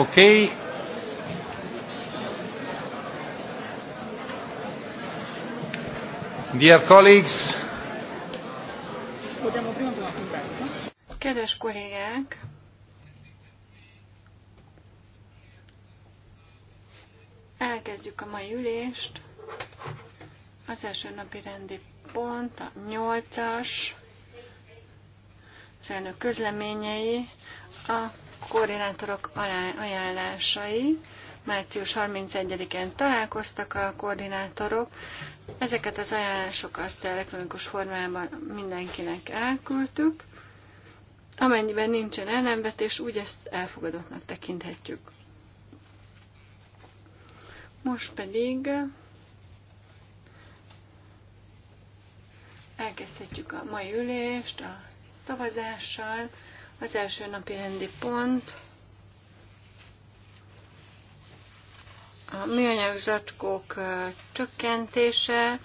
Okay. Dear colleagues. Kedves kollégák, elkezdjük a mai ülést. Az első napi rendi pont, a nyolcas, az elnök közleményei, a koordinátorok ajánlásai. Március 31-én találkoztak a koordinátorok. Ezeket az ajánlásokat elektronikus formában mindenkinek elküldtük. Amennyiben nincsen ellenvetés, úgy ezt elfogadottnak tekinthetjük. Most pedig elkezdhetjük a mai ülést a szavazással. Az első napi rendi pont a műanyag zacskók csökkentése,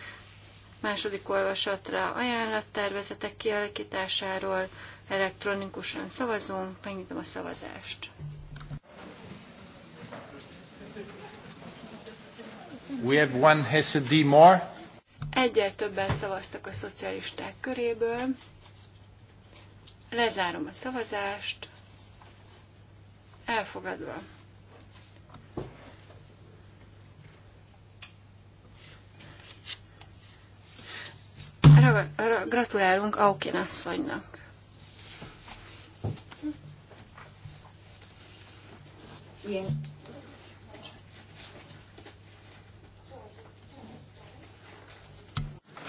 második olvasatra ajánlattervezetek kialakításáról elektronikusan szavazunk, megnyitom a szavazást. We have one SED more. Egyel többen szavaztak a szocialisták köréből. Lezárom a szavazást. Elfogadva. Gratulálunk Aukin asszonynak. Ilyen.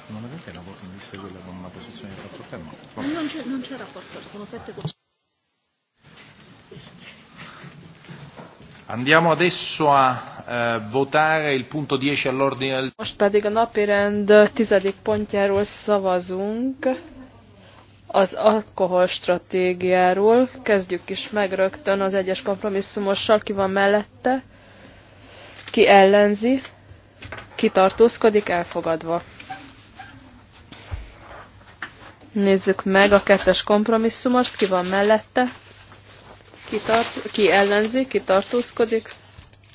Non è perché la voto mi segue posizione di fatto fermo? Non c'è, non c'è rapporto, sono sette Andiamo adesso a eh, votare il punto 10 all'ordine del... Most pedig a napi rend tizedik pontjáról szavazunk, az alkohol stratégiáról. Kezdjük is meg rögtön az egyes kompromisszumossal, ki van mellette, ki ellenzi, ki tartózkodik, elfogadva. Nézzük meg a kettes kompromisszumost, ki van mellette, ki, tart, ki ellenzi, ki tartózkodik,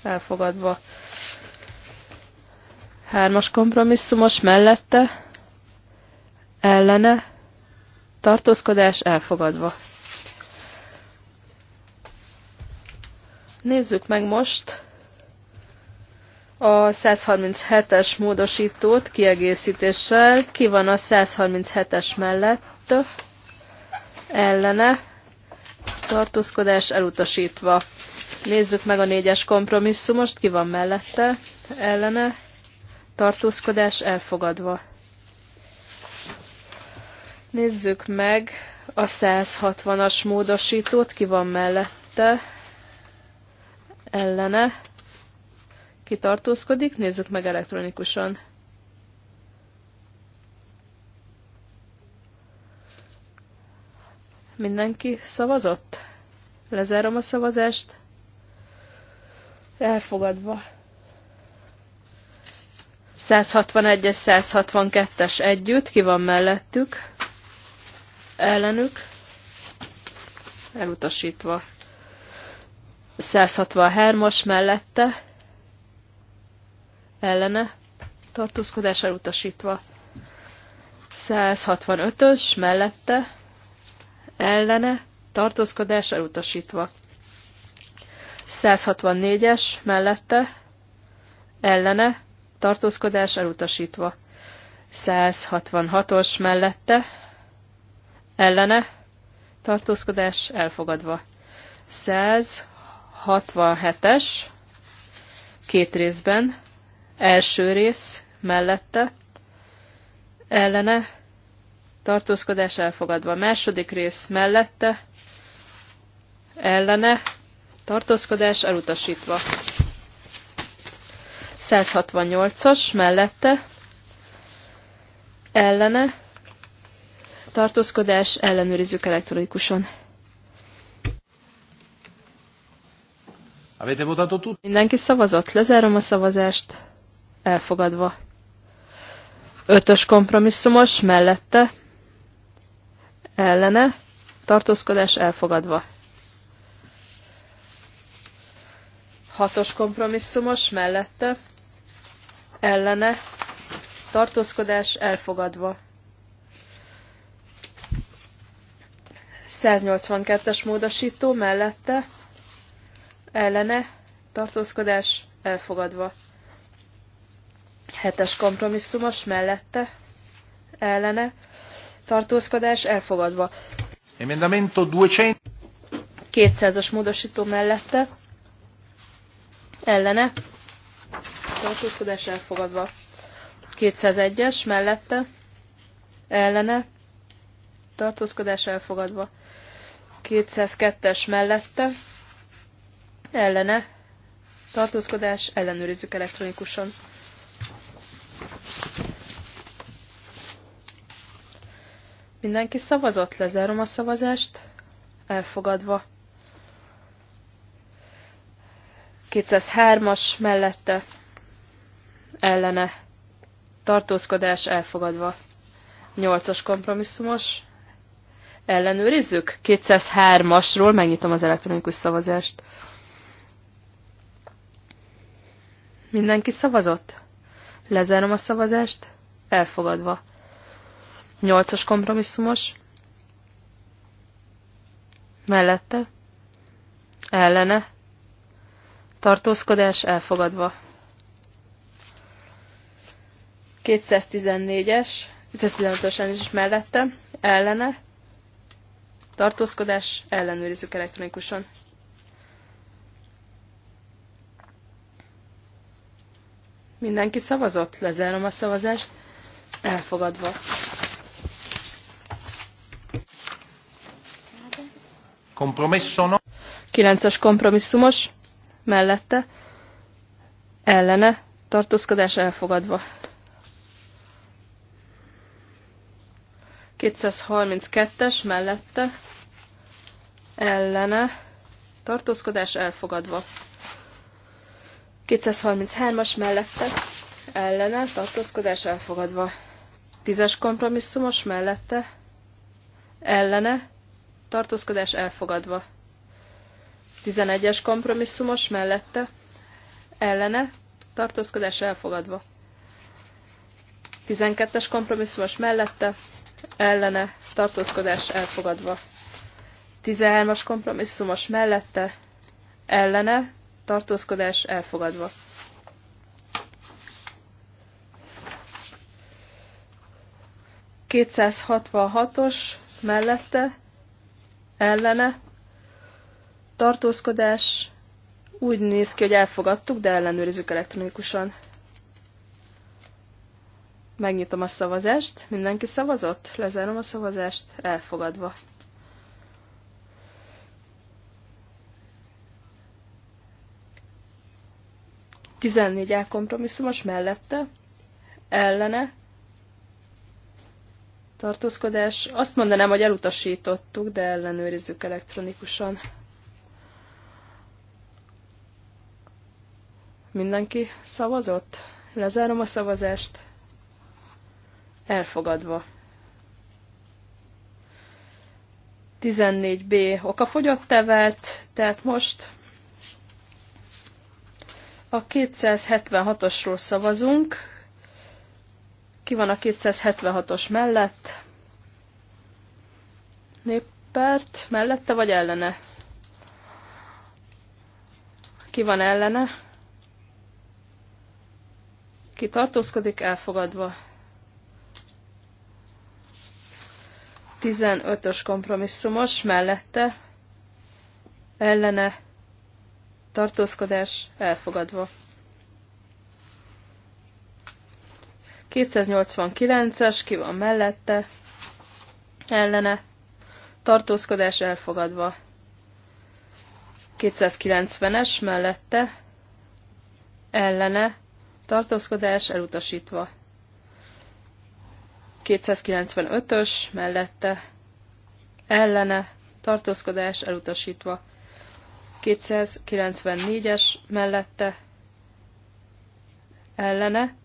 elfogadva. Hármas kompromisszumos mellette, ellene, tartózkodás elfogadva. Nézzük meg most a 137-es módosítót kiegészítéssel. Ki van a 137-es mellett? Ellene. Tartózkodás elutasítva. Nézzük meg a négyes kompromisszumost, ki van mellette, ellene, tartózkodás elfogadva. Nézzük meg a 160-as módosítót, ki van mellette, ellene, ki tartózkodik? Nézzük meg elektronikusan. Mindenki szavazott? Lezárom a szavazást. Elfogadva. 161-es, 162-es együtt, ki van mellettük, ellenük, elutasítva. 163-as mellette, ellene tartózkodás elutasítva. 165-ös mellette ellene tartózkodás elutasítva. 164-es mellette ellene tartózkodás elutasítva. 166-os mellette ellene tartózkodás elfogadva. 167-es két részben Első rész mellette ellene tartózkodás elfogadva. Második rész mellette ellene tartózkodás elutasítva. 168-as mellette ellene tartózkodás ellenőrizzük elektronikusan. Mindenki szavazott, lezárom a szavazást elfogadva. Ötös kompromisszumos, mellette, ellene, tartózkodás elfogadva. Hatos kompromisszumos, mellette, ellene, tartózkodás elfogadva. 182-es módosító mellette, ellene, tartózkodás elfogadva. Hetes kompromisszumos mellette ellene tartózkodás elfogadva. Emendamento 200. 200-as módosító mellette ellene tartózkodás elfogadva. 201-es mellette ellene tartózkodás elfogadva. 202-es mellette ellene tartózkodás ellenőrizzük elektronikusan. Mindenki szavazott, lezárom a szavazást. Elfogadva. 203-as mellette ellene tartózkodás elfogadva. 8-as kompromisszumos. Ellenőrizzük. 203-asról megnyitom az elektronikus szavazást. Mindenki szavazott? Lezárom a szavazást. Elfogadva. Nyolcas kompromisszumos. Mellette. Ellene. Tartózkodás elfogadva. 214-es, 215-ös is mellette, ellene, tartózkodás, ellenőrizzük elektronikusan. Mindenki szavazott? Lezárom a szavazást. Elfogadva. Kilences kompromisszumos, mellette, ellene, tartózkodás elfogadva. 232-es mellette, ellene, tartózkodás elfogadva. 233-as mellette, ellene, tartózkodás elfogadva. 10-es kompromisszumos mellette, ellene, tartózkodás elfogadva. 11-es kompromisszumos mellette, ellene, tartózkodás elfogadva. 12-es kompromisszumos mellette, ellene, tartózkodás elfogadva. 13-as kompromisszumos mellette, ellene, tartózkodás elfogadva. Kétszázhatvanhatos mellette, ellene, tartózkodás, úgy néz ki, hogy elfogadtuk, de ellenőrizzük elektronikusan. Megnyitom a szavazást, mindenki szavazott, lezárom a szavazást, elfogadva. Tizennégy elkompromisszumos mellette, ellene, tartózkodás. Azt mondanám, hogy elutasítottuk, de ellenőrizzük elektronikusan. Mindenki szavazott? Lezárom a szavazást. Elfogadva. 14b okafogyottá vált, tehát most a 276-osról szavazunk. Ki van a 276-os mellett? Néppárt mellette vagy ellene? Ki van ellene? Ki tartózkodik? Elfogadva. 15-ös kompromisszumos mellette ellene tartózkodás elfogadva. 289-es, ki van mellette, ellene, tartózkodás elfogadva. 290-es mellette, ellene, tartózkodás elutasítva. 295-ös mellette, ellene, tartózkodás elutasítva. 294-es mellette, ellene,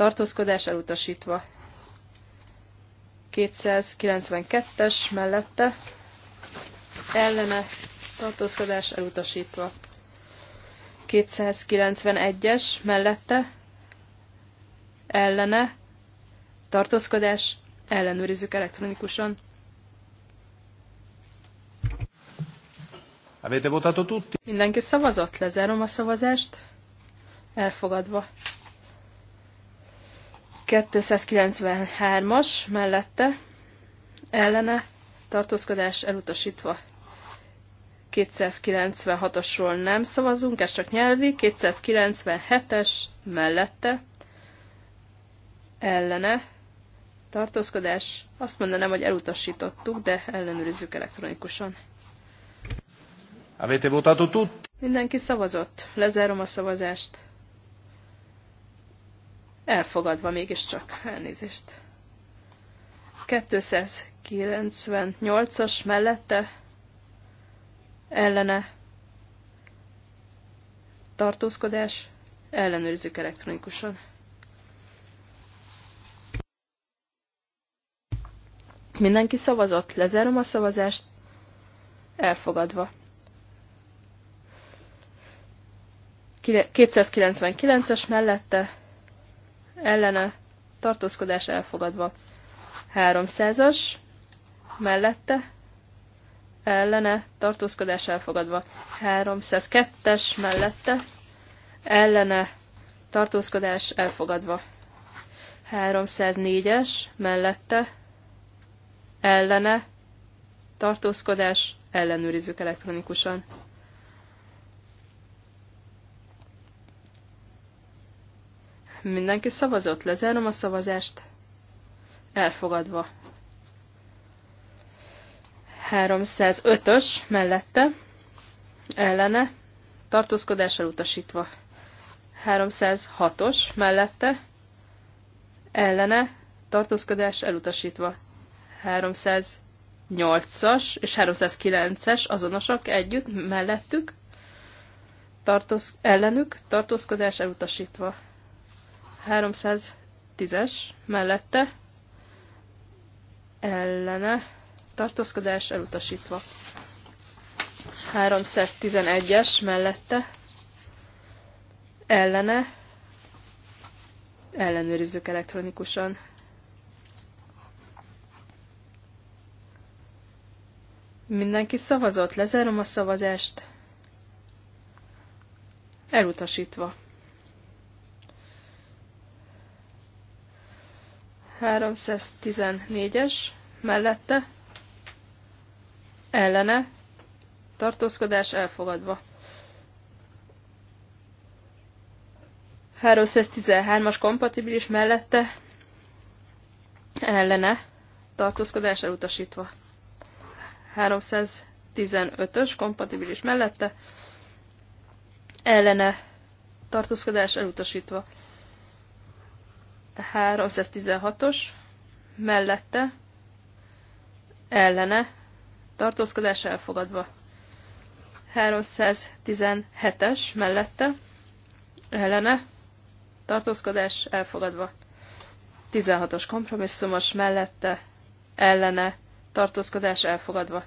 tartózkodás elutasítva. 292-es mellette ellene tartózkodás elutasítva. 291-es mellette ellene tartózkodás ellenőrizzük elektronikusan. Mindenki szavazott, lezárom a szavazást. Elfogadva. 293-as mellette ellene tartózkodás elutasítva. 296 asról nem szavazunk, ez csak nyelvi, 297-es mellette ellene tartózkodás. Azt mondanám, hogy elutasítottuk, de ellenőrizzük elektronikusan. Avete votato tutti? Mindenki szavazott. Lezárom a szavazást. Elfogadva mégiscsak elnézést. 298-as mellette ellene tartózkodás, ellenőrizzük elektronikusan. Mindenki szavazott, lezárom a szavazást, elfogadva. 299-es mellette ellene tartózkodás elfogadva. 300-as mellette ellene tartózkodás elfogadva. 302-es mellette ellene tartózkodás elfogadva. 304-es mellette ellene tartózkodás ellenőrizzük elektronikusan. Mindenki szavazott, lezárom a szavazást. Elfogadva. 305-ös mellette, ellene, tartózkodás elutasítva. 306-os mellette, ellene, tartózkodás elutasítva. 308-as és 309-es azonosak együtt, mellettük, tartóz, ellenük, tartózkodás elutasítva. 310-es mellette ellene tartózkodás elutasítva. 311-es mellette ellene ellenőrizzük elektronikusan. Mindenki szavazott, lezárom a szavazást. Elutasítva. 314-es mellette ellene tartózkodás elfogadva. 313-as kompatibilis mellette ellene tartózkodás elutasítva. 315-ös kompatibilis mellette ellene tartózkodás elutasítva. 316-os mellette ellene tartózkodás elfogadva. 317-es mellette ellene tartózkodás elfogadva. 16-os kompromisszumos mellette ellene tartózkodás elfogadva.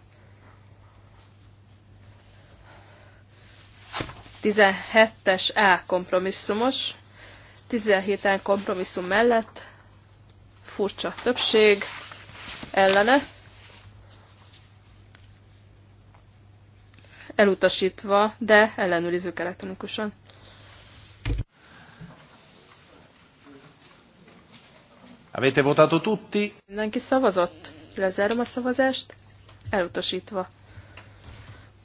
17-es A kompromisszumos 17-en kompromisszum mellett, furcsa többség, ellene, elutasítva, de ellenőrizzük elektronikusan. Avete votato tutti? Mindenki szavazott. Lezárom a szavazást. Elutasítva.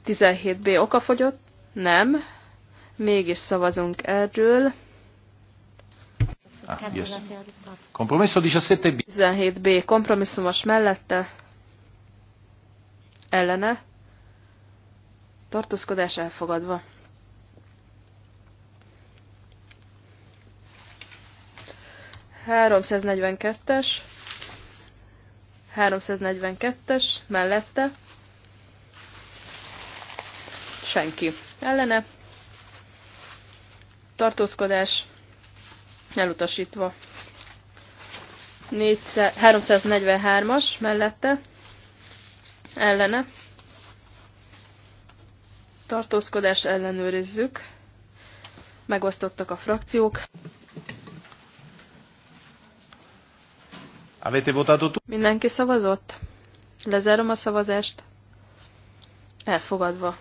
17B okafogyott? Nem. Mégis szavazunk erről. Ah, yes. Kompromisszum 17B. 17B. Kompromisszumos mellette. Ellene. Tartózkodás elfogadva. Háromszáznegyvenkettes. Háromszáznegyvenkettes mellette senki ellene. Tartózkodás elutasítva. 343-as mellette, ellene, tartózkodás ellenőrizzük, megosztottak a frakciók. Avete votato Mindenki szavazott? Lezárom a szavazást. Elfogadva.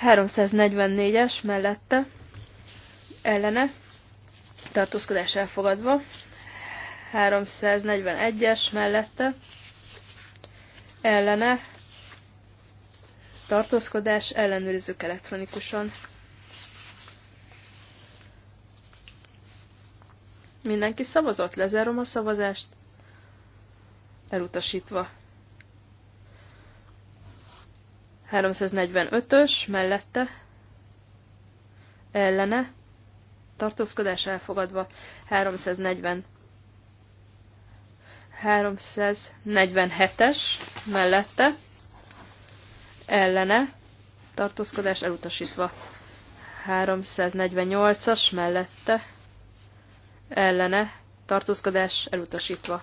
344-es mellette ellene tartózkodás elfogadva, 341-es mellette ellene tartózkodás ellenőrizzük elektronikusan. Mindenki szavazott, lezárom a szavazást. Elutasítva. 345-ös mellette ellene tartózkodás elfogadva, 340 347-es mellette ellene tartózkodás elutasítva. 348-as mellette ellene tartózkodás elutasítva.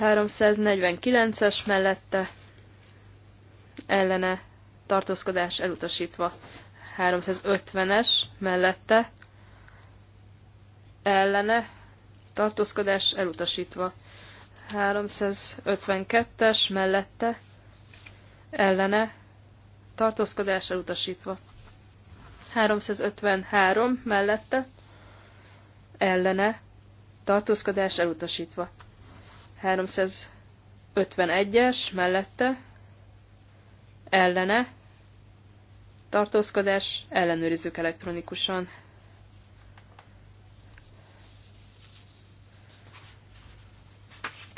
349-es mellette ellene tartózkodás elutasítva. 350-es mellette ellene tartózkodás elutasítva. 352-es mellette ellene tartózkodás elutasítva. 353 mellette ellene tartózkodás elutasítva. 351-es mellette ellene tartózkodás, ellenőrizzük elektronikusan.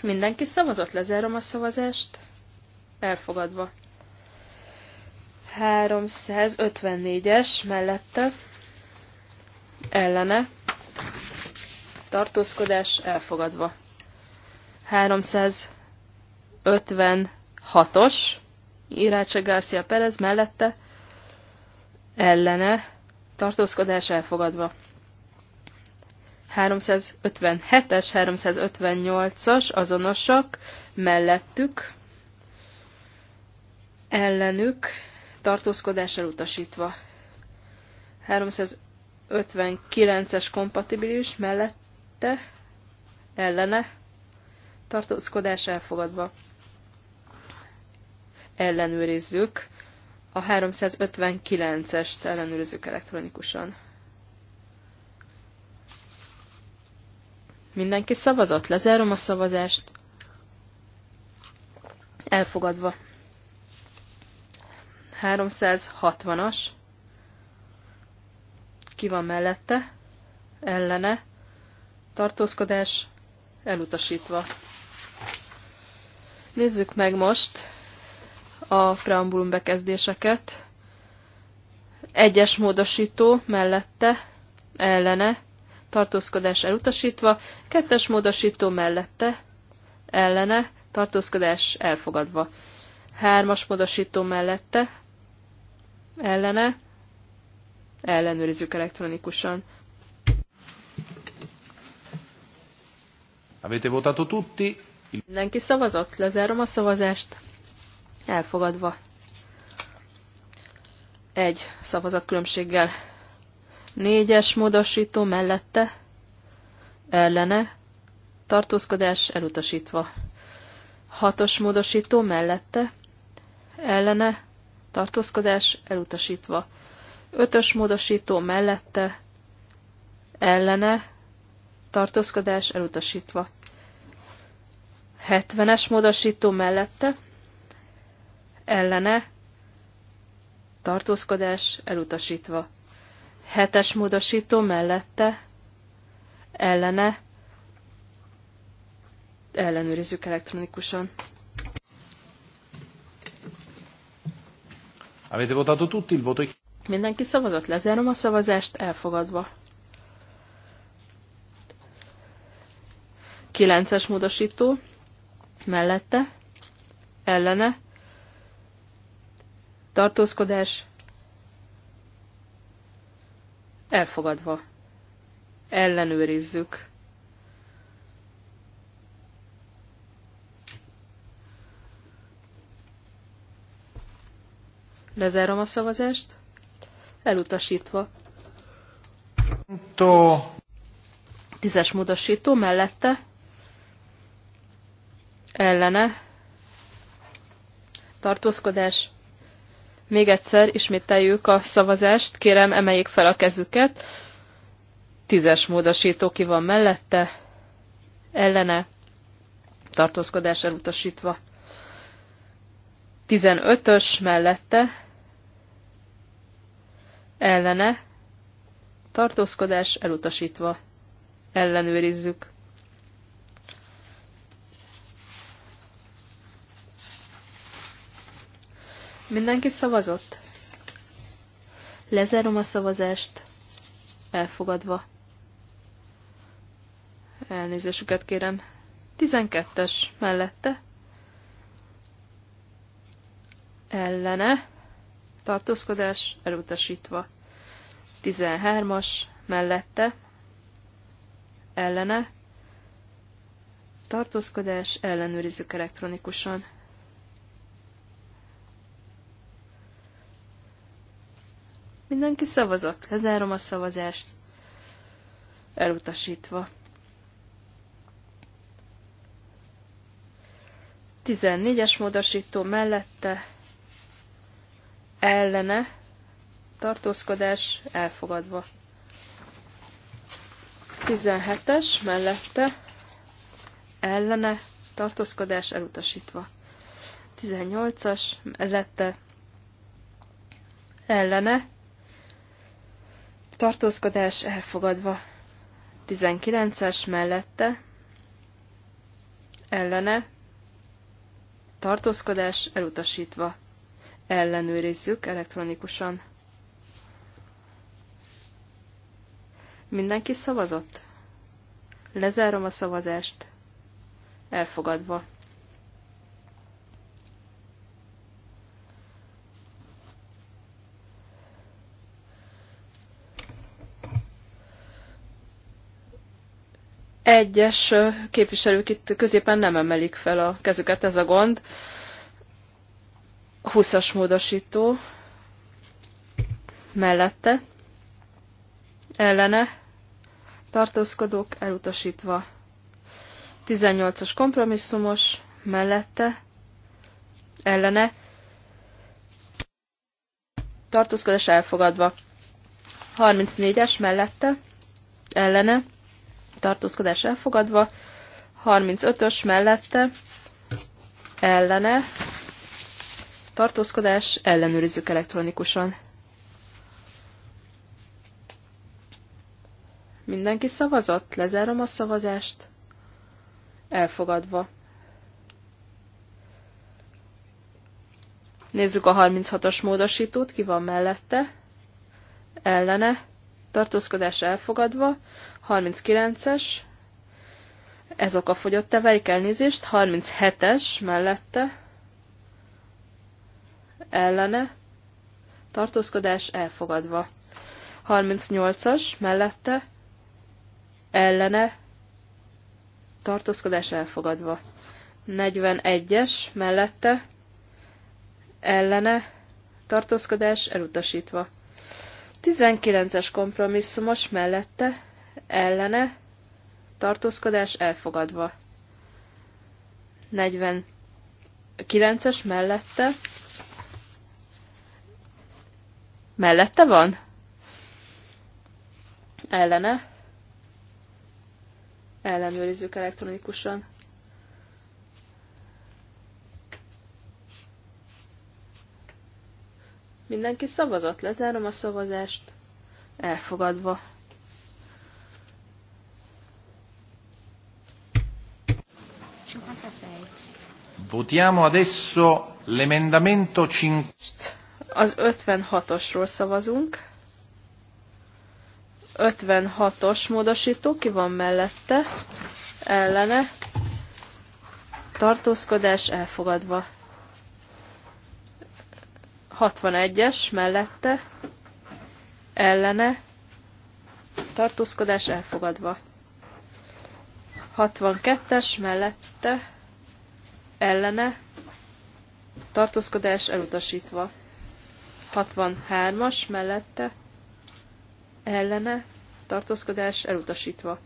Mindenki szavazott, lezárom a szavazást. Elfogadva. 354-es mellette ellene tartózkodás elfogadva. 356-os Irácsa Garcia Perez mellette ellene tartózkodás elfogadva. 357-es, 358-as azonosak mellettük, ellenük tartózkodás elutasítva. 359-es kompatibilis mellette, ellene tartózkodás elfogadva. Ellenőrizzük a 359-est ellenőrizzük elektronikusan. Mindenki szavazott? Lezárom a szavazást. Elfogadva. 360-as. Ki van mellette? Ellene. Tartózkodás. Elutasítva. Nézzük meg most a preambulum bekezdéseket. Egyes módosító mellette, ellene, tartózkodás elutasítva, kettes módosító mellette, ellene, tartózkodás elfogadva. Hármas módosító mellette, ellene, ellenőrizzük elektronikusan. Avete votato tutti? Mindenki szavazott, lezárom a szavazást. Elfogadva. Egy szavazat különbséggel. Négyes módosító mellette. Ellene. Tartózkodás elutasítva. Hatos módosító mellette. Ellene. Tartózkodás elutasítva. Ötös módosító mellette. Ellene. Tartózkodás elutasítva. 70-es módosító mellette ellene tartózkodás elutasítva. Hetes módosító mellette ellene ellenőrizzük elektronikusan. Avete votato tutti il voto? Mindenki szavazott, lezárom a szavazást, elfogadva. kilences módosító, mellette, ellene, tartózkodás elfogadva. Ellenőrizzük. Lezárom a szavazást. Elutasítva. Tízes módosító mellette. Ellene. Tartózkodás még egyszer ismételjük a szavazást, kérem emeljék fel a kezüket. Tízes módosító ki van mellette, ellene, tartózkodás elutasítva. 15-ös mellette, ellene, tartózkodás elutasítva. Ellenőrizzük. Mindenki szavazott? Lezárom a szavazást. Elfogadva. Elnézésüket kérem. 12-es mellette. Ellene. Tartózkodás elutasítva. 13-as mellette. Ellene. Tartózkodás ellenőrizzük elektronikusan. Mindenki szavazott. Lezárom a szavazást. Elutasítva. 14-es módosító mellette ellene tartózkodás elfogadva. 17-es mellette ellene tartózkodás elutasítva. 18-as mellette ellene tartózkodás elfogadva. 19-es mellette, ellene, tartózkodás elutasítva. Ellenőrizzük elektronikusan. Mindenki szavazott? Lezárom a szavazást. Elfogadva. egyes képviselők itt középen nem emelik fel a kezüket, ez a gond. 20-as módosító mellette, ellene, tartózkodók elutasítva. 18-as kompromisszumos, mellette, ellene, tartózkodás elfogadva. 34-es mellette, ellene, tartózkodás elfogadva, 35-ös mellette ellene tartózkodás, ellenőrizzük elektronikusan. Mindenki szavazott? Lezárom a szavazást. Elfogadva. Nézzük a 36-os módosítót, ki van mellette. Ellene. Tartózkodás elfogadva. 39-es, ez oka fogyott teveik elnézést, 37-es mellette, ellene, tartózkodás elfogadva. 38-as mellette, ellene, tartózkodás elfogadva. 41-es mellette, ellene, tartózkodás elutasítva. 19-es kompromisszumos mellette, ellene, tartózkodás elfogadva. 49-es mellette. Mellette van? Ellene. Ellenőrizzük elektronikusan. Mindenki szavazott, lezárom a szavazást. Elfogadva. Votiamo adesso l'emendamento 5. Az 56-osról szavazunk. 56-os módosító, ki van mellette, ellene, tartózkodás elfogadva. 61-es mellette, ellene, tartózkodás elfogadva. 62-es mellette, ellene, tartózkodás elutasítva. 63-as mellette, ellene, tartózkodás elutasítva.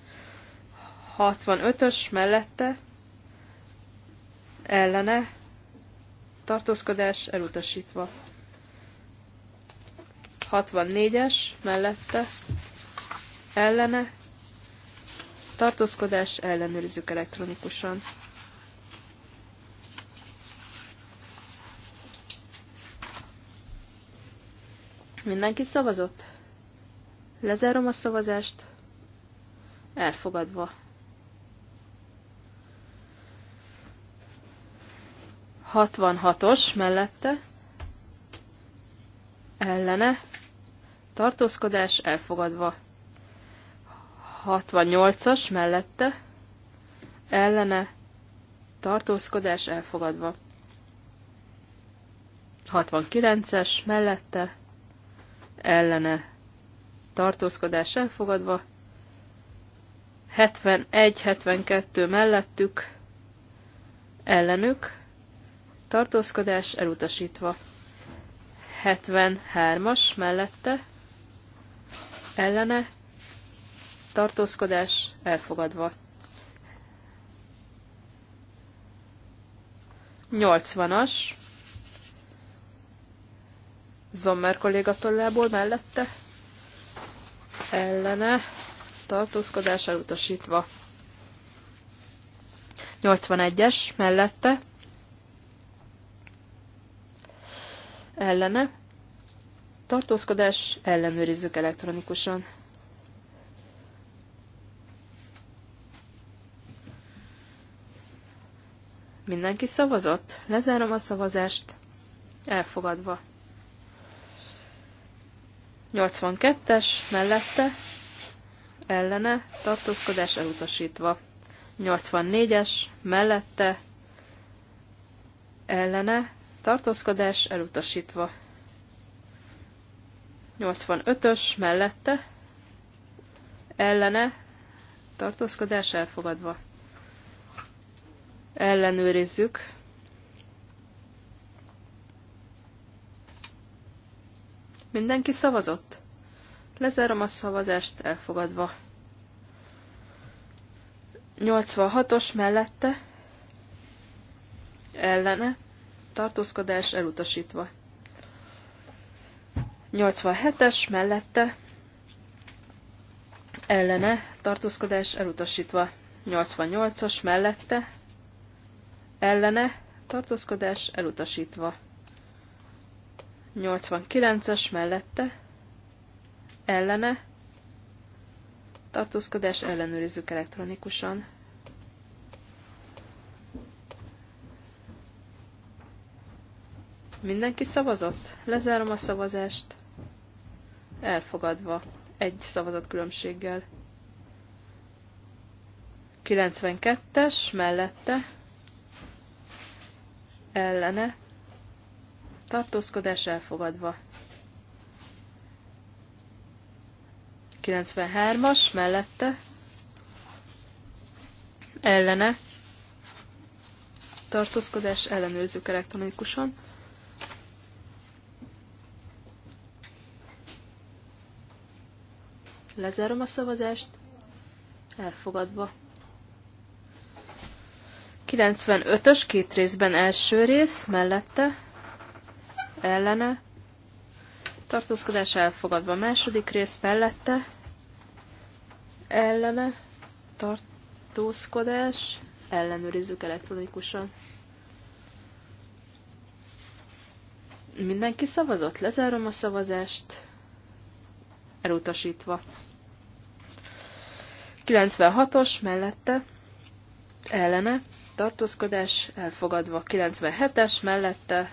65-ös mellette, ellene, tartózkodás elutasítva. 64-es mellette, ellene, tartózkodás ellenőrizzük elektronikusan. Mindenki szavazott? Lezárom a szavazást. Elfogadva. Hatvanhatos mellette. Ellene. Tartózkodás elfogadva. 68-as mellette. Ellene. Tartózkodás elfogadva. 69-es mellette ellene tartózkodás elfogadva, 71-72 mellettük, ellenük, tartózkodás elutasítva, 73-as mellette, ellene, tartózkodás elfogadva. 80-as Zommer kolléga tollából mellette ellene tartózkodás elutasítva. 81-es mellette ellene tartózkodás ellenőrizzük elektronikusan. Mindenki szavazott? Lezárom a szavazást. Elfogadva. 82-es mellette ellene tartózkodás elutasítva. 84-es mellette ellene tartózkodás elutasítva. 85-ös mellette ellene tartózkodás elfogadva. Ellenőrizzük Mindenki szavazott? Lezárom a szavazást elfogadva. 86-os mellette ellene tartózkodás elutasítva. 87-es mellette ellene tartózkodás elutasítva. 88-as mellette ellene tartózkodás elutasítva. 89-es mellette, ellene, tartózkodás ellenőrizzük elektronikusan. Mindenki szavazott? Lezárom a szavazást. Elfogadva. Egy szavazat különbséggel. 92-es mellette. Ellene tartózkodás elfogadva. 93-as mellette ellene tartózkodás ellenőrzük elektronikusan. Lezárom a szavazást. Elfogadva. 95-ös két részben első rész mellette ellene, tartózkodás elfogadva második rész mellette, ellene, tartózkodás, ellenőrizzük elektronikusan. Mindenki szavazott, lezárom a szavazást, elutasítva. 96-os mellette, ellene, tartózkodás, elfogadva. 97-es mellette,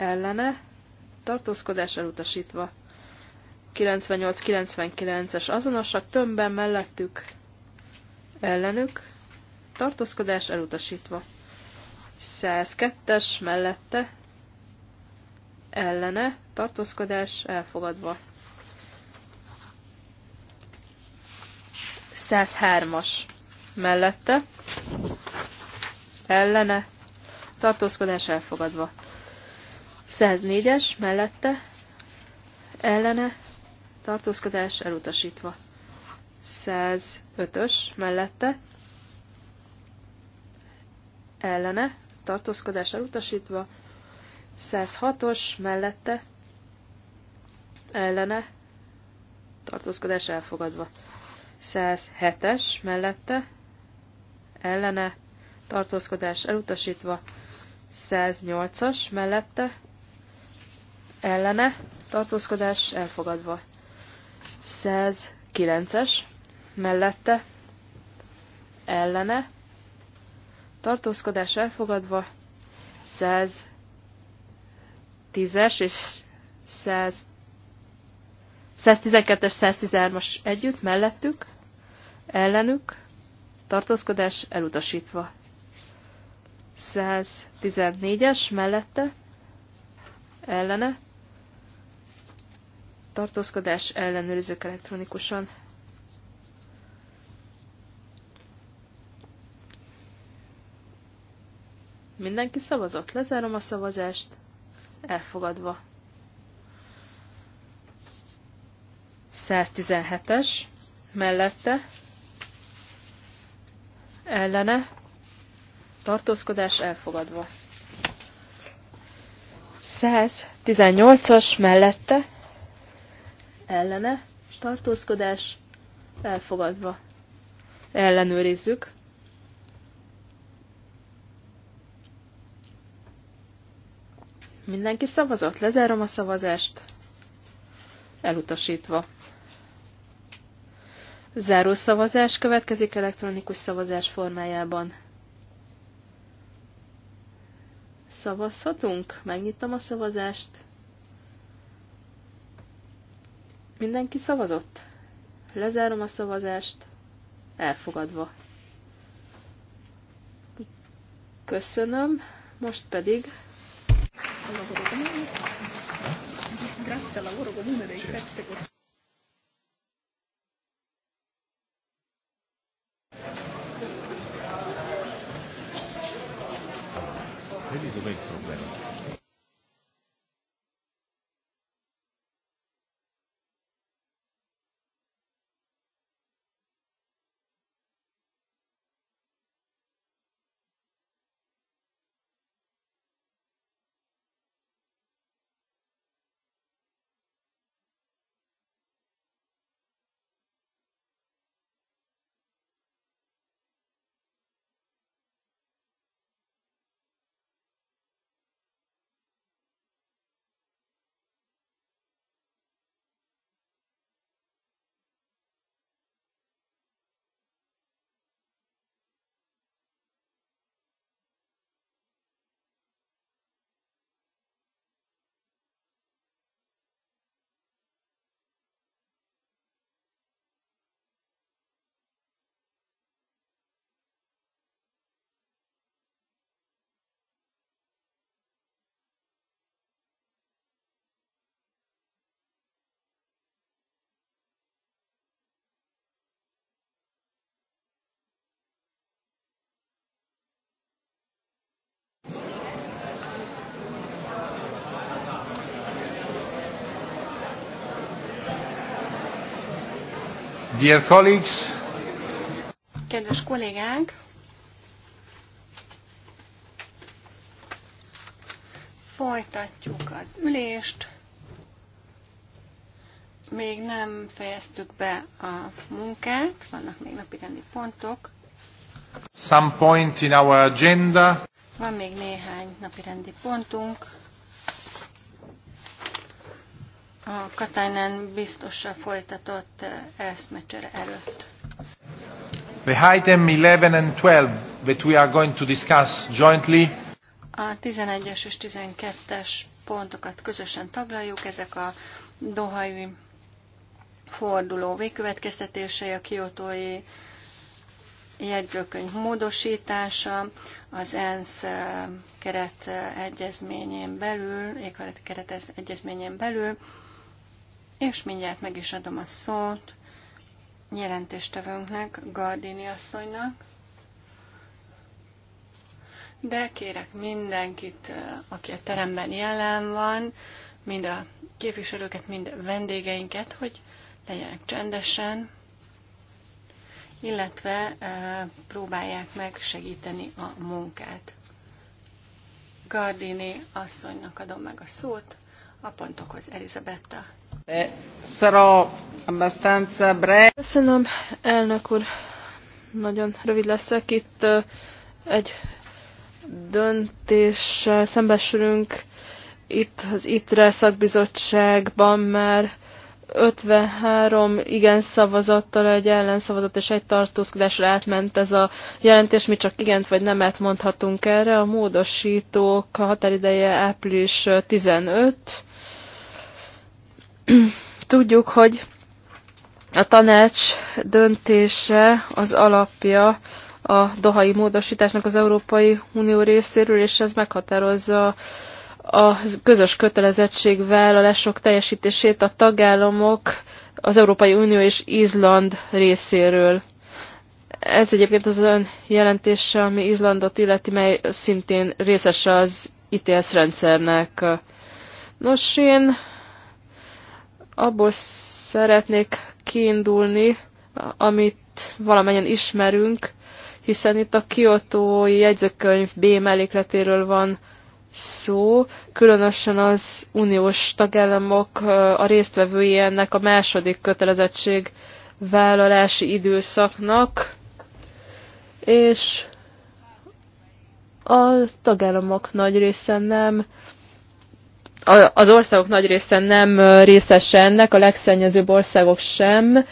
ellene, tartózkodás elutasítva. 98-99-es azonosak tömbben mellettük, ellenük, tartózkodás elutasítva. 102-es mellette, ellene, tartózkodás elfogadva. 103-as mellette, ellene, tartózkodás elfogadva. 104-es mellette ellene tartózkodás elutasítva. 105-ös mellette ellene tartózkodás elutasítva. 106-os mellette ellene tartózkodás elfogadva. 107-es mellette ellene tartózkodás elutasítva. 108-as mellette ellene, tartózkodás elfogadva. 109-es, mellette, ellene, tartózkodás elfogadva, 110-es és 100, 112-es, 113-as együtt, mellettük, ellenük, tartózkodás elutasítva. 114-es mellette, ellene, tartózkodás ellenőrzők elektronikusan. Mindenki szavazott, lezárom a szavazást, elfogadva. 117-es, mellette, ellene, tartózkodás elfogadva. 118-as mellette, ellene, tartózkodás, elfogadva. Ellenőrizzük. Mindenki szavazott, lezárom a szavazást. Elutasítva. Záró szavazás következik elektronikus szavazás formájában. Szavazhatunk? Megnyitom a szavazást. Mindenki szavazott? Lezárom a szavazást. Elfogadva. Köszönöm. Most pedig... Grazie al lavoro comune dei sette Dear colleagues. Kedves kollégák. Folytatjuk az ülést. Még nem fejeztük be a munkát, vannak még napirendi pontok. Some point in our agenda. Van még néhány napirendi pontunk. a Katainen biztosra folytatott eh, eszmecsere előtt. The item 11 and 12 that we are going to discuss jointly. A 11-es és 12-es pontokat közösen taglaljuk, ezek a dohai forduló végkövetkeztetései, a kiotói jegyzőkönyv módosítása, az ENSZ eh, keret egyezményén belül, éghajlati keret egyezményén belül, és mindjárt meg is adom a szót jelentéstevőnknek, Gardini asszonynak. De kérek mindenkit, eh, aki a teremben jelen van, mind a képviselőket, mind a vendégeinket, hogy legyenek csendesen, illetve eh, próbálják meg segíteni a munkát. Gardini asszonynak adom meg a szót, a pontokhoz. Elizabetta. E, Köszönöm, elnök úr. Nagyon rövid leszek. Itt egy döntés szembesülünk itt az ITRE szakbizottságban már 53 igen szavazattal, egy ellenszavazat és egy tartózkodásra átment ez a jelentés, mi csak igent vagy nemet mondhatunk erre. A módosítók a határideje április 15, Tudjuk, hogy a tanács döntése az alapja a dohai módosításnak az Európai Unió részéről, és ez meghatározza a közös kötelezettségvállalások teljesítését a tagállamok, az Európai Unió és Izland részéről. Ez egyébként az ön jelentése, ami Izlandot illeti, mely szintén részese az ITS rendszernek. Nos, én abból szeretnék kiindulni, amit valamennyien ismerünk, hiszen itt a kiotói jegyzőkönyv B mellékletéről van szó, különösen az uniós tagállamok a résztvevői ennek a második kötelezettség vállalási időszaknak, és a tagállamok nagy része nem az országok nagy része nem részese ennek, a legszennyezőbb országok sem,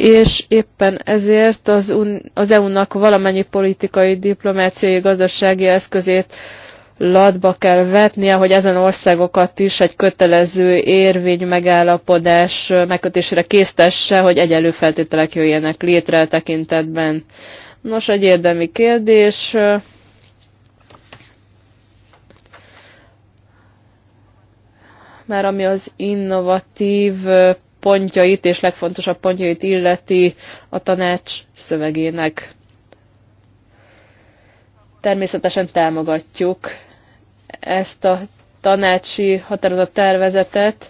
és éppen ezért az, az EU-nak valamennyi politikai, diplomáciai, gazdasági eszközét latba kell vetnie, hogy ezen országokat is egy kötelező érvény megállapodás megkötésére késztesse, hogy egyelő feltételek jöjjenek létre a tekintetben. Nos, egy érdemi kérdés. már ami az innovatív pontjait és legfontosabb pontjait illeti a tanács szövegének. Természetesen támogatjuk ezt a tanácsi határozat tervezetet.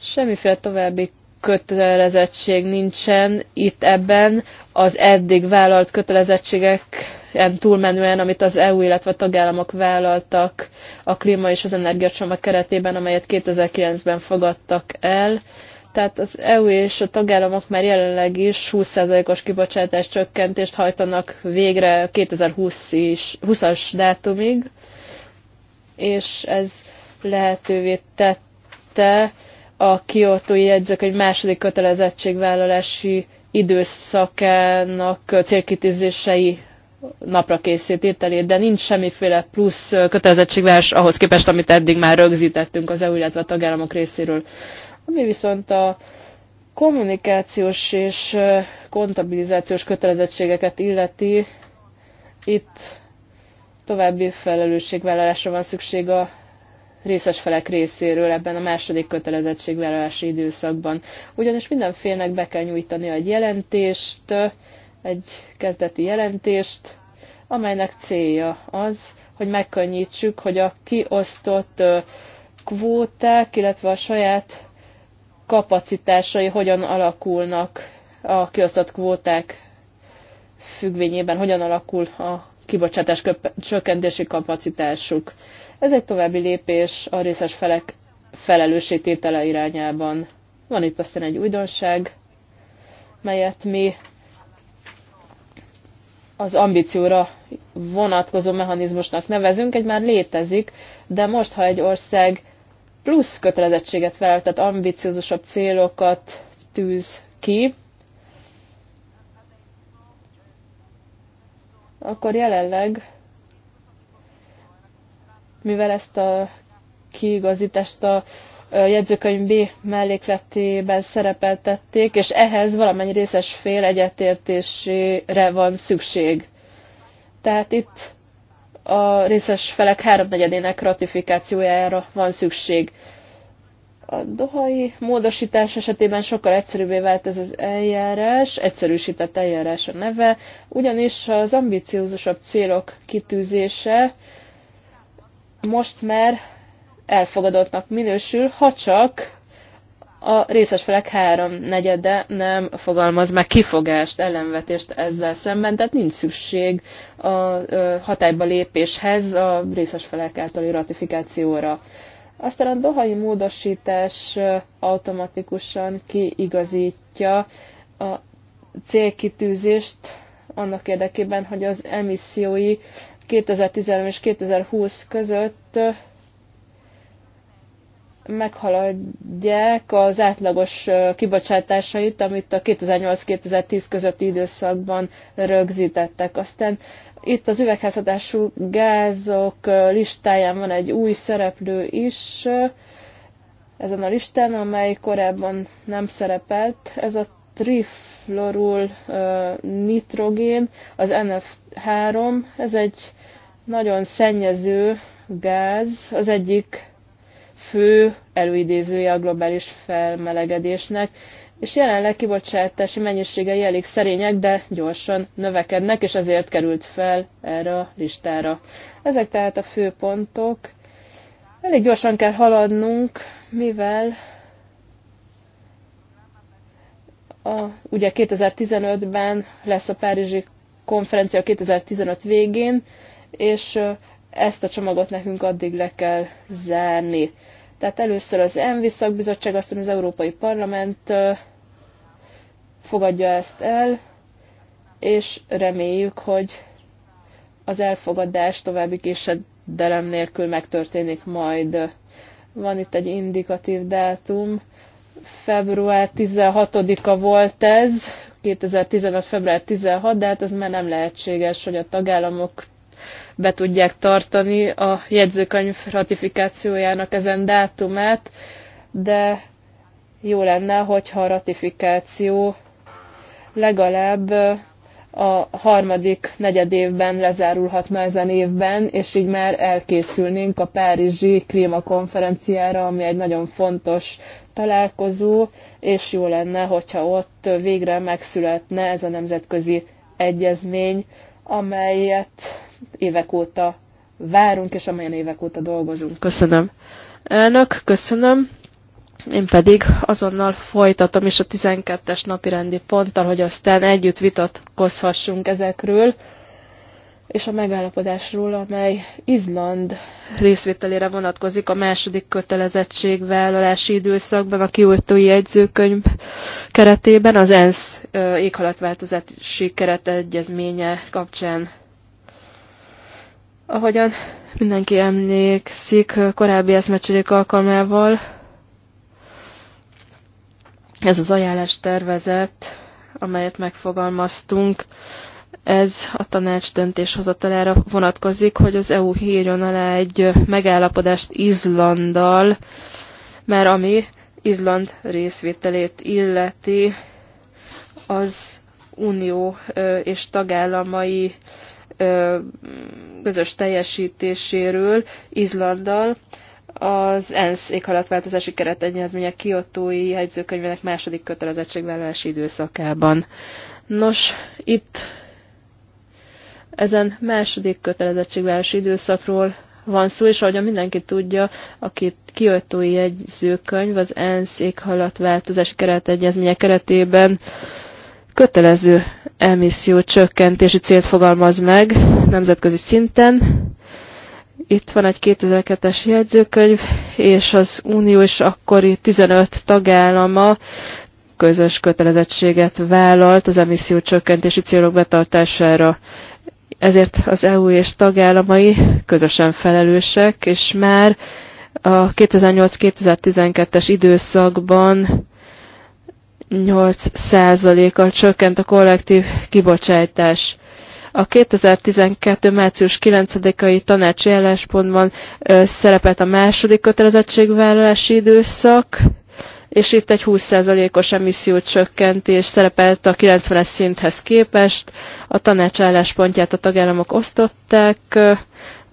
Semmiféle további kötelezettség nincsen itt ebben. Az eddig vállalt kötelezettségek túlmenően, amit az EU, illetve a tagállamok vállaltak a klíma és az energiacsomag keretében, amelyet 2009-ben fogadtak el. Tehát az EU és a tagállamok már jelenleg is 20%-os kibocsátás csökkentést hajtanak végre 2020-as dátumig, és ez lehetővé tette a kiotói egy második kötelezettségvállalási időszakának célkitűzései napra készít ételét, de nincs semmiféle plusz kötelezettségvás ahhoz képest, amit eddig már rögzítettünk az EU, illetve a tagállamok részéről. Ami viszont a kommunikációs és kontabilizációs kötelezettségeket illeti, itt további felelősségvállalásra van szükség a részes felek részéről ebben a második kötelezettségvállalási időszakban. Ugyanis mindenfélnek be kell nyújtani egy jelentést, egy kezdeti jelentést, amelynek célja az, hogy megkönnyítsük, hogy a kiosztott kvóták, illetve a saját kapacitásai hogyan alakulnak a kiosztott kvóták függvényében, hogyan alakul a kibocsátás csökkentési kapacitásuk. Ez egy további lépés a részes felek felelősségtétele irányában. Van itt aztán egy újdonság, melyet mi az ambícióra vonatkozó mechanizmusnak nevezünk, egy már létezik, de most, ha egy ország plusz kötelezettséget felel, tehát ambiciózusabb célokat tűz ki, akkor jelenleg, mivel ezt a kiigazítást a jegyzőkönyv B mellékletében szerepeltették, és ehhez valamennyi részes fél egyetértésére van szükség. Tehát itt a részes felek háromnegyedének ratifikációjára van szükség. A dohai módosítás esetében sokkal egyszerűbbé vált ez az eljárás, egyszerűsített eljárás a neve, ugyanis az ambiciózusabb célok kitűzése most már elfogadottnak minősül, ha csak a részes felek háromnegyede nem fogalmaz meg kifogást, ellenvetést ezzel szemben, tehát nincs szükség a hatályba lépéshez a részes felek általi ratifikációra. Aztán a dohai módosítás automatikusan kiigazítja a célkitűzést annak érdekében, hogy az emissziói 2013 és 2020 között meghaladják az átlagos kibocsátásait, amit a 2008-2010 közötti időszakban rögzítettek. Aztán itt az üvegházhatású gázok listáján van egy új szereplő is ezen a listán, amely korábban nem szerepelt. Ez a triflorul nitrogén, az NF3, ez egy nagyon szennyező gáz, az egyik fő előidézője a globális felmelegedésnek, és jelenleg kibocsátási mennyiségei elég szerények, de gyorsan növekednek, és ezért került fel erre a listára. Ezek tehát a fő pontok. Elég gyorsan kell haladnunk, mivel a, ugye 2015-ben lesz a Párizsi konferencia 2015 végén, és ezt a csomagot nekünk addig le kell zárni. Tehát először az ENVI szakbizottság, aztán az Európai Parlament fogadja ezt el, és reméljük, hogy az elfogadás további késedelem nélkül megtörténik majd. Van itt egy indikatív dátum, február 16-a volt ez, 2015. február 16, de hát ez már nem lehetséges, hogy a tagállamok be tudják tartani a jegyzőkönyv ratifikációjának ezen dátumát, de jó lenne, hogyha a ratifikáció legalább a harmadik negyed évben lezárulhat már ezen évben, és így már elkészülnénk a Párizsi klímakonferenciára, ami egy nagyon fontos találkozó, és jó lenne, hogyha ott végre megszületne ez a nemzetközi egyezmény, amelyet évek óta várunk, és amelyen évek óta dolgozunk. Köszönöm. Elnök, köszönöm. Én pedig azonnal folytatom is a 12-es napi rendi ponttal, hogy aztán együtt vitatkozhassunk ezekről és a megállapodásról, amely Izland részvételére vonatkozik a második kötelezettségvállalási időszakban a kiújtói jegyzőkönyv keretében, az ENSZ éghalatváltozási keretegyezménye kapcsán. Ahogyan mindenki emlékszik korábbi eszmecserék alkalmával, ez az ajánlás tervezet, amelyet megfogalmaztunk, ez a tanács döntéshozatalára vonatkozik, hogy az EU hírjon alá egy megállapodást Izlanddal, mert ami Izland részvételét illeti, az unió és tagállamai közös teljesítéséről Izlanddal az ENSZ éghalatváltozási keretegyezmények kiotói jegyzőkönyvének második kötelezettségvállalási időszakában. Nos, itt ezen második kötelezettségvárosi időszakról van szó, és ahogy mindenki tudja, aki kiöltói jegyzőkönyv az ENSZ éghajlatváltozási keretegyezménye keretében kötelező emisszió csökkentési célt fogalmaz meg nemzetközi szinten. Itt van egy 2002-es jegyzőkönyv, és az Unió és akkori 15 tagállama közös kötelezettséget vállalt az emisszió csökkentési célok betartására. Ezért az EU és tagállamai közösen felelősek, és már a 2008-2012-es időszakban 8%-kal csökkent a kollektív kibocsátás. A 2012. március 9-ai tanácsi álláspontban szerepelt a második kötelezettségvállalási időszak, és itt egy 20%-os emissziót csökkentés szerepelt a 90-es szinthez képest. A tanács álláspontját a tagállamok osztották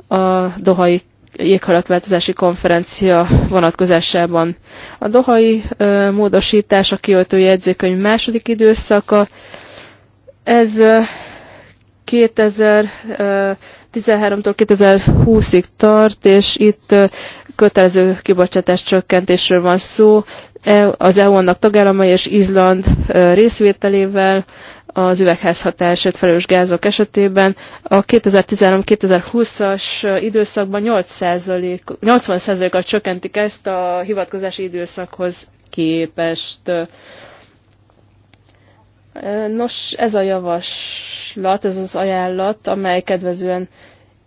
a dohai éghajlatváltozási konferencia vonatkozásában. A dohai ö, módosítás a kiöltő jegyzőkönyv második időszaka. Ez ö, 2013-tól 2020-ig tart, és itt kötelező kibocsátás csökkentésről van szó, E, az EU-nak tagállamai és Izland e, részvételével az üvegházhatásért felelős gázok esetében a 2013-2020-as időszakban 80%-kal csökkentik ezt a hivatkozási időszakhoz képest. E, nos, ez a javaslat, ez az ajánlat, amely kedvezően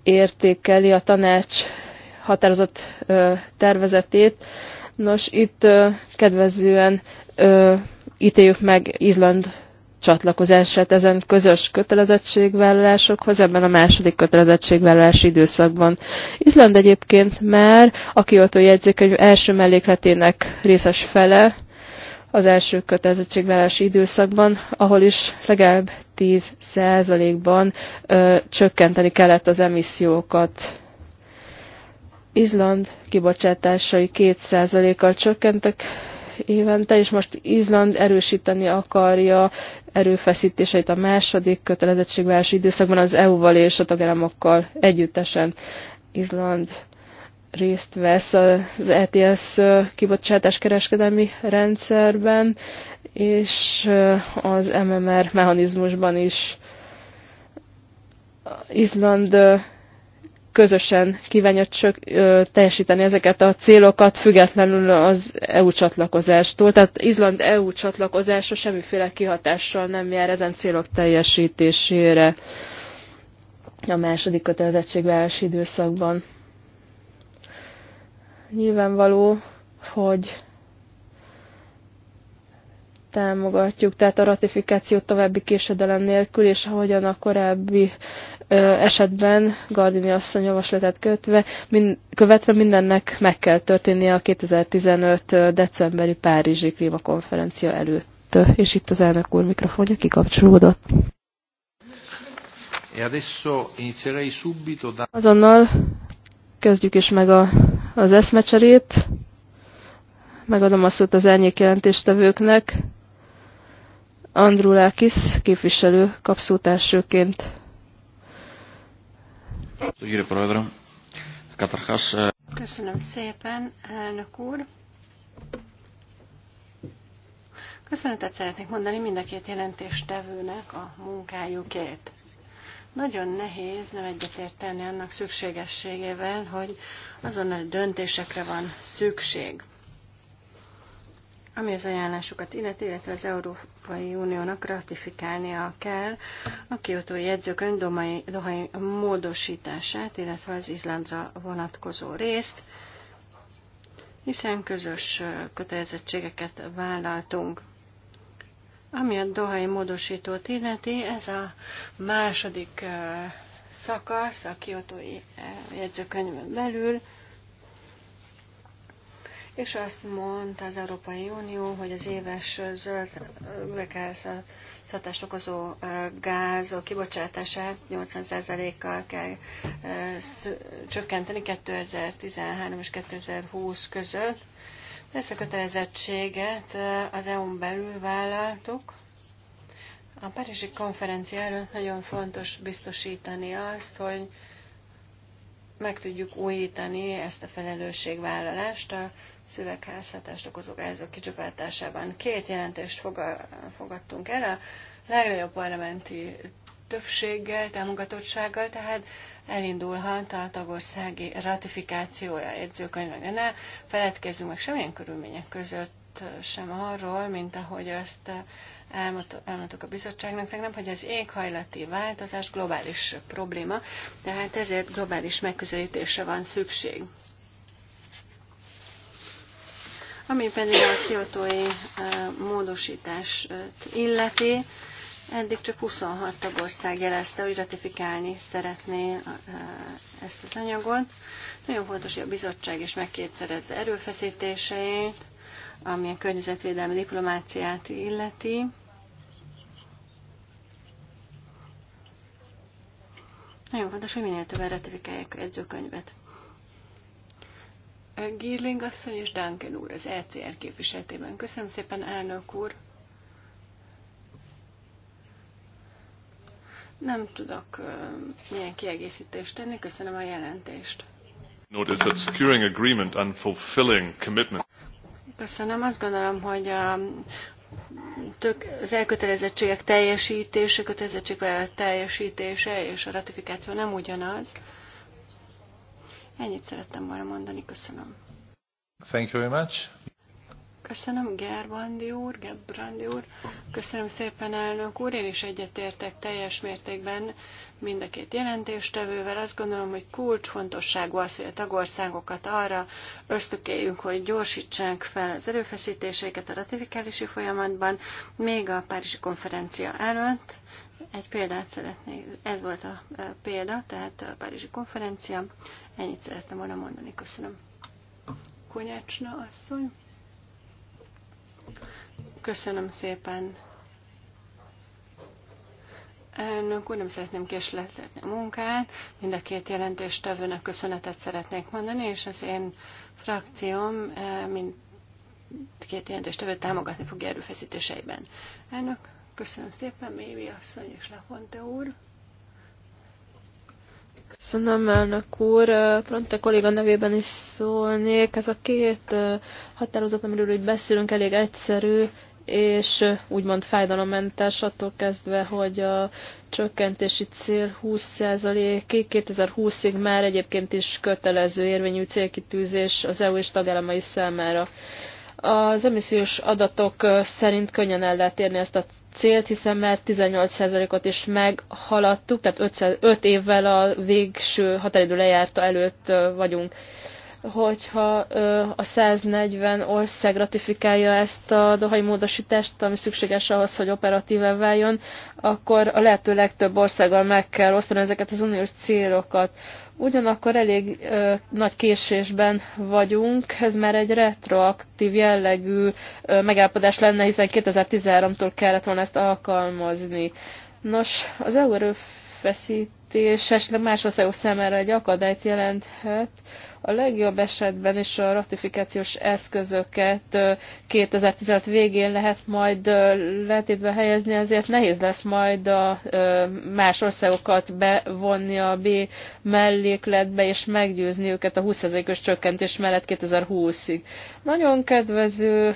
értékeli a tanács határozott tervezetét, Nos, itt kedvezően ítéljük meg Izland csatlakozását ezen közös kötelezettségvállalásokhoz ebben a második kötelezettségvállalási időszakban. Izland egyébként már a Kyoto jegyzékönyv első mellékletének részes fele az első kötelezettségvállalási időszakban, ahol is legalább 10%-ban csökkenteni kellett az emissziókat Izland kibocsátásai 2%-kal csökkentek évente, és most Izland erősíteni akarja erőfeszítéseit a második kötelezettségvárosi időszakban az EU-val és a tagállamokkal együttesen. Izland részt vesz az ETS kibocsátás kereskedelmi rendszerben, és az MMR mechanizmusban is. Izland közösen kívánja csak teljesíteni ezeket a célokat, függetlenül az EU csatlakozástól. Tehát Izland EU csatlakozása semmiféle kihatással nem jár ezen célok teljesítésére a második kötelezettségvállalási időszakban. Nyilvánvaló, hogy támogatjuk, tehát a ratifikációt további késedelem nélkül, és ahogyan a korábbi ö, esetben Gardini asszony javaslatát kötve, mind, követve mindennek meg kell történnie a 2015. decemberi Párizsi klímakonferencia előtt. És itt az elnök úr mikrofonja kikapcsolódott. E Azonnal kezdjük is meg a, az eszmecserét. Megadom a szót az elnyék jelentéstevőknek. Andrulakis képviselő kapszótársőként. Eh. Köszönöm szépen, elnök úr. Köszönetet szeretnék mondani mind a két jelentéstevőnek a munkájukért. Nagyon nehéz nem egyetérteni annak szükségességével, hogy azonnal döntésekre van szükség ami az ajánlásokat illeti, illetve az Európai Uniónak ratifikálnia kell a kiotói jegyzők öndomai dohai módosítását, illetve az Izlandra vonatkozó részt, hiszen közös kötelezettségeket vállaltunk. Ami a dohai módosítót illeti, ez a második szakasz a kiotói jegyzőkönyvön belül, és azt mondta az Európai Unió, hogy az éves zöld üvegházhatást okozó gázok kibocsátását 80%-kal kell csökkenteni 2013 és 2020 között. Ezt a kötelezettséget az EU-n belül vállaltuk. A Párizsi konferencia előtt nagyon fontos biztosítani azt, hogy meg tudjuk újítani ezt a felelősségvállalást a szüvegházhatást okozó gázok kicsapátásában. Két jelentést fogadtunk el, a legnagyobb parlamenti többséggel, támogatottsággal, tehát elindulhat a tagországi ratifikációja jegyzőkönyvben. Ne feledkezzünk meg semmilyen körülmények között sem arról, mint ahogy azt elmondtuk a bizottságnak tegnap, hogy az éghajlati változás globális probléma, tehát ezért globális megközelítésre van szükség. Ami pedig a kiotói módosítást illeti, eddig csak 26 tagország jelezte, hogy ratifikálni szeretné ezt az anyagot. Nagyon fontos, hogy a bizottság is megkétszerezze erőfeszítéseit, ami a környezetvédelmi diplomáciát illeti. Nagyon fontos, hogy minél többen ratifikálják a jegyzőkönyvet. Gírling asszony és Duncan úr az ECR képviseletében. Köszönöm szépen, elnök úr! Nem tudok uh, milyen kiegészítést tenni, köszönöm a jelentést. Note that securing agreement and fulfilling commitment. Köszönöm. Azt gondolom, hogy a tök, az elkötelezettségek teljesítése, kötelezettség teljesítése és a ratifikáció nem ugyanaz. Ennyit szerettem volna mondani. Köszönöm. Thank you very much. Köszönöm, Gerbandi úr, Gerbrandi úr. Köszönöm szépen, elnök úr. Én is egyetértek teljes mértékben mind a két jelentéstevővel. Azt gondolom, hogy kulcsfontosságú az, hogy a tagországokat arra ösztökéljünk, hogy gyorsítsák fel az erőfeszítéseiket a ratifikálási folyamatban, még a Párizsi konferencia előtt. Egy példát szeretnék, ez volt a e, példa, tehát a Párizsi konferencia. Ennyit szerettem volna mondani. Köszönöm. Konyecsna asszony. Köszönöm szépen. Elnök úr, nem szeretném késletetni a munkát. Mind a két jelentéstevőnek köszönetet szeretnék mondani, és az én frakcióm eh, mind két jelentéstevőt támogatni fogja erőfeszítéseiben. Elnök, köszönöm szépen, Mévi asszony és Lafonte úr. Köszönöm, elnök úr. Pronte kolléga nevében is szólnék. Ez a két határozat, amiről úgy beszélünk, elég egyszerű, és úgymond fájdalommentes attól kezdve, hogy a csökkentési cél 20%-ig 2020-ig már egyébként is kötelező érvényű célkitűzés az EU és tagállamai számára. Az emissziós adatok szerint könnyen el lehet érni ezt a célt, hiszen már 18%-ot is meghaladtuk, tehát 5, évvel a végső határidő lejárta előtt vagyunk hogyha a 140 ország ratifikálja ezt a dohai módosítást, ami szükséges ahhoz, hogy operatíve váljon, akkor a lehető legtöbb országgal meg kell osztani ezeket az uniós célokat. Ugyanakkor elég ö, nagy késésben vagyunk, ez már egy retroaktív jellegű ö, megállapodás lenne, hiszen 2013-tól kellett volna ezt alkalmazni. Nos, az euró feszít és esetleg más országok számára egy akadályt jelenthet. A legjobb esetben is a ratifikációs eszközöket 2015 végén lehet majd letétbe helyezni, ezért nehéz lesz majd a más országokat bevonni a B mellékletbe, és meggyőzni őket a 20%-os csökkentés mellett 2020-ig. Nagyon kedvező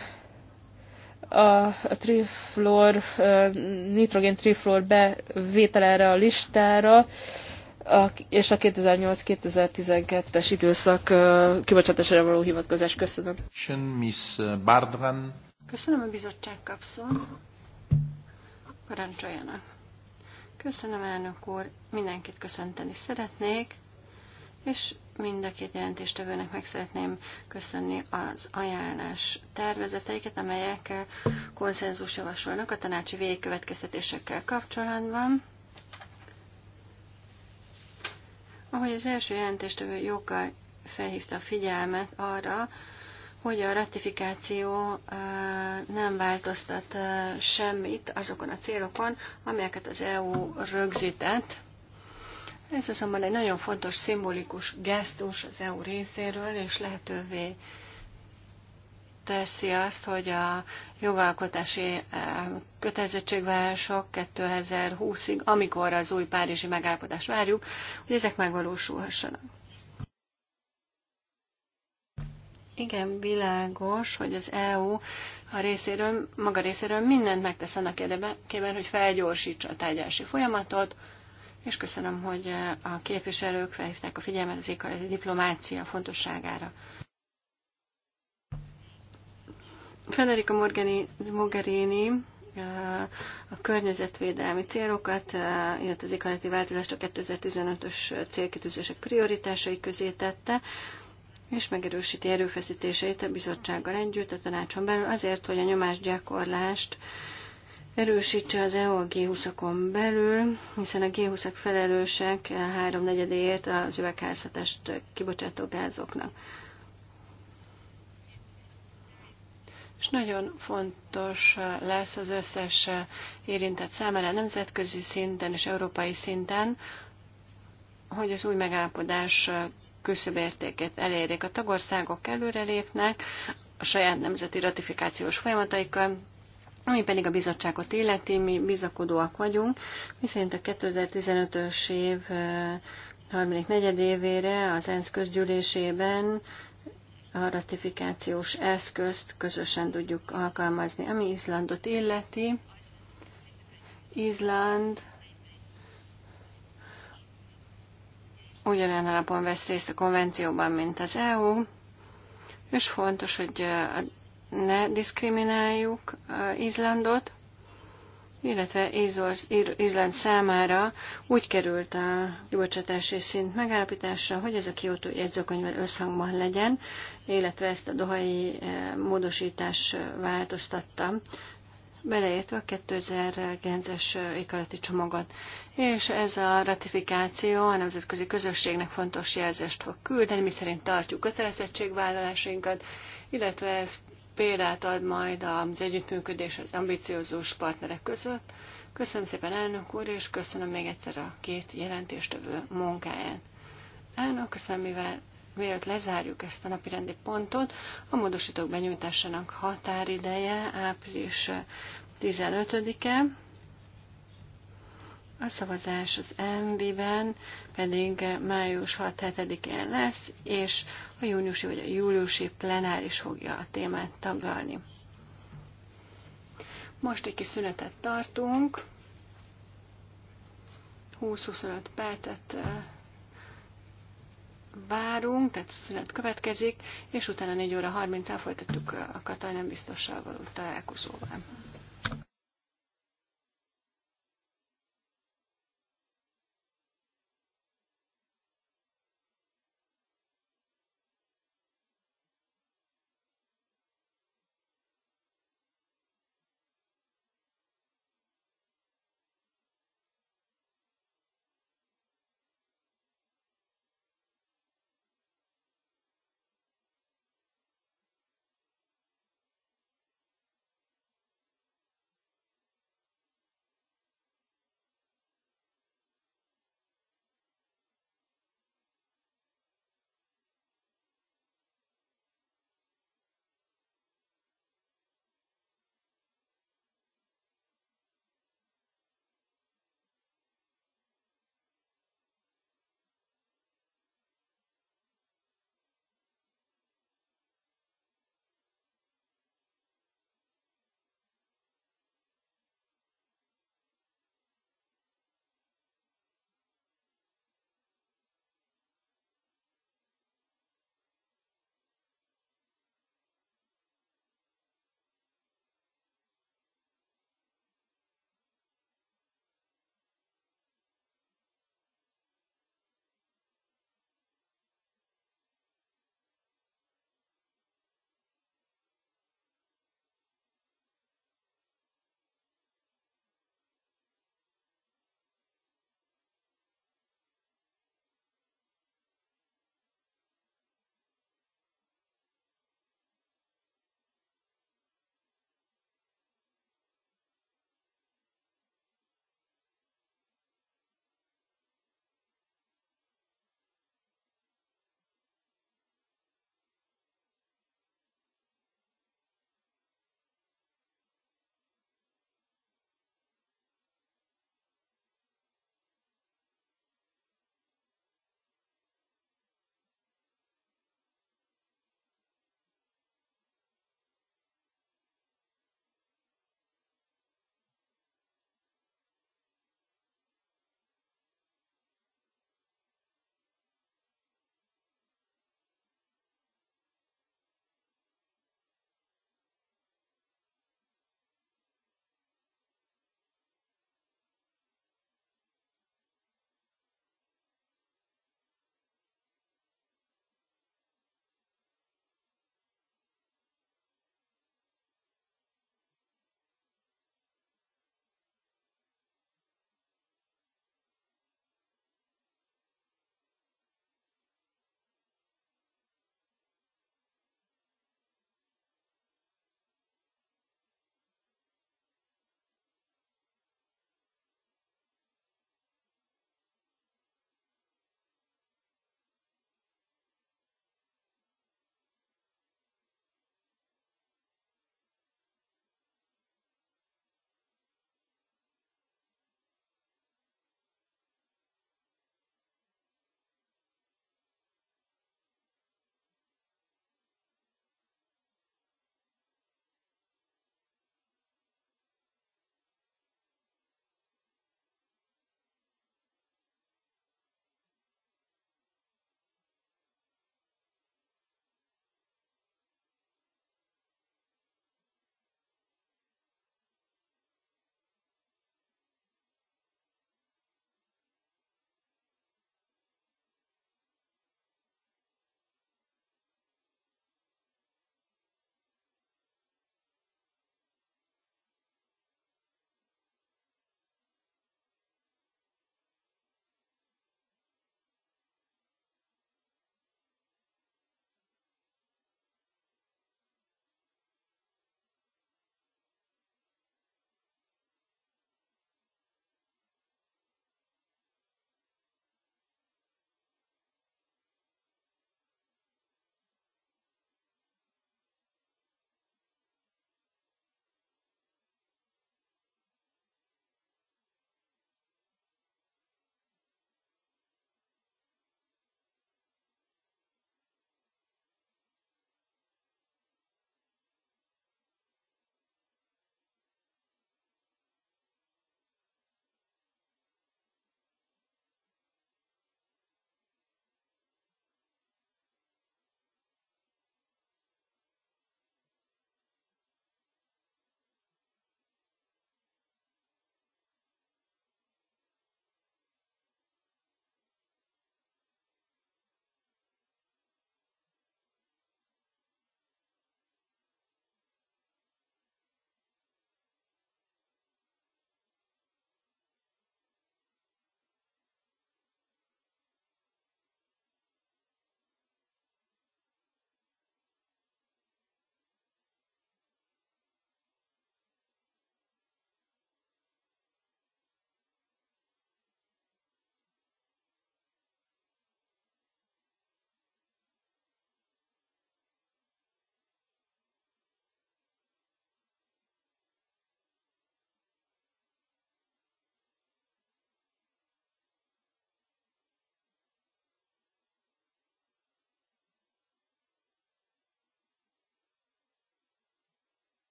a, a triflor, nitrogén triflor erre a listára, a, és a 2008-2012-es időszak kibocsátására való hivatkozás. Köszönöm. Miss Bardran. Köszönöm a bizottság kapszón. Parancsoljanak. Köszönöm, elnök úr. Mindenkit köszönteni szeretnék, és Mind a két jelentéstevőnek meg szeretném köszönni az ajánlás tervezeteiket, amelyek konszenzus javasolnak a tanácsi végkövetkeztetésekkel kapcsolatban. Ahogy az első jelentéstevő joggal felhívta a figyelmet arra, hogy a ratifikáció nem változtat semmit azokon a célokon, amelyeket az EU rögzített ez azonban egy nagyon fontos szimbolikus gesztus az EU részéről, és lehetővé teszi azt, hogy a jogalkotási e, kötelezettségvárások 2020-ig, amikor az új párizsi megállapodást várjuk, hogy ezek megvalósulhassanak. Igen, világos, hogy az EU a részéről, maga részéről mindent megtesz annak érdekében, hogy felgyorsítsa a tárgyalási folyamatot, és köszönöm, hogy eh, a képviselők felhívták a figyelmet az éghajlati diplomácia fontosságára. Federica Mogherini eh, a környezetvédelmi célokat, eh, illetve az éghajlati változást a 2015-ös célkitűzések prioritásai közé tette, és megerősíti erőfeszítéseit a bizottsággal együtt, a tanácson belül azért, hogy a nyomásgyakorlást gyakorlást erősítse az EU a G20-akon belül, hiszen a G20-ak felelősek háromnegyedéért az üvegházhatást kibocsátó gázoknak. és nagyon fontos lesz az összes érintett számára nemzetközi szinten és európai szinten, hogy az új megállapodás küszöbértékét elérjék. A tagországok előrelépnek a saját nemzeti ratifikációs folyamataikkal, ami pedig a bizottságot illeti, mi bizakodóak vagyunk, viszont a 2015-ös év harmadik negyedévére az ENSZ közgyűlésében a ratifikációs eszközt közösen tudjuk alkalmazni. Ami Izlandot illeti, Izland ugyanolyan alapon vesz részt a konvencióban, mint az EU, és fontos, hogy a ne diszkrimináljuk eh, Izlandot, illetve Izland számára úgy került a gyógycsatási szint megállapítása, hogy ez a kiótó jegyzőkönyvvel összhangban legyen, illetve ezt a dohai eh, módosítás változtatta, beleértve a 2009-es eh, ékalati csomagot. És ez a ratifikáció a nemzetközi közösségnek fontos jelzést fog küldeni, miszerint tartjuk kötelezettségvállalásainkat, illetve ez példát ad majd az együttműködés az ambiciózus partnerek között. Köszönöm szépen elnök úr, és köszönöm még egyszer a két jelentéstevő munkáját. Elnök, köszönöm, mivel mielőtt lezárjuk ezt a napirendi pontot, a módosítók benyújtásának határideje április 15-e. A szavazás az MB-ben pedig május 6-7-én lesz, és a júniusi vagy a júliusi plenáris fogja a témát taglalni. Most egy kis szünetet tartunk. 20-25 percet várunk, tehát szünet következik, és utána 4 óra 30-án folytatjuk a Katalin biztossal való találkozóval.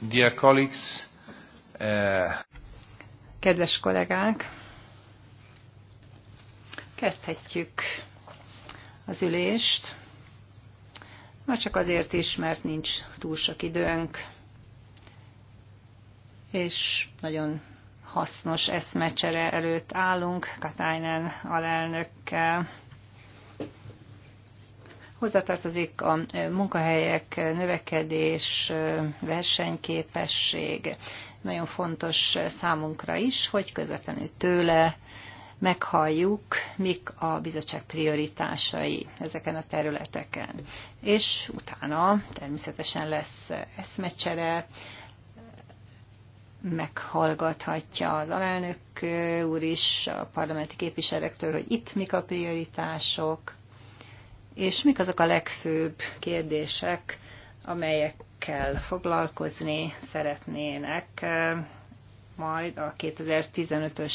Dear colleagues, uh... Kedves kollégák, kezdhetjük az ülést. Már csak azért is, mert nincs túl sok időnk, és nagyon hasznos eszmecsere előtt állunk Katájnen alelnökkel hozzátartozik a munkahelyek növekedés, versenyképesség. Nagyon fontos számunkra is, hogy közvetlenül tőle meghalljuk, mik a bizottság prioritásai ezeken a területeken. És utána természetesen lesz eszmecsere, meghallgathatja az alelnök úr is a parlamenti képviselőktől, hogy itt mik a prioritások, és mik azok a legfőbb kérdések, amelyekkel foglalkozni szeretnének eh, majd a 2015-ös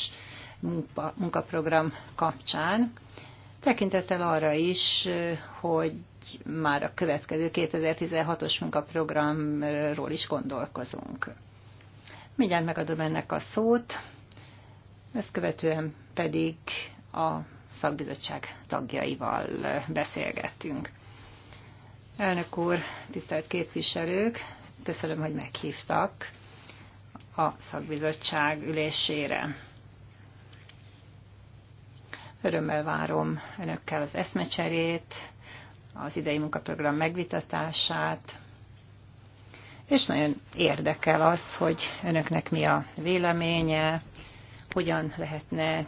munkaprogram kapcsán, tekintettel arra is, eh, hogy már a következő 2016-os munkaprogramról is gondolkozunk. Mindjárt megadom ennek a szót, ezt követően pedig a szakbizottság tagjaival beszélgettünk. Elnök úr, tisztelt képviselők, köszönöm, hogy meghívtak a szakbizottság ülésére. Örömmel várom önökkel az eszmecserét, az idei munkaprogram megvitatását, és nagyon érdekel az, hogy önöknek mi a véleménye, hogyan lehetne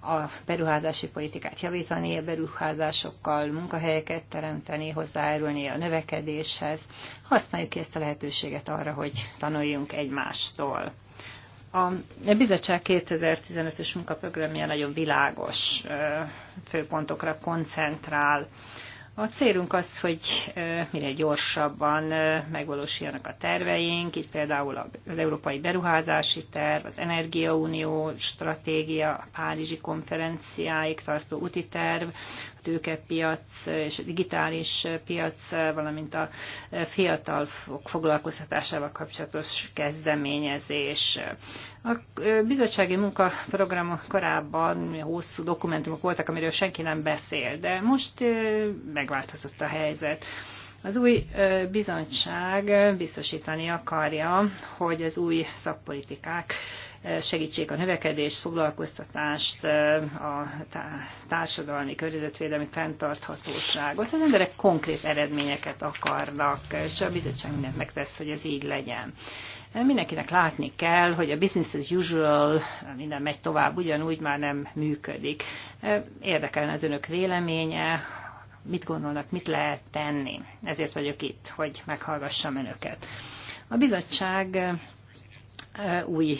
a beruházási politikát javítani, a beruházásokkal munkahelyeket teremteni, hozzájárulni a növekedéshez. Használjuk ki ezt a lehetőséget arra, hogy tanuljunk egymástól. A bizottság 2015-ös munkaprogramja nagyon világos főpontokra koncentrál. A célunk az, hogy minél gyorsabban megvalósuljanak a terveink, így például az Európai Beruházási Terv, az Energiaunió stratégia, a Párizsi konferenciáig tartó úti terv, tőkepiac és a digitális piac, valamint a fiatal foglalkoztatásával kapcsolatos kezdeményezés. A bizottsági munkaprogramok korábban hosszú dokumentumok voltak, amiről senki nem beszél, de most megváltozott a helyzet. Az új bizottság biztosítani akarja, hogy az új szakpolitikák segítsék a növekedést, foglalkoztatást, a társadalmi, környezetvédelmi fenntarthatóságot. Az emberek konkrét eredményeket akarnak, és a bizottság mindent megtesz, hogy ez így legyen. Mindenkinek látni kell, hogy a business as usual, minden megy tovább, ugyanúgy már nem működik. Érdekelne az önök véleménye, mit gondolnak, mit lehet tenni. Ezért vagyok itt, hogy meghallgassam önöket. A bizottság új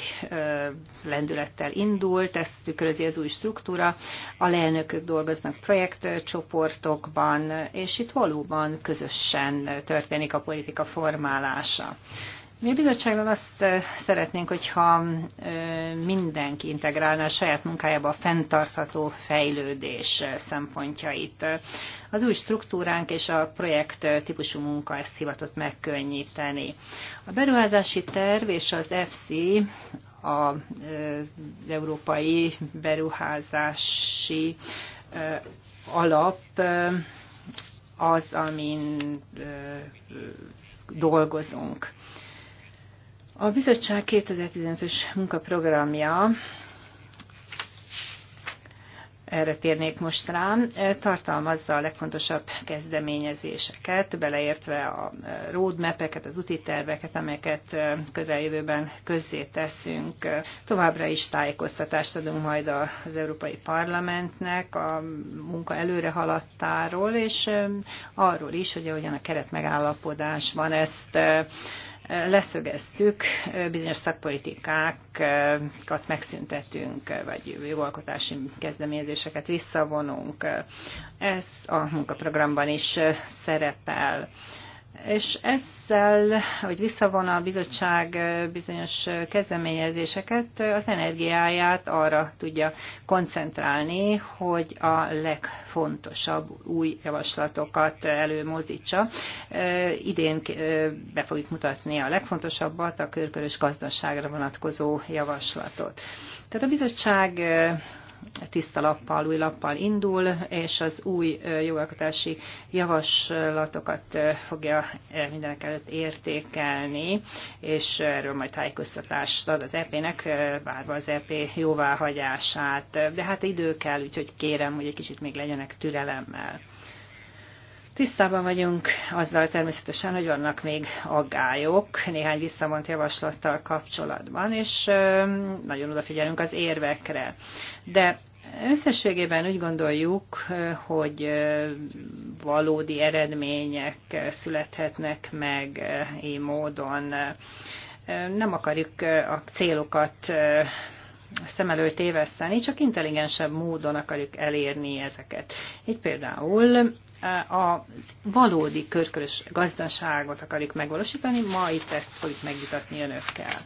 lendülettel indult, ezt tükrözi az új struktúra. A lelnökök dolgoznak projektcsoportokban, és itt valóban közösen történik a politika formálása. Mi a bizottságban azt szeretnénk, hogyha mindenki integrálna a saját munkájába a fenntartható fejlődés szempontjait. Az új struktúránk és a projekt típusú munka ezt hivatott megkönnyíteni. A beruházási terv és az FC az európai beruházási alap az, amin dolgozunk. A bizottság 2015-ös munkaprogramja erre térnék most rám, tartalmazza a legfontosabb kezdeményezéseket, beleértve a roadmap-eket, az úti terveket, amelyeket közeljövőben közzé teszünk. Továbbra is tájékoztatást adunk majd az Európai Parlamentnek a munka előre haladtáról, és arról is, hogy ahogyan a van ezt leszögeztük, bizonyos szakpolitikákat megszüntetünk, vagy jogalkotási kezdeményezéseket visszavonunk. Ez a munkaprogramban is szerepel. És ezzel, hogy visszavon a bizottság bizonyos kezdeményezéseket, az energiáját arra tudja koncentrálni, hogy a legfontosabb új javaslatokat előmozdítsa. Idén be fogjuk mutatni a legfontosabbat, a körkörös gazdaságra vonatkozó javaslatot. Tehát a bizottság tiszta lappal, új lappal indul, és az új jogalkotási javaslatokat fogja mindenek előtt értékelni, és erről majd tájékoztatást ad az EP-nek, várva az EP jóváhagyását. De hát idő kell, úgyhogy kérem, hogy egy kicsit még legyenek türelemmel. Tisztában vagyunk azzal természetesen, hogy vannak még aggályok néhány visszavont javaslattal kapcsolatban, és nagyon odafigyelünk az érvekre. De Összességében úgy gondoljuk, hogy valódi eredmények születhetnek meg így módon. Nem akarjuk a célokat szem előtt éveszteni, csak intelligensebb módon akarjuk elérni ezeket. Így például a valódi körkörös gazdaságot akarjuk megvalósítani, ma itt ezt fogjuk megvitatni önökkel.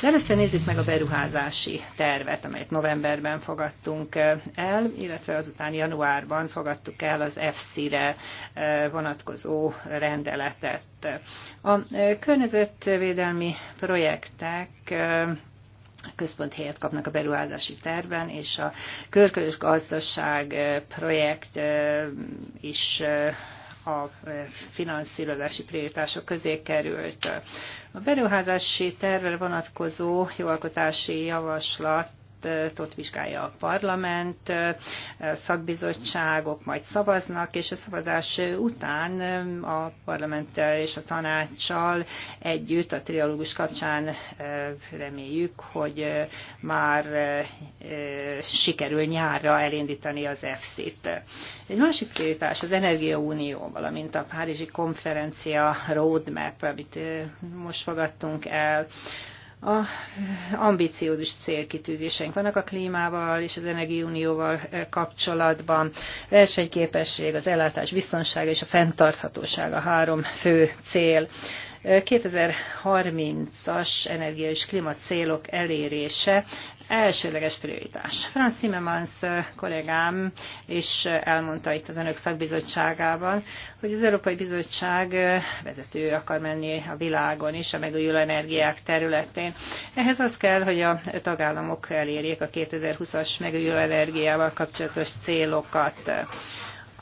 De először nézzük meg a beruházási tervet, amelyet novemberben fogadtunk el, illetve azután januárban fogadtuk el az FC-re eh, vonatkozó rendeletet. A eh, környezetvédelmi projektek eh, központ helyet kapnak a beruházási terven, és a körkörös gazdaság projekt is a finanszírozási prioritások közé került. A beruházási tervre vonatkozó jogalkotási javaslat javaslatot vizsgálja a parlament, szakbizottságok majd szavaznak, és a szavazás után a parlamenttel és a tanácssal együtt a trialógus kapcsán reméljük, hogy már sikerül nyárra elindítani az EFSZ-t. Egy másik prioritás az Energiaunió, valamint a Párizsi konferencia roadmap, amit most fogadtunk el a ambiciózus célkitűzéseink vannak a klímával és az energiaunióval eh, kapcsolatban. Versenyképesség, az ellátás biztonsága és a fenntarthatóság a három fő cél. 2030-as energia és klímacélok elérése elsőleges prioritás. Franz Timmermans kollégám is elmondta itt az önök szakbizottságában, hogy az Európai Bizottság vezető akar menni a világon is a megújuló energiák területén. Ehhez az kell, hogy a tagállamok elérjék a 2020-as megújuló energiával kapcsolatos célokat.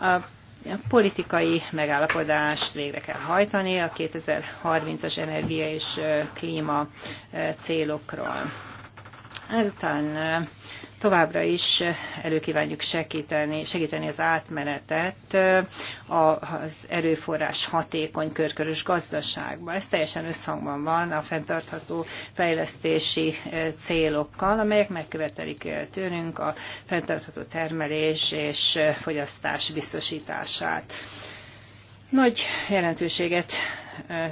A a politikai megállapodást végre kell hajtani a 2030-as energia és klíma célokról. Ezután Továbbra is előkívánjuk segíteni, segíteni az átmenetet az erőforrás hatékony körkörös gazdaságba. Ez teljesen összhangban van a fenntartható fejlesztési célokkal, amelyek megkövetelik tőlünk a fenntartható termelés és fogyasztás biztosítását. Nagy jelentőséget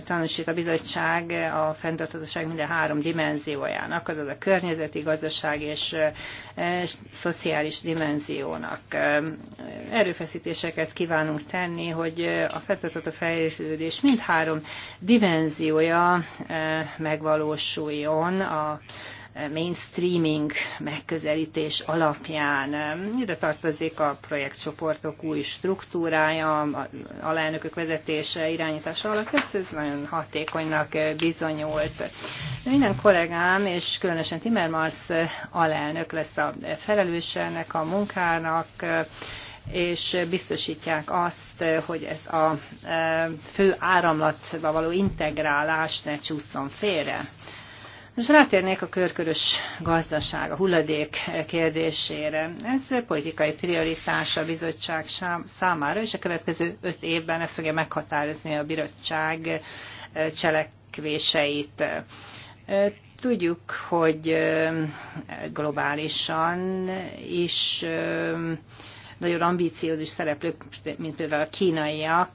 tanúsít a bizottság a fenntartatóság minden három dimenziójának, azaz a környezeti, gazdaság és szociális dimenziónak. Erőfeszítéseket kívánunk tenni, hogy a fenntartató fejlődés mind három dimenziója megvalósuljon a mainstreaming megközelítés alapján. Ide tartozik a projektcsoportok új struktúrája, alelnökök vezetése, irányítása alatt. Ez, ez nagyon hatékonynak bizonyult. Minden kollégám, és különösen Timmermans alelnök lesz a felelős ennek a munkának, és biztosítják azt, hogy ez a fő áramlatba való integrálás ne csúszson félre. Most rátérnék a körkörös gazdaság, a hulladék kérdésére. Ez politikai prioritás a bizottság számára, és a következő öt évben ezt fogja meghatározni a bizottság eh, cselekvéseit. Eh, tudjuk, hogy eh, globálisan is nagyon ambíciózus szereplők, mint például a kínaiak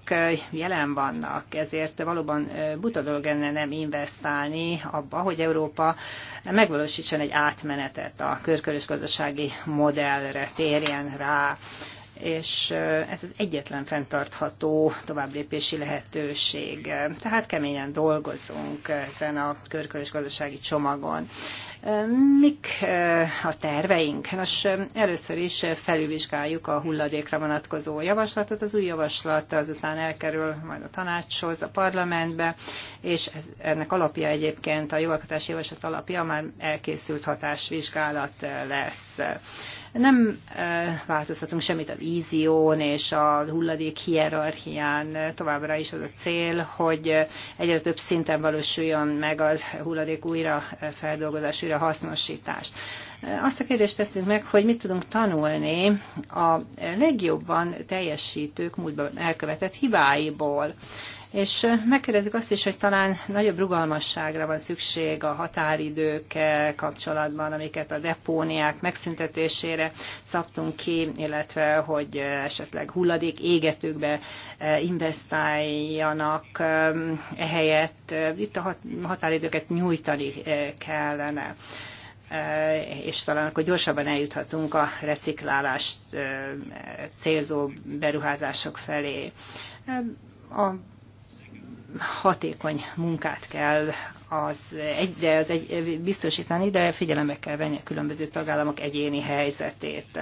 jelen vannak, ezért valóban buta dolog lenne nem investálni abba, hogy Európa megvalósítson egy átmenetet a körkörös gazdasági modellre térjen rá és ez az egyetlen fenntartható továbblépési lehetőség. Tehát keményen dolgozunk ezen a körkörös gazdasági csomagon. Mik a terveink? Nos, először is felülvizsgáljuk a hulladékra vonatkozó javaslatot. Az új javaslat azután elkerül majd a tanácshoz, a parlamentbe, és ez, ennek alapja egyébként, a jogalkotási javaslat alapja már elkészült hatásvizsgálat lesz. Nem változtatunk semmit a vízión és a hulladék hierarchián. Továbbra is az a cél, hogy egyre több szinten valósuljon meg az hulladék újra feldolgozás, újra hasznosítás. Azt a kérdést tettük meg, hogy mit tudunk tanulni a legjobban teljesítők múltban elkövetett hibáiból. És megkérdezzük azt is, hogy talán nagyobb rugalmasságra van szükség a határidőkkel kapcsolatban, amiket a depóniák megszüntetésére szabtunk ki, illetve hogy esetleg hulladék égetőkbe investáljanak ehelyett. Itt a határidőket nyújtani kellene és talán akkor gyorsabban eljuthatunk a reciklálást célzó beruházások felé a hatékony munkát kell az de az egy, biztosítani, de figyelembe kell venni a különböző tagállamok egyéni helyzetét.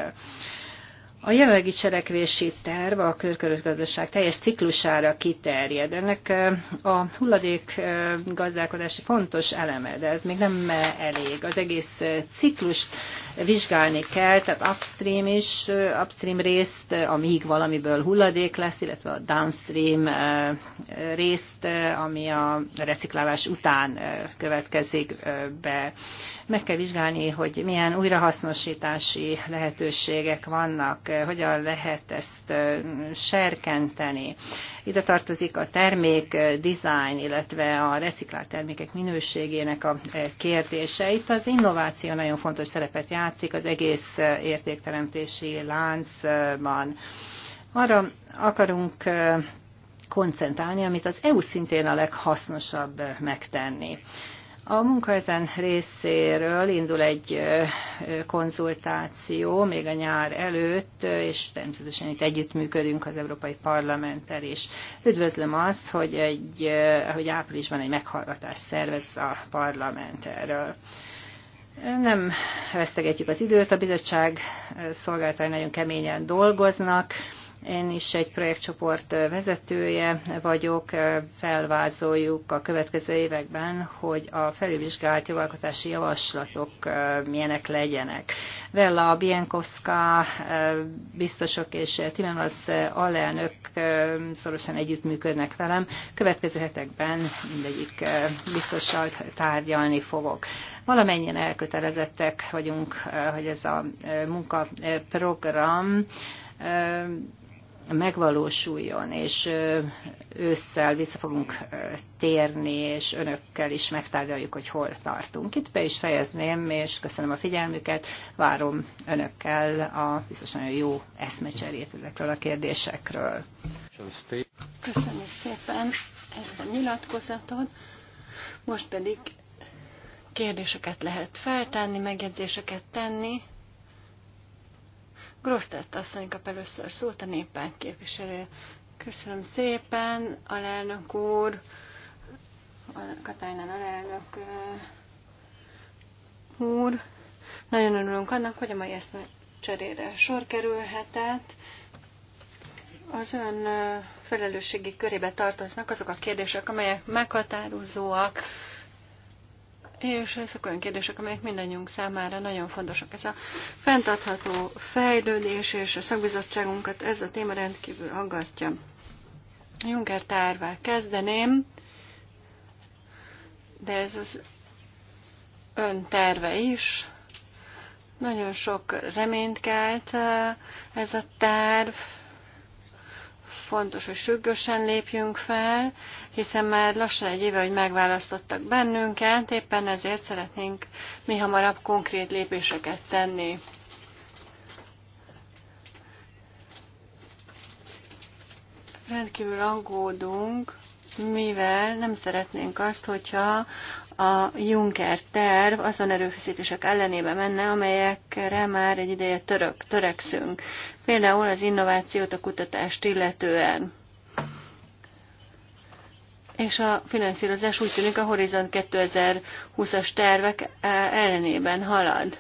A jelenlegi cselekvési terv a körkörös gazdaság teljes ciklusára kiterjed. Ennek eh, a hulladék eh, gazdálkodási fontos eleme, de ez még nem eh, elég. Az egész ciklust vizsgálni kell, tehát upstream is, upstream részt, amíg valamiből hulladék lesz, illetve a downstream eh, részt, eh, ami a reciklálás után eh, következik be. Meg kell vizsgálni, hogy milyen újrahasznosítási lehetőségek vannak, hogyan lehet ezt serkenteni. Ide tartozik a termék design, illetve a reciklált termékek minőségének a kérdése. Itt az innováció nagyon fontos szerepet játszik az egész értékteremtési láncban. Arra akarunk koncentrálni, amit az EU szintén a leghasznosabb megtenni. A munka ezen részéről indul egy konzultáció még a nyár előtt, és természetesen itt együttműködünk az Európai Parlamenttel is. Üdvözlöm azt, hogy, egy, hogy áprilisban egy meghallgatást szervez a parlament erről. Nem vesztegetjük az időt, a bizottság szolgáltatói nagyon keményen dolgoznak, én is egy projektcsoport vezetője vagyok, felvázoljuk a következő években, hogy a felülvizsgált jogalkotási javaslatok milyenek legyenek. Vella Bienkowska biztosok és Timmermans alelnök szorosan együttműködnek velem. Következő hetekben mindegyik biztossal tárgyalni fogok. Valamennyien elkötelezettek vagyunk, hogy ez a munkaprogram megvalósuljon, és ősszel vissza fogunk térni, és önökkel is megtárgyaljuk, hogy hol tartunk. Itt be is fejezném, és köszönöm a figyelmüket, várom önökkel a biztos nagyon jó eszmecserét ezekről a kérdésekről. Köszönjük szépen ezt a nyilatkozatot. Most pedig kérdéseket lehet feltenni, megjegyzéseket tenni. Grosztett asszony kap először szót a néppárt képviselő. Köszönöm szépen, alelnök úr, Katajnán alelnök úr. Nagyon örülünk annak, hogy a mai eszme cserére sor kerülhetett. Az ön felelősségi körébe tartoznak azok a kérdések, amelyek meghatározóak és ezek olyan kérdések, amelyek mindannyiunk számára nagyon fontosak. Ez a fenntartható fejlődés és a szakbizottságunkat ez a téma rendkívül aggasztja. Juncker tárvá kezdeném, de ez az ön terve is. Nagyon sok reményt kelt eh, ez a terv, fontos, hogy sürgősen lépjünk fel, hiszen már lassan egy éve, hogy megválasztottak bennünket, éppen ezért szeretnénk mi hamarabb konkrét lépéseket tenni. Rendkívül aggódunk, mivel nem szeretnénk azt, hogyha a Juncker terv azon erőfeszítések ellenébe menne, amelyekre már egy ideje török, törekszünk. Például az innovációt, a kutatást illetően. És a finanszírozás úgy tűnik a Horizont 2020-as tervek eh, ellenében halad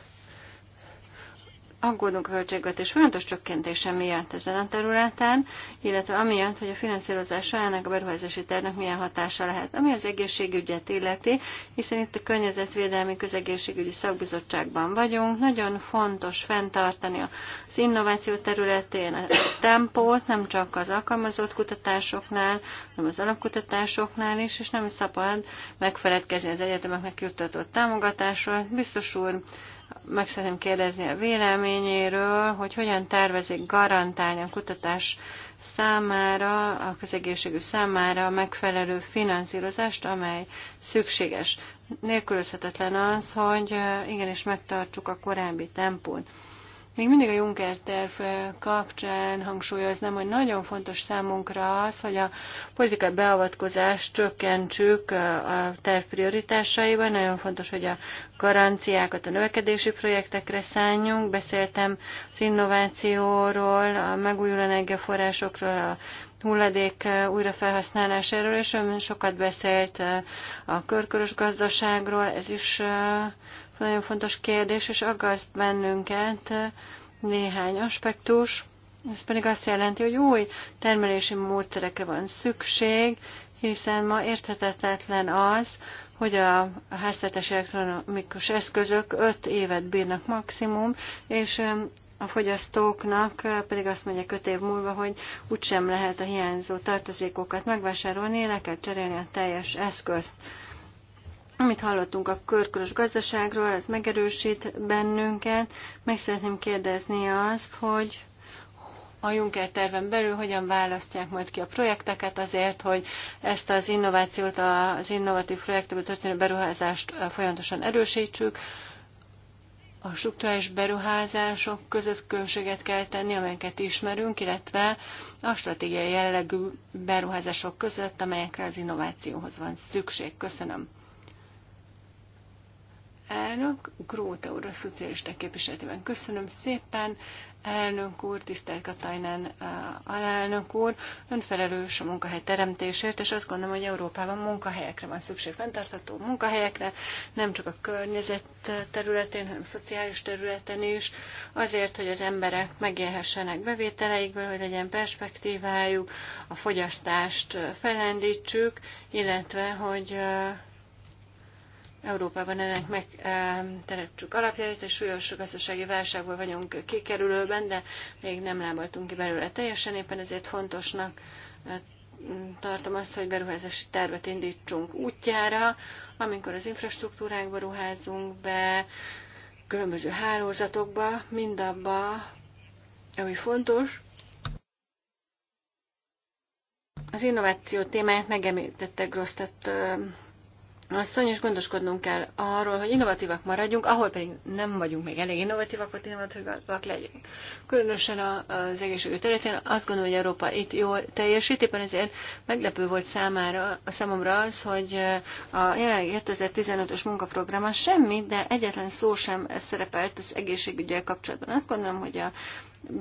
aggódunk a költségvetés fontos csökkentése miatt ezen a területen, illetve amiatt, hogy a finanszírozása ennek a beruházási tervnek milyen hatása lehet, ami az egészségügyet illeti, hiszen itt a Környezetvédelmi Közegészségügyi Szakbizottságban vagyunk. Nagyon fontos fenntartani az innováció területén a tempót, nem csak az alkalmazott kutatásoknál, hanem az alapkutatásoknál is, és nem szabad megfeledkezni az egyetemeknek juttatott támogatásról. Biztos úr, meg szeretném kérdezni a véleményéről, hogy hogyan tervezik garantálni a kutatás számára, a közegészségű számára a megfelelő finanszírozást, amely szükséges. Nélkülözhetetlen az, hogy igenis megtartsuk a korábbi tempót. Még mindig a Juncker terv kapcsán hangsúlyoznám, hogy nagyon fontos számunkra az, hogy a politikai beavatkozást csökkentsük a terv prioritásaiban. Nagyon fontos, hogy a garanciákat a növekedési projektekre szálljunk. Beszéltem az innovációról, a megújuló energiaforrásokról, a hulladék újrafelhasználásáról, és sokat beszélt a körkörös gazdaságról, ez is nagyon fontos kérdés, és aggaszt bennünket néhány aspektus. Ez pedig azt jelenti, hogy új termelési módszerekre van szükség, hiszen ma érthetetlen az, hogy a háztartási elektronikus eszközök 5 évet bírnak maximum, és a fogyasztóknak eh, pedig azt mondja 5 év múlva, hogy úgysem lehet a hiányzó tartozékokat megvásárolni, le kell cserélni a teljes eszközt. Amit hallottunk a körkörös gazdaságról, ez megerősít bennünket. Meg szeretném kérdezni azt, hogy a Juncker terven belül hogyan választják majd ki a projekteket azért, hogy ezt az innovációt, az innovatív projektből történő beruházást folyamatosan erősítsük. A struktúrális beruházások között különbséget kell tenni, amelyeket ismerünk, illetve a stratégiai jellegű beruházások között, amelyekre az innovációhoz van szükség. Köszönöm elnök, Gróta úr a szocialista képviseletében. Köszönöm szépen, elnök úr, tisztelt Katajnán eh, alelnök úr, önfelelős a munkahely teremtésért, és azt gondolom, hogy Európában munkahelyekre van szükség, fenntartható munkahelyekre, nem csak a környezet területén, hanem a szociális területen is, azért, hogy az emberek megélhessenek bevételeikből, hogy legyen perspektívájuk, a fogyasztást felendítsük, illetve, hogy eh, Európában ennek megteremtsük alapjait, és súlyos gazdasági válságból vagyunk kikerülőben, de még nem lábaltunk ki belőle teljesen, éppen ezért fontosnak tartom azt, hogy beruházási tervet indítsunk útjára, amikor az infrastruktúrákba ruházunk be, különböző hálózatokba, mindabba, ami fontos. Az innováció témáját megemlítette Grosztett asszony, és gondoskodnunk kell arról, hogy innovatívak maradjunk, ahol pedig nem vagyunk még elég innovatívak, hogy innovatívak legyünk. Különösen az egészségügy területén azt gondolom, hogy Európa itt jól teljesít, éppen ezért meglepő volt számára, a számomra az, hogy a jelenlegi 2015-ös munkaprogram, semmi, de egyetlen szó sem szerepelt az egészségügyel kapcsolatban. Azt gondolom, hogy a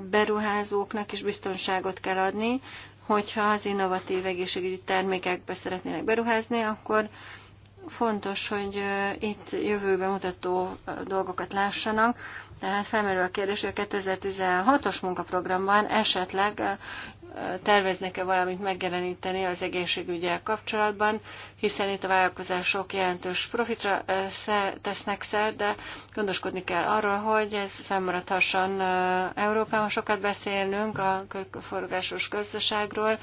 beruházóknak is biztonságot kell adni, hogyha az innovatív egészségügyi termékekbe szeretnének beruházni, akkor fontos, hogy itt jövőben mutató dolgokat lássanak. Tehát felmerül a kérdés, hogy a 2016-os munkaprogramban esetleg terveznek-e valamit megjeleníteni az egészségügyel kapcsolatban, hiszen itt a vállalkozások jelentős profitra tesznek szert, de gondoskodni kell arról, hogy ez fennmaradhasson Európában. Sokat beszélnünk a körforgásos gazdaságról,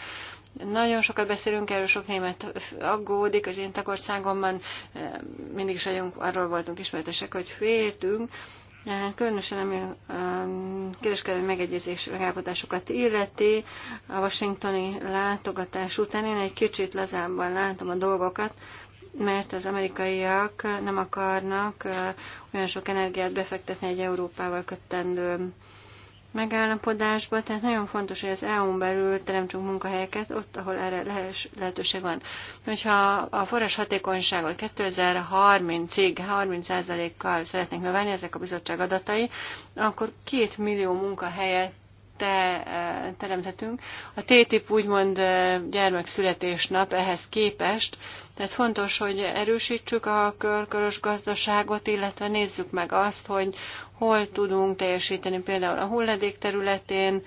nagyon sokat beszélünk erről, sok német aggódik, az én tagországomban mindig is vagyunk, arról voltunk ismeretesek, hogy féltünk, Különösen ami kereskedelmi megegyezés megállapodásokat illeti, a washingtoni látogatás után én egy kicsit lazábban látom a dolgokat, mert az amerikaiak nem akarnak olyan sok energiát befektetni egy Európával köttendő megállapodásba, tehát nagyon fontos, hogy az EU-n belül teremtsünk munkahelyeket ott, ahol erre lehes, lehetőség van. Hogyha a forrás hatékonyságot 2030-ig 30%-kal szeretnénk növelni, ezek a bizottság adatai, akkor két millió munkahelyet te teremthetünk. A TTIP úgymond gyermekszületésnap ehhez képest, tehát fontos, hogy erősítsük a körkörös gazdaságot, illetve nézzük meg azt, hogy hol tudunk teljesíteni például a hulladék területén,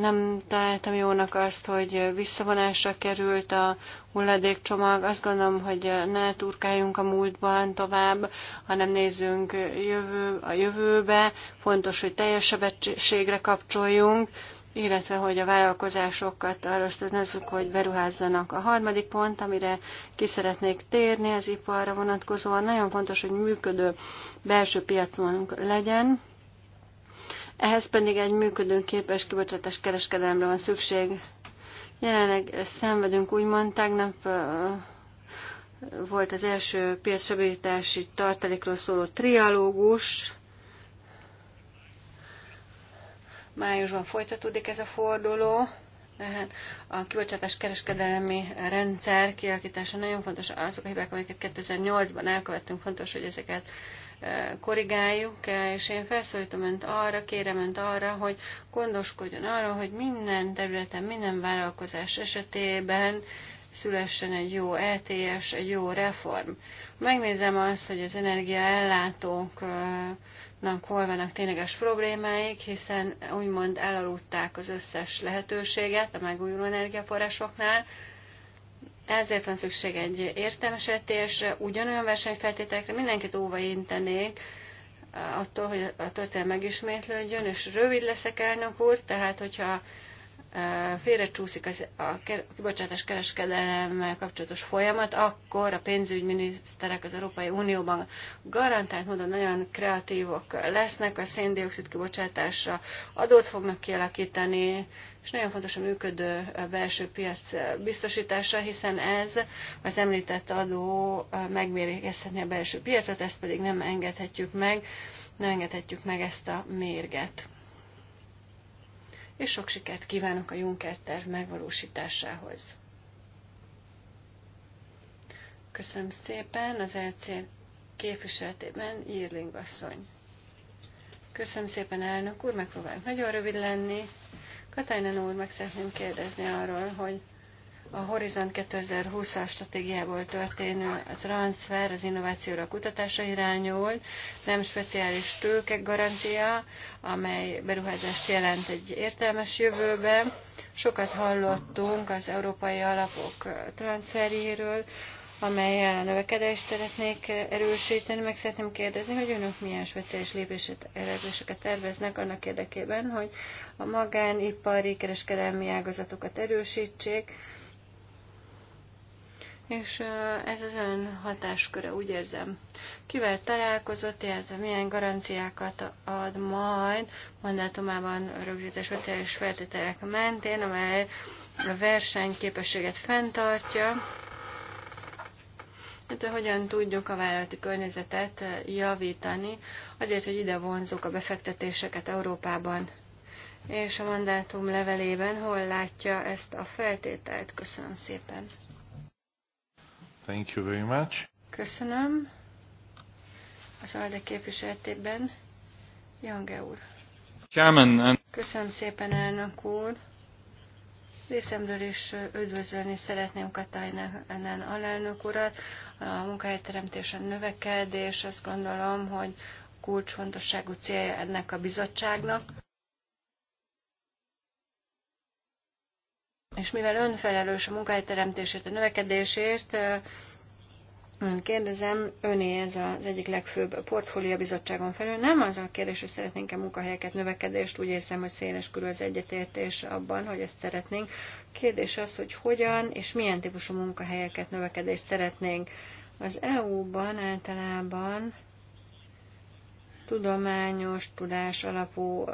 nem találtam jónak azt, hogy visszavonásra került a hulladékcsomag. Azt gondolom, hogy ne turkáljunk a múltban tovább, hanem nézzünk jövő, a jövőbe. Fontos, hogy teljes sebességre kapcsoljunk illetve hogy a vállalkozásokat arra ösztönözzük, hogy beruházzanak. A harmadik pont, amire ki szeretnék térni az iparra vonatkozóan, nagyon fontos, hogy működő belső piacunk legyen, ehhez pedig egy működőképes kibocsátás kereskedelemre van szükség. Jelenleg szenvedünk, úgymond tegnap volt az első piacstabilitási tartalékról szóló trialógus, Májusban folytatódik ez a forduló. Tehát a kibocsátás kereskedelmi rendszer kialakítása nagyon fontos. Azok a hibák, amiket 2008-ban elkövettünk, fontos, hogy ezeket e, korrigáljuk, e, és én felszólítom önt arra, kérem önt arra, hogy gondoskodjon arra, hogy minden területen, minden vállalkozás esetében szülessen egy jó LTS, e egy jó reform. Megnézem azt, hogy az energiaellátóknak hol vannak tényleges problémáik, hiszen úgymond elaludták az összes lehetőséget a megújuló energiaforrásoknál, ezért van szükség egy értelmes ugyanolyan versenyfeltételekre, mindenkit óva intenék, eh, attól, hogy a történet megismétlődjön, és rövid leszek elnök úr, tehát hogyha félrecsúszik az, a kibocsátás kereskedelemmel kapcsolatos folyamat, akkor a pénzügyminiszterek az Európai Unióban garantált módon nagyon kreatívok lesznek, a széndiokszid kibocsátásra adót fognak kialakítani, és nagyon fontos a működő belső piac biztosítása, hiszen ez az említett adó megmérgezhetni a belső piacot, ezt pedig nem engedhetjük meg, nem engedhetjük meg ezt a mérget és sok sikert kívánok a Juncker terv megvalósításához. Köszönöm szépen az LC e képviseletében Írling asszony. Köszönöm szépen, elnök úr, megpróbálok nagyon rövid lenni. Katajnen úr, meg szeretném kérdezni arról, hogy a Horizont 2020-as stratégiából történő transfer az innovációra a kutatásra irányul, nem speciális tőkek garancia, amely beruházást jelent egy értelmes jövőbe. Sokat hallottunk az európai alapok transferjéről, amelyel a növekedést szeretnék erősíteni, meg szeretném kérdezni, hogy önök milyen speciális lépéseket terveznek annak érdekében, hogy a magánipari kereskedelmi ágazatokat erősítsék, és ez az ön hatásköre, úgy érzem. Kivel találkozott, illetve milyen garanciákat ad majd mandátumában rögzített speciális feltételek mentén, amely a versenyképességet fenntartja, Hát hogyan tudjuk a vállalati környezetet javítani, azért, hogy ide vonzuk a befektetéseket Európában. És a mandátum levelében hol látja ezt a feltételt? Köszönöm szépen. Thank you very much. Köszönöm. Az ALDE képviseletében Jange úr. Köszönöm szépen, elnök úr. Részemről is üdvözölni szeretném Katajnán alelnök urat. A munkahelyteremtés a növekedés, azt gondolom, hogy kulcsfontosságú célja ennek a bizottságnak. és mivel önfelelős a munkahelyteremtésért, a növekedésért, Ön kérdezem, öné ez az egyik legfőbb portfólia bizottságon felül. Nem az a kérdés, hogy szeretnénk-e munkahelyeket, növekedést, úgy érzem, hogy széles körül az egyetértés abban, hogy ezt szeretnénk. Kérdés az, hogy hogyan és milyen típusú munkahelyeket, növekedést szeretnénk. Az EU-ban általában tudományos, tudás alapú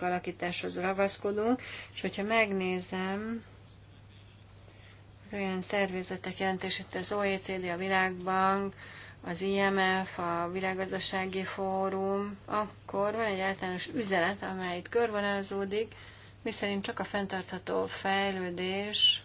alakításhoz ragaszkodunk, és hogyha megnézem, az olyan szervezetek itt az OECD, a Világbank, az IMF, a Világgazdasági Fórum, akkor van egy általános üzenet, amely itt körvonalazódik, miszerint csak a fenntartható fejlődés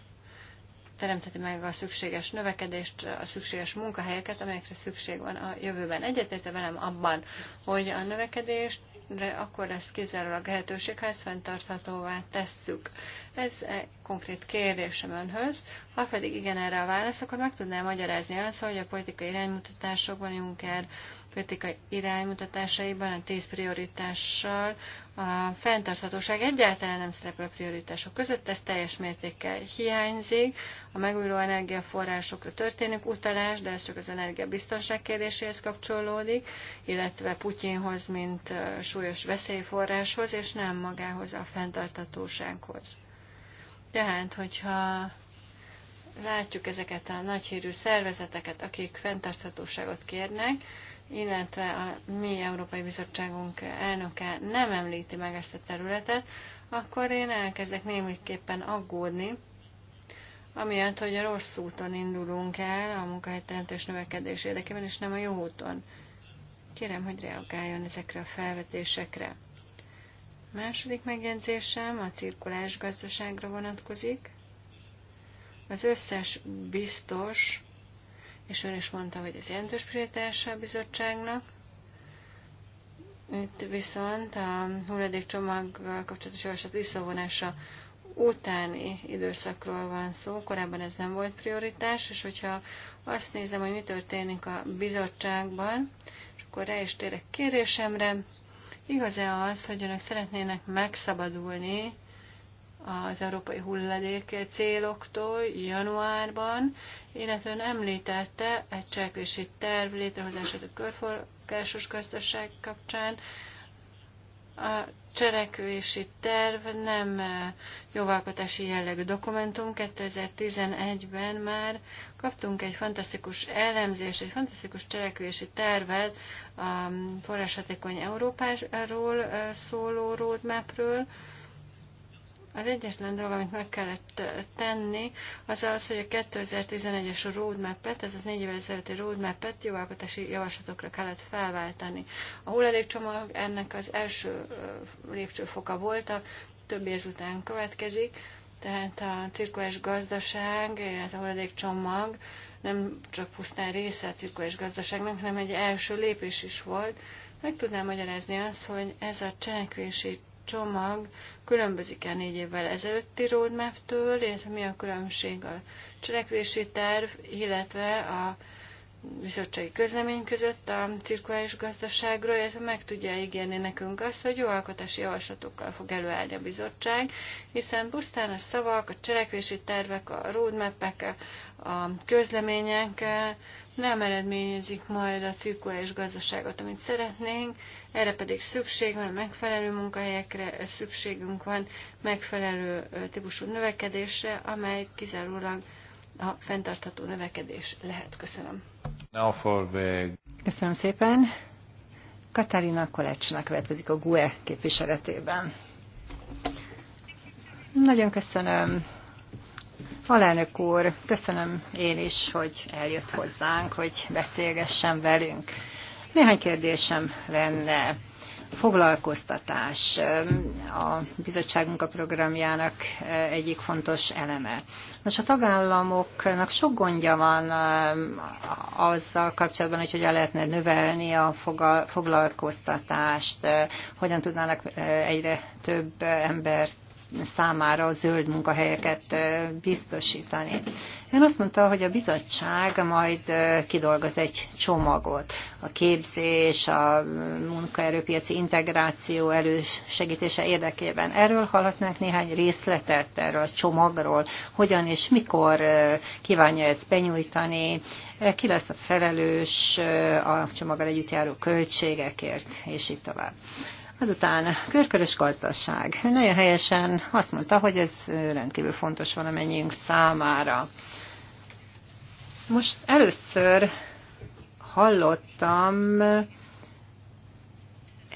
teremteti meg a szükséges növekedést, a szükséges munkahelyeket, amelyekre szükség van a jövőben. Egyetérte velem abban, hogy a növekedést akkor lesz kizárólag lehetőség, ha ezt fenntarthatóvá tesszük. Ez egy konkrét kérdésem önhöz. Ha pedig igen erre a válasz, akkor meg tudnám magyarázni azt, hogy a politikai iránymutatásokban Juncker politika iránymutatásaiban a tíz prioritással a fenntarthatóság egyáltalán nem szerepel a prioritások között, ez teljes mértékkel hiányzik. A megújuló energiaforrásokra történik utalás, de ez csak az energiabiztonság kérdéséhez kapcsolódik, illetve Putyinhoz, mint súlyos veszélyforráshoz, és nem magához a fenntarthatósághoz. Tehát, hogyha látjuk ezeket a nagyhírű szervezeteket, akik fenntarthatóságot kérnek, illetve a mi Európai Bizottságunk elnöke nem említi meg ezt a területet, akkor én elkezdek némiképpen aggódni, amiatt, hogy a rossz úton indulunk el a munkahelyteremtés növekedés érdekében, és nem a jó úton. Kérem, hogy reagáljon ezekre a felvetésekre. A második megjegyzésem a cirkulás gazdaságra vonatkozik. Az összes biztos és ön is mondta, hogy ez jelentős prioritása a bizottságnak. Itt viszont a hulladékcsomaggal kapcsolatos javaslat visszavonása utáni időszakról van szó, korábban ez nem volt prioritás, és hogyha azt nézem, hogy mi történik a bizottságban, és akkor rá is térek kérésemre, igaz-e az, hogy önök szeretnének megszabadulni az európai hulladék céloktól januárban, illetve ön említette egy cselekvési terv létrehozását a körforgásos gazdaság kapcsán. A cselekvési terv nem eh, jogalkotási jellegű dokumentum. 2011-ben már kaptunk egy fantasztikus elemzést, egy fantasztikus cselekvési tervet a forráshatékony Európáról eh, szóló roadmapről, az egyetlen dolog, amit meg kellett tenni, az az, hogy a 2011-es roadmap-et, ez az négy évvel ezelőtti roadmap-et jogalkotási javaslatokra kellett felváltani. A hulladékcsomag ennek az első lépcsőfoka volt, a többi ezután következik, tehát a cirkulás gazdaság, illetve a hulladékcsomag nem csak pusztán része a cirkulás gazdaságnak, hanem egy első lépés is volt. Meg tudnám magyarázni azt, hogy ez a cselekvési csomag különbözik-e négy évvel ezelőtti roadmap-től, illetve mi a különbség a cselekvési terv, illetve a bizottsági közlemény között a cirkuláris gazdaságról, illetve meg tudja ígérni nekünk azt, hogy jó alkotási javaslatokkal fog előállni a bizottság, hiszen pusztán a szavak, a cselekvési tervek, a roadmap a közlemények nem eredményezik majd a cirkulális gazdaságot, amit szeretnénk, erre pedig szükség van, a megfelelő munkahelyekre eh, szükségünk van, megfelelő eh, típusú növekedésre, amely kizárólag a fenntartható növekedés lehet. Köszönöm. Köszönöm szépen. Katarina Kolecsnak következik a GUE képviseletében. Nagyon köszönöm. Alelnök úr, köszönöm én is, hogy eljött hozzánk, hogy beszélgessen velünk. Néhány kérdésem lenne. Foglalkoztatás a bizottság munkaprogramjának egyik fontos eleme. Nos, a tagállamoknak sok gondja van azzal kapcsolatban, hogy hogyan lehetne növelni a foglalkoztatást, hogyan tudnának egyre több embert számára a zöld munkahelyeket biztosítani. Én azt mondta, hogy a bizottság majd kidolgoz egy csomagot. A képzés, a munkaerőpiaci integráció elősegítése érdekében. Erről hallhatnánk néhány részletet erről a csomagról, hogyan és mikor kívánja ezt benyújtani, ki lesz a felelős a csomaggal együtt járó költségekért, és így tovább. Azután körkörös gazdaság. Nagyon helyesen azt mondta, hogy ez rendkívül fontos valamennyiünk számára. Most először hallottam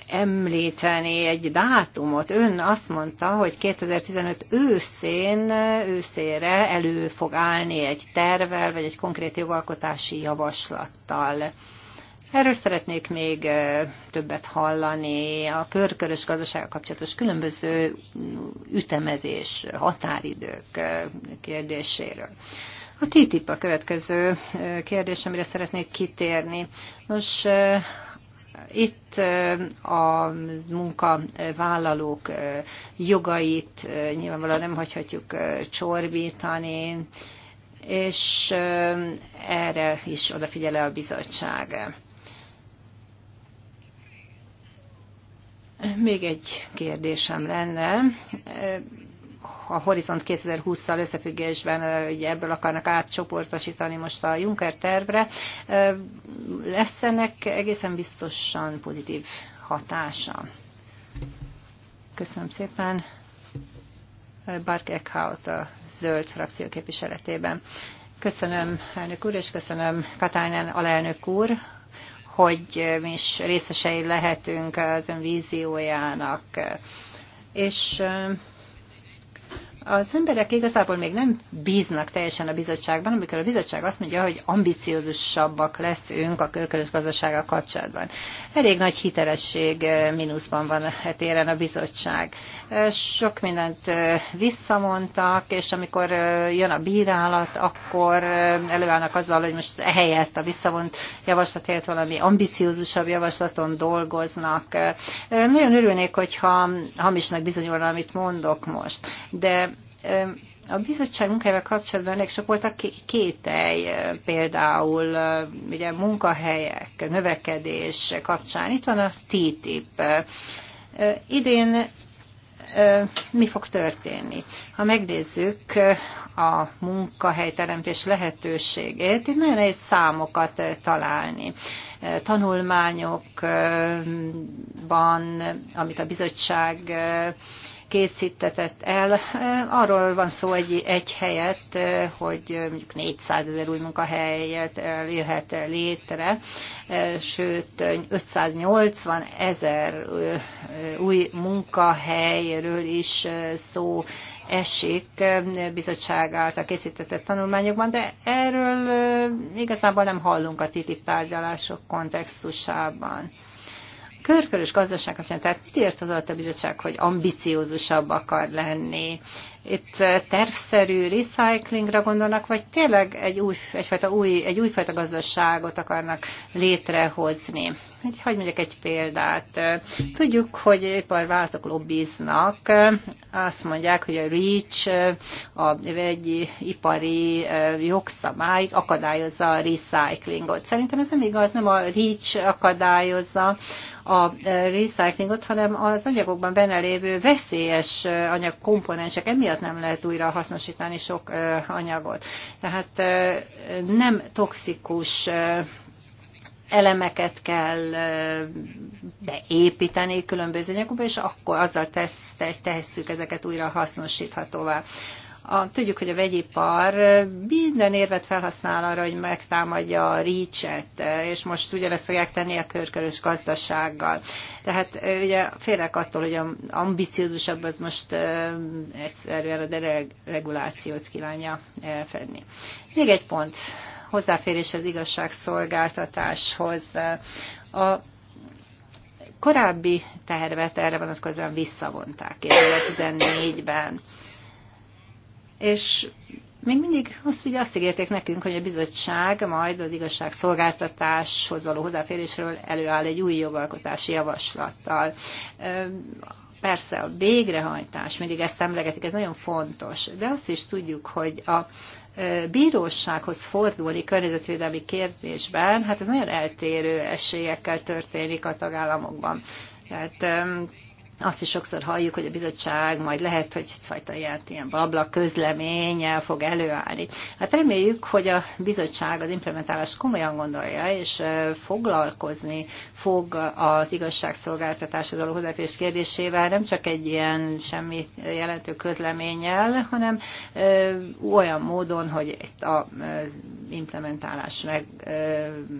említeni egy dátumot. Ön azt mondta, hogy 2015 őszén, őszére elő fog állni egy tervel, vagy egy konkrét jogalkotási javaslattal. Erről szeretnék még többet hallani, a körkörös gazdasággal kapcsolatos különböző ütemezés, határidők kérdéséről. A TTIP a következő kérdés, amire szeretnék kitérni. Nos, itt a munkavállalók jogait nyilvánvalóan nem hagyhatjuk csorbítani, és erre is odafigyele a bizottság. Még egy kérdésem lenne a Horizont 2020-szal összefüggésben ugye ebből akarnak átcsoportosítani most a Juncker tervre. Lesz ennek egészen biztosan pozitív hatása? Köszönöm szépen. Bark Eckhout a zöld frakció képviseletében. Köszönöm, elnök úr, és köszönöm Katájnán alelnök úr hogy mi is részesei lehetünk az ön víziójának. És az emberek igazából még nem bíznak teljesen a bizottságban, amikor a bizottság azt mondja, hogy ambiciózusabbak leszünk a körkörös gazdasága kapcsolatban. Elég nagy hitelesség eh, mínuszban van téren a bizottság. Eh, sok mindent eh, visszamondtak, és amikor jön a bírálat, akkor előállnak azzal, hogy most ehelyett a visszavont javaslat helyett valami ambiciózusabb javaslaton dolgoznak. Nagyon örülnék, hogyha hamisnak bizonyulna, amit mondok most. De a bizottság munkájával kapcsolatban elég sok volt a kételj, például ugye munkahelyek, növekedés kapcsán. Itt van a TTIP. Idén mi fog történni? Ha megnézzük a munkahelyteremtés lehetőségét, itt nagyon nehéz számokat találni. Tanulmányokban, amit a bizottság készítetett el. Arról van szó egy, egy helyet, hogy mondjuk 400 ezer új munkahelyet jöhet létre, sőt 580 ezer új munkahelyről is szó esik bizottság által készítetett tanulmányokban, de erről igazából nem hallunk a TTIP tárgyalások kontextusában körkörös gazdaság kapcsán, tehát mit ért az alatt a bizottság, hogy ambiciózusabb akar lenni? Itt tervszerű recyclingra gondolnak, vagy tényleg egy új, egyfajta új, egy újfajta gazdaságot akarnak létrehozni? Hogy, hogy mondjak egy példát. Tudjuk, hogy iparvállalatok lobbiznak, azt mondják, hogy a REACH, a egy ipari jogszabály akadályozza a recyclingot. Szerintem ez nem igaz, nem a REACH akadályozza, a recyclingot, hanem az anyagokban benne lévő veszélyes anyagkomponensek, emiatt nem lehet újra hasznosítani sok anyagot. Tehát nem toxikus elemeket kell beépíteni különböző anyagokba, és akkor azzal tesz, tesszük ezeket újra hasznosíthatóvá. A, tudjuk, hogy a vegyipar minden érvet felhasznál arra, hogy megtámadja a rícset, és most ugyanezt fogják tenni a körkörös gazdasággal. Tehát ugye félek attól, hogy a ambiciózusabb az most egyszerűen a deregulációt kívánja elfedni. Még egy pont, hozzáférés az igazságszolgáltatáshoz. A korábbi tervet erre vonatkozóan visszavonták 2014-ben és még mindig azt, ugye azt ígérték nekünk, hogy a bizottság majd az igazságszolgáltatáshoz való hozzáférésről előáll egy új jogalkotási javaslattal. Persze a végrehajtás, mindig ezt emlegetik, ez nagyon fontos, de azt is tudjuk, hogy a bírósághoz fordulni környezetvédelmi kérdésben, hát ez nagyon eltérő esélyekkel történik a tagállamokban. Tehát azt is sokszor halljuk, hogy a bizottság majd lehet, hogy egyfajta ilyen, ilyen babla közleménnyel fog előállni. Hát reméljük, hogy a bizottság az implementálást komolyan gondolja, és foglalkozni fog az igazságszolgáltatás való hozzáférés kérdésével, nem csak egy ilyen semmi jelentő közleménnyel, hanem olyan módon, hogy itt a implementálás meg,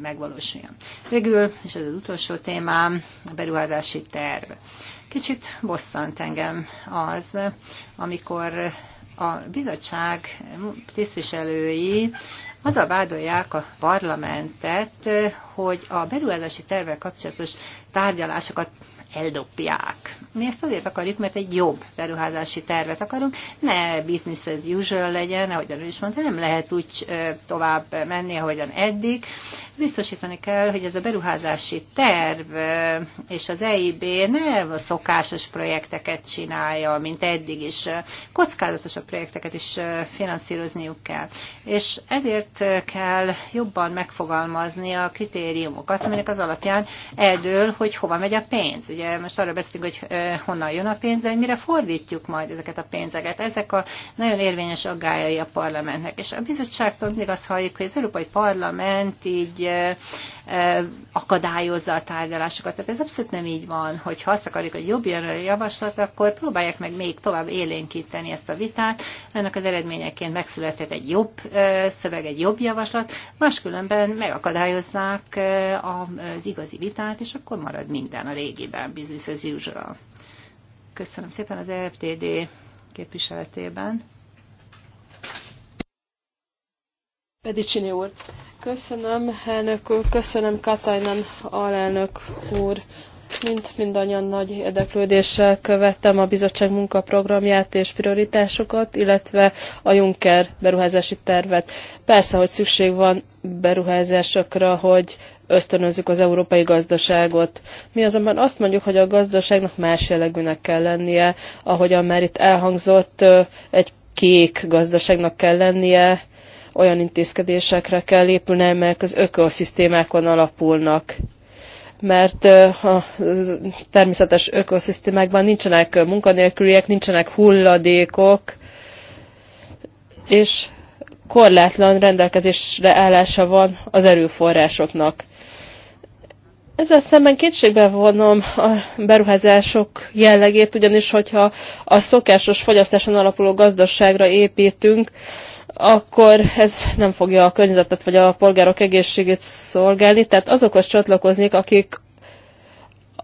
megvalósuljon. Végül, és ez az utolsó témám, a beruházási terv. Kicsit bosszant engem az, amikor a bizottság tisztviselői az a vádolják a parlamentet, hogy a beruházási tervek kapcsolatos tárgyalásokat eldobják. Mi ezt azért akarjuk, mert egy jobb beruházási tervet akarunk, ne business as usual legyen, ahogy ő is mondta, nem lehet úgy tovább menni, ahogyan eddig. Biztosítani kell, hogy ez a beruházási terv és az EIB ne a szokásos projekteket csinálja, mint eddig is. Kockázatosabb projekteket is finanszírozniuk kell. És ezért kell jobban megfogalmazni a kritériumokat, aminek az alapján eldől, hogy hova megy a pénz. Ugye ugye most arra beszélünk, hogy honnan jön a pénz, de mire fordítjuk majd ezeket a pénzeket. Ezek a nagyon érvényes aggályai a parlamentnek. És a bizottságtól mindig azt halljuk, hogy az Európai Parlament így akadályozza a tárgyalásokat. Tehát ez abszolút nem így van, hogy ha azt akarjuk, hogy jobb jön a javaslat, akkor próbálják meg még tovább élénkíteni ezt a vitát. Ennek az eredményeként megszületett egy jobb szöveg, egy jobb javaslat, máskülönben megakadályozzák az igazi vitát, és akkor marad minden a régiben business as usual. Köszönöm szépen az RTD e képviseletében. Pedicsini úr, köszönöm elnök úr, köszönöm Katajnan alelnök úr mint mindannyian nagy érdeklődéssel követtem a bizottság munkaprogramját és prioritásokat, illetve a Juncker beruházási tervet. Persze, hogy szükség van beruházásokra, hogy ösztönözzük az európai gazdaságot. Mi azonban azt mondjuk, hogy a gazdaságnak más jellegűnek kell lennie, ahogyan már itt elhangzott, egy kék gazdaságnak kell lennie, olyan intézkedésekre kell épülni, amelyek az ökoszisztémákon alapulnak mert a természetes ökoszisztémákban nincsenek munkanélküliek, nincsenek hulladékok, és korlátlan rendelkezésre állása van az erőforrásoknak. Ezzel szemben kétségbe vonom a beruházások jellegét, ugyanis hogyha a szokásos fogyasztáson alapuló gazdaságra építünk, akkor ez nem fogja a környezetet vagy a polgárok egészségét szolgálni. Tehát azokhoz csatlakoznék, akik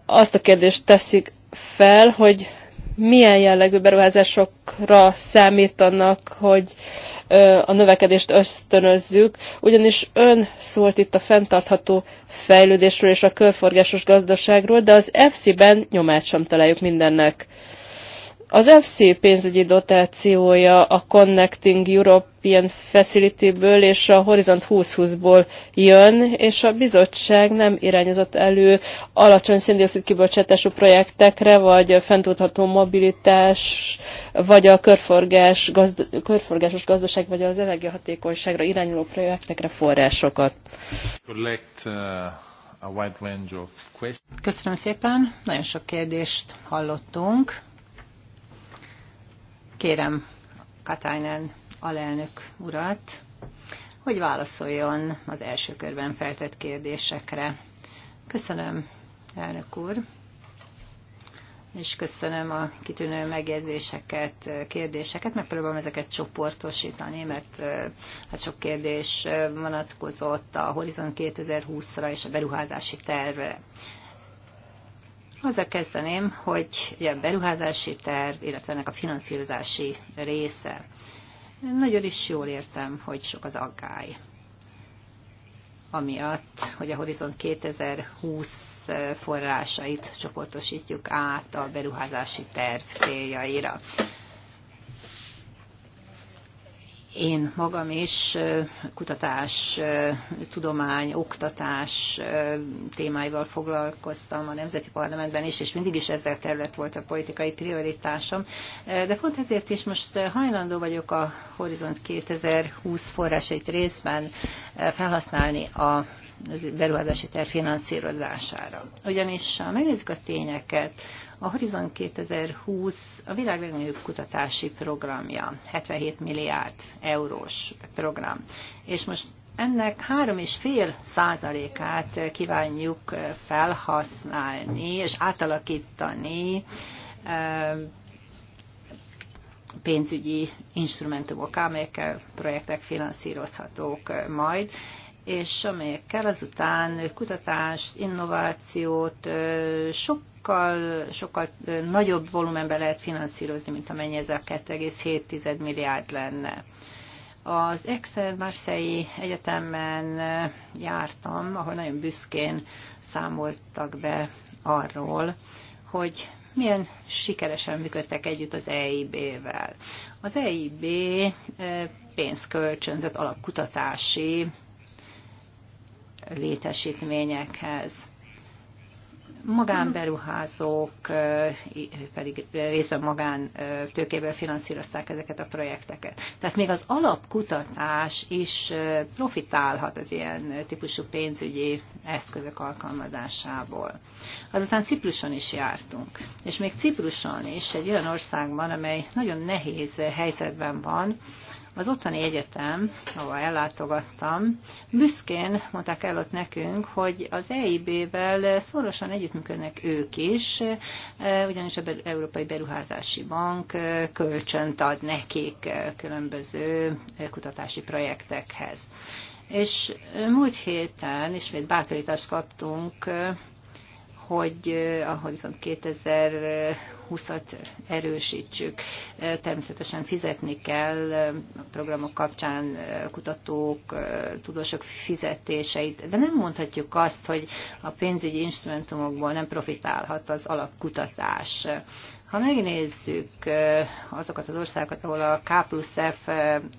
azt a kérdést teszik fel, hogy milyen jellegű beruházásokra számítanak, hogy a növekedést ösztönözzük, ugyanis ön szólt itt a fenntartható fejlődésről és a körforgásos gazdaságról, de az EFSI-ben nyomát sem találjuk mindennek. Az FC pénzügyi dotációja a Connecting European Facility-ből és a Horizont 2020-ból jön, és a bizottság nem irányozott elő alacsony széndiokszid kibocsátású projektekre, vagy fenntartható mobilitás, vagy a körforgás, gazd körforgásos gazdaság, vagy az energiahatékonyságra irányuló projektekre forrásokat. Collect, uh... Köszönöm szépen, nagyon sok kérdést hallottunk Kérem Katainen alelnök urat, hogy válaszoljon az első körben feltett kérdésekre. Köszönöm, elnök úr, és köszönöm a kitűnő megjegyzéseket, kérdéseket. Megpróbálom ezeket csoportosítani, mert hát sok kérdés vonatkozott a Horizon 2020-ra és a beruházási tervre. Azzal kezdeném, hogy ugye a beruházási terv, illetve ennek a finanszírozási része. Nagyon is jól értem, hogy sok az aggály. Amiatt, hogy a Horizont 2020 forrásait csoportosítjuk át a beruházási terv céljaira. Én magam is kutatás, tudomány, oktatás témáival foglalkoztam a Nemzeti Parlamentben is, és mindig is ezzel terület volt a politikai prioritásom. De pont ezért is most hajlandó vagyok a Horizont 2020 forrásait részben felhasználni a beruházási terv finanszírozására. Ugyanis, ha megnézzük a tényeket, a Horizon 2020 a világ legnagyobb kutatási programja, 77 milliárd eurós program. És most ennek 3,5 százalékát kívánjuk felhasználni és átalakítani pénzügyi instrumentumok, amelyekkel projektek finanszírozhatók majd, és amelyekkel azután kutatást, innovációt sokkal, sokkal nagyobb volumenben lehet finanszírozni, mint amennyi ez a 2,7 milliárd lenne. Az Excel Marseille Egyetemen jártam, ahol nagyon büszkén számoltak be arról, hogy milyen sikeresen működtek együtt az EIB-vel. Az EIB pénzkölcsönzött alapkutatási létesítményekhez. Magánberuházók pedig részben magán tőkéből finanszírozták ezeket a projekteket. Tehát még az alapkutatás is profitálhat az ilyen típusú pénzügyi eszközök alkalmazásából. Azután Cipruson is jártunk, és még Cipruson is egy olyan országban, amely nagyon nehéz helyzetben van, az ottani egyetem, ahol ellátogattam, büszkén mondták el ott nekünk, hogy az EIB-vel szorosan együttműködnek ők is, e, ugyanis a Európai Beruházási Bank e, kölcsönt ad nekik e, különböző kutatási projektekhez. És múlt héten ismét bátorítást kaptunk hogy a Horizont 2020-at erősítsük. Természetesen fizetni kell a programok kapcsán kutatók, tudósok fizetéseit, de nem mondhatjuk azt, hogy a pénzügyi instrumentumokból nem profitálhat az alapkutatás. Ha megnézzük azokat az országokat, ahol a K plusz F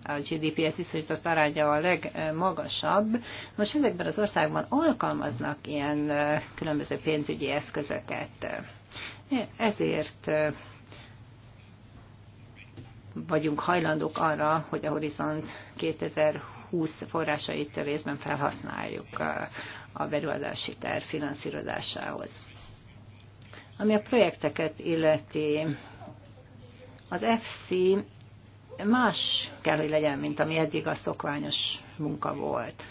a GDP-hez viszonyított aránya a legmagasabb, most ezekben az országban alkalmaznak ilyen különböző pénzügyi eszközöket. Ezért vagyunk hajlandók arra, hogy a Horizont 2020 forrásait részben felhasználjuk a beruházási terv finanszírozásához. Ami a projekteket illeti, az FC más kell, hogy legyen, mint ami eddig a szokványos munka volt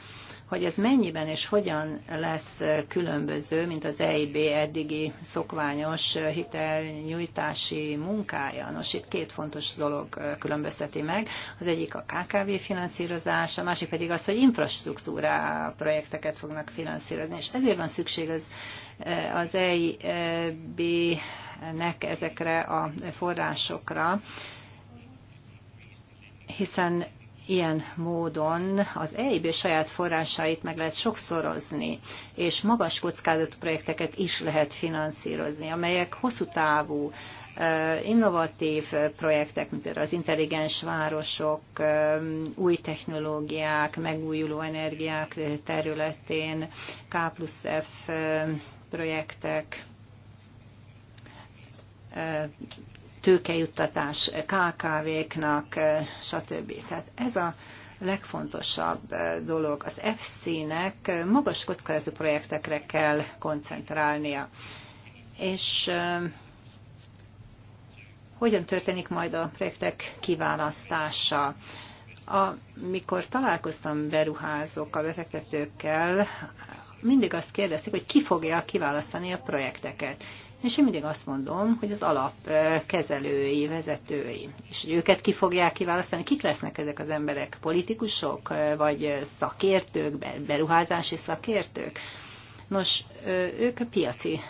hogy ez mennyiben és hogyan lesz különböző, mint az EIB eddigi szokványos hitelnyújtási munkája. Nos, itt két fontos dolog különbözteti meg. Az egyik a KKV finanszírozás, a másik pedig az, hogy infrastruktúra projekteket fognak finanszírozni, és ezért van szükség az, az EIB-nek ezekre a forrásokra, hiszen ilyen módon az EIB saját forrásait meg lehet sokszorozni, és magas kockázatú projekteket is lehet finanszírozni, amelyek hosszú távú, innovatív projektek, mint például az intelligens városok, új technológiák, megújuló energiák területén, K plusz F projektek, tőkejuttatás KKV-knak, stb. Tehát ez a legfontosabb dolog. Az FC-nek magas kockázatú projektekre kell koncentrálnia. És hogyan történik majd a projektek kiválasztása? Amikor találkoztam beruházókkal, befektetőkkel, mindig azt kérdezték, hogy ki fogja kiválasztani a projekteket. És én mindig azt mondom, hogy az alapkezelői, vezetői, és hogy őket ki fogják kiválasztani, kik lesznek ezek az emberek, politikusok, vagy szakértők, beruházási szakértők. Nos, ők a piaci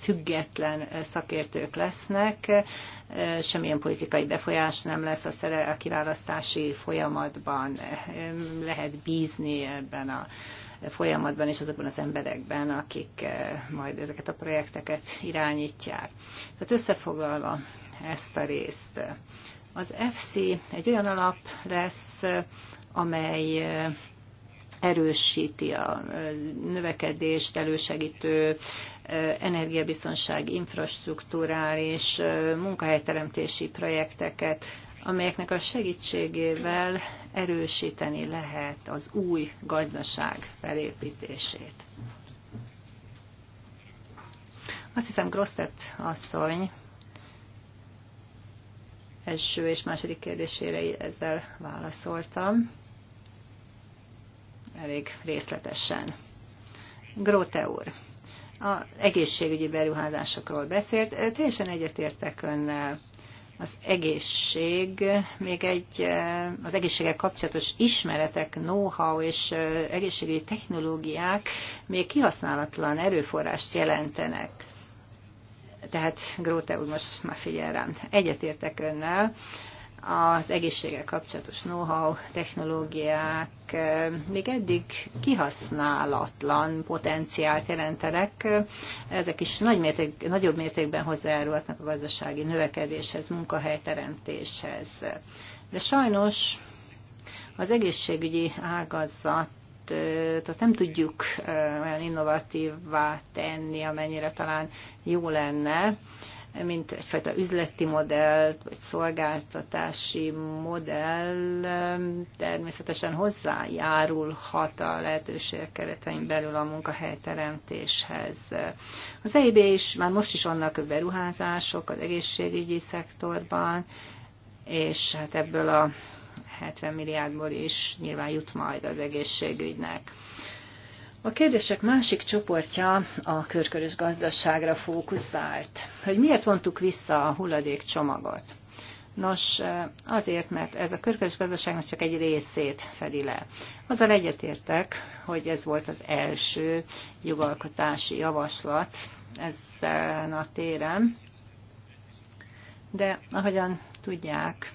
független szakértők lesznek, semmilyen politikai befolyás nem lesz a, szere, a kiválasztási folyamatban, lehet bízni ebben a folyamatban és azokban az emberekben, akik eh, majd ezeket a projekteket irányítják. Tehát összefoglalva ezt a részt, az FC egy olyan alap lesz, amely eh, erősíti a eh, növekedést elősegítő energiabiztonság, infrastruktúrális munkahelyteremtési projekteket amelyeknek a segítségével erősíteni lehet az új gazdaság felépítését. Azt hiszem, Grosztett asszony első és második kérdésére ezzel válaszoltam. Elég részletesen. Gróte úr, a egészségügyi beruházásokról beszélt, teljesen egyetértek önnel az egészség, még egy az egészséggel kapcsolatos ismeretek, know-how és egészségügyi technológiák még kihasználatlan erőforrást jelentenek. Tehát Gróte úr most már figyel rám. Egyetértek önnel az egészséggel kapcsolatos know-how, technológiák még eddig kihasználatlan potenciált jelentenek. Ezek is nagy mérték, nagyobb mértékben hozzájárulhatnak a gazdasági növekedéshez, munkahelyteremtéshez. De sajnos az egészségügyi ágazat tehát nem tudjuk olyan innovatívvá tenni, amennyire talán jó lenne mint egyfajta üzleti modell vagy szolgáltatási modell természetesen hozzájárulhat a lehetőség keretein belül a munkahelyteremtéshez. Az EIB is, már most is vannak beruházások az egészségügyi szektorban, és hát ebből a 70 milliárdból is nyilván jut majd az egészségügynek. A kérdések másik csoportja a körkörös gazdaságra fókuszált. Hogy miért vontuk vissza a hulladékcsomagot? Nos, azért, mert ez a körkörös gazdaságnak csak egy részét fedi le. Azzal egyetértek, hogy ez volt az első jogalkotási javaslat ezen a téren, de ahogyan tudják,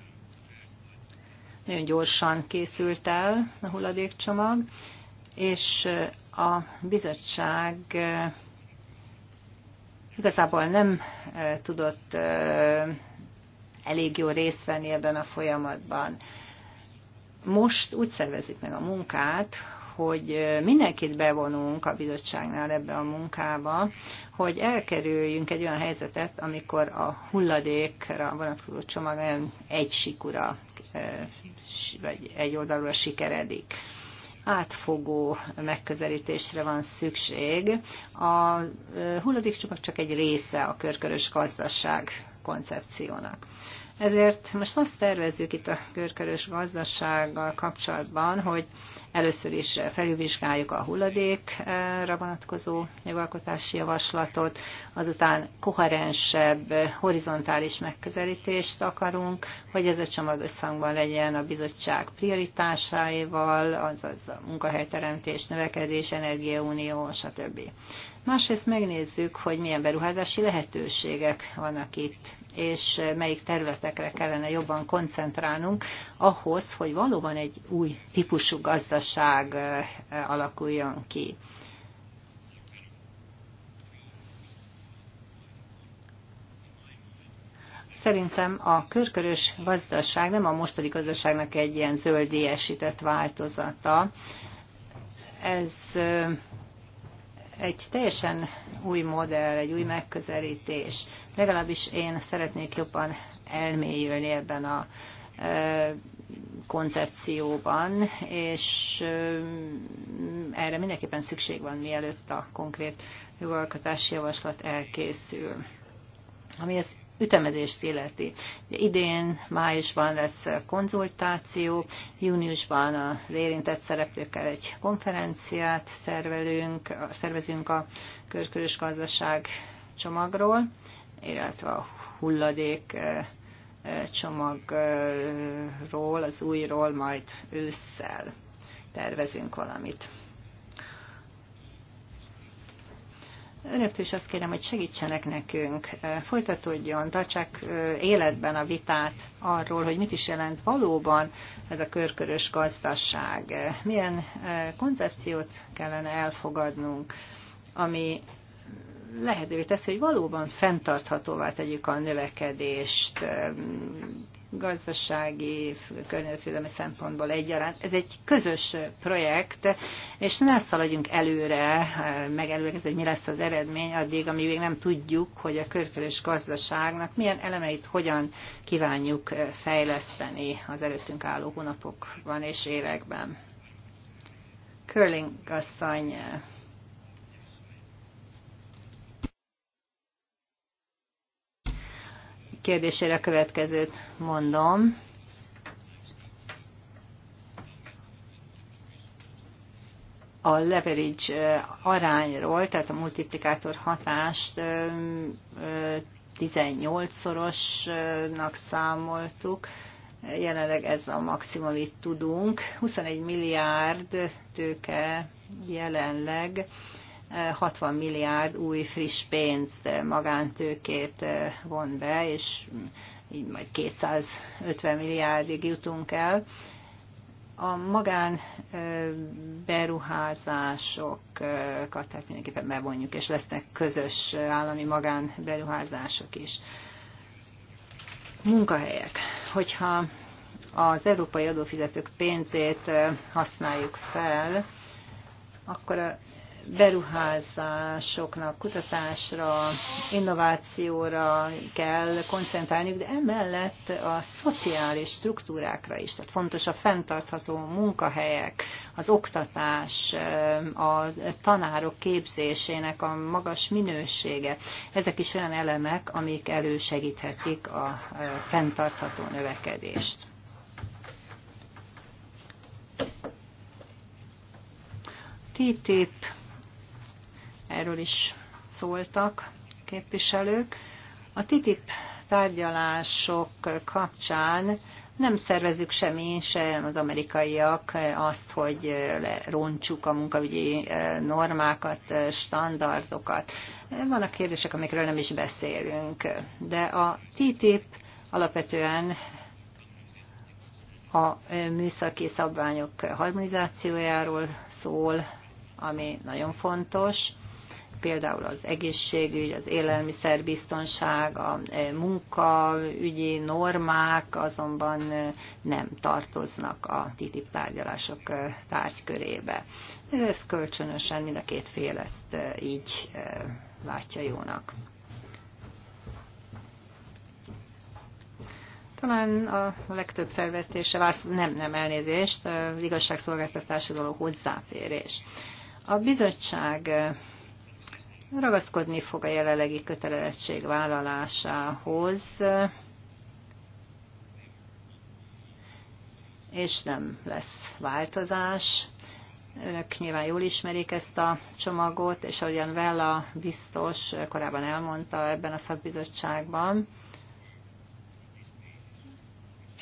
nagyon gyorsan készült el a hulladékcsomag, és a bizottság igazából nem tudott elég jó részt venni ebben a folyamatban. Most úgy szervezik meg a munkát, hogy mindenkit bevonunk a bizottságnál ebbe a munkába, hogy elkerüljünk egy olyan helyzetet, amikor a hulladékra vonatkozó csomag egy sikura, vagy egy oldalra sikeredik átfogó megközelítésre van szükség. A hulladékcsupak csak egy része a körkörös gazdaság koncepciónak. Ezért most azt tervezzük itt a körkörös gazdasággal kapcsolatban, hogy Először is felülvizsgáljuk a hulladékra vonatkozó jogalkotási javaslatot, azután koherensebb, horizontális megközelítést akarunk, hogy ez a csomag összhangban legyen a bizottság prioritásáival, azaz a munkahelyteremtés, növekedés, energiaunió, stb. Másrészt megnézzük, hogy milyen beruházási lehetőségek vannak itt, és melyik területekre kellene jobban koncentrálnunk ahhoz, hogy valóban egy új típusú gazdaság eh, alakuljon ki. Szerintem a körkörös gazdaság nem a mostani gazdaságnak egy ilyen zöldiesített változata. Ez eh, egy teljesen új modell, egy új megközelítés. Legalábbis én szeretnék jobban elmélyülni ebben a e, koncepcióban, és e, erre mindenképpen szükség van, mielőtt a konkrét jogalkotási javaslat elkészül. Ami az ütemezést illeti. Idén májusban lesz konzultáció, júniusban az érintett szereplőkkel egy konferenciát szervelünk, szervezünk a körkörös gazdaság csomagról, illetve a hulladék csomagról, az újról majd ősszel tervezünk valamit. Önöktől is azt kérem, hogy segítsenek nekünk, folytatódjon, tartsák életben a vitát arról, hogy mit is jelent valóban ez a körkörös gazdaság. Milyen koncepciót kellene elfogadnunk, ami lehetővé teszi, hogy valóban fenntarthatóvá tegyük a növekedést, gazdasági, környezetvédelmi szempontból egyaránt. Ez egy közös projekt, és ne szaladjunk előre, megelőlegezni, hogy mi lesz az eredmény addig, amíg még nem tudjuk, hogy a körkörös gazdaságnak milyen elemeit hogyan kívánjuk fejleszteni az előttünk álló hónapokban és években. Curling asszony kérdésére a következőt mondom. a leverage arányról, tehát a multiplikátor hatást 18-szorosnak számoltuk. Jelenleg ez a maximum, amit tudunk. 21 milliárd tőke jelenleg 60 milliárd új friss pénzt, eh, magántőkét eh, von be, és mm, így majd 250 milliárdig jutunk el. A magán eh, beruházásokat tehát mindenképpen bevonjuk, és lesznek közös állami magán beruházások is. Munkahelyek. Hogyha az európai adófizetők pénzét használjuk fel, akkor a beruházásoknak, kutatásra, innovációra kell koncentrálniuk, de emellett a szociális struktúrákra is, tehát fontos a fenntartható munkahelyek, az oktatás, a tanárok képzésének a magas minősége. Ezek is olyan elemek, amik elősegíthetik a fenntartható növekedést. TTIP erről is szóltak képviselők. A TTIP tárgyalások kapcsán nem sem semmi, sem az amerikaiak azt, hogy roncsuk a munkavügyi normákat, standardokat. Vannak kérdések, amikről nem is beszélünk, de a TTIP alapvetően a műszaki szabványok harmonizációjáról szól, ami nagyon fontos például az egészségügy, az élelmiszerbiztonság, a e, munkaügyi normák azonban e, nem tartoznak a TTIP tárgyalások e, tárgykörébe. Ez kölcsönösen mind a két fél ezt így látja jónak. talán a legtöbb felvetése, nem, nem elnézést, igazságszolgáltatási való hozzáférés. A bizottság ragaszkodni fog a jelenlegi kötelezettség vállalásához, és nem lesz változás. Önök nyilván jól ismerik ezt a csomagot, és ahogyan Vella biztos korábban elmondta ebben a szakbizottságban,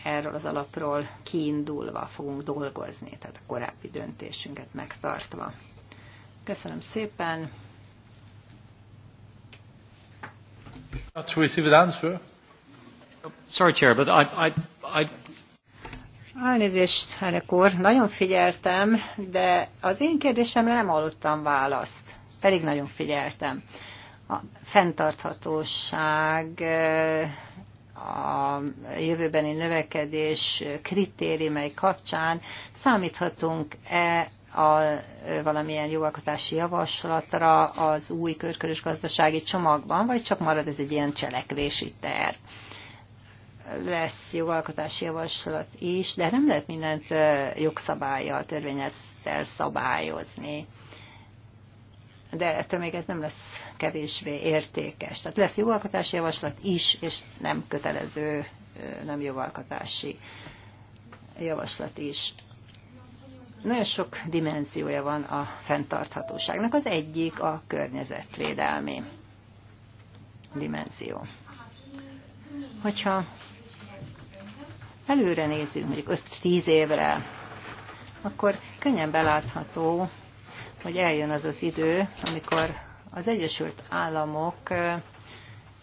erről az alapról kiindulva fogunk dolgozni, tehát a korábbi döntésünket megtartva. Köszönöm szépen! Not to receive an answer. Sorry, Chair, but I, I, I... Elnézést, elnök úr, nagyon figyeltem, de az én kérdésemre nem hallottam választ, pedig nagyon figyeltem. A fenntarthatóság, eh, a jövőbeni növekedés kritériumai kapcsán számíthatunk-e a valamilyen jogalkotási javaslatra az új körkörös gazdasági csomagban, vagy csak marad ez egy ilyen cselekvési terv? Lesz jogalkotási javaslat is, de nem lehet mindent jogszabályjal, törvényezzel szabályozni. De ettől még ez nem lesz kevésbé értékes. Tehát lesz jogalkotási javaslat is, és nem kötelező, nem jogalkotási javaslat is. Nagyon sok dimenziója van a fenntarthatóságnak. Az egyik a környezetvédelmi dimenzió. Hogyha előre nézünk, mondjuk 5-10 évre, akkor könnyen belátható, hogy eljön az az idő, amikor az Egyesült Államok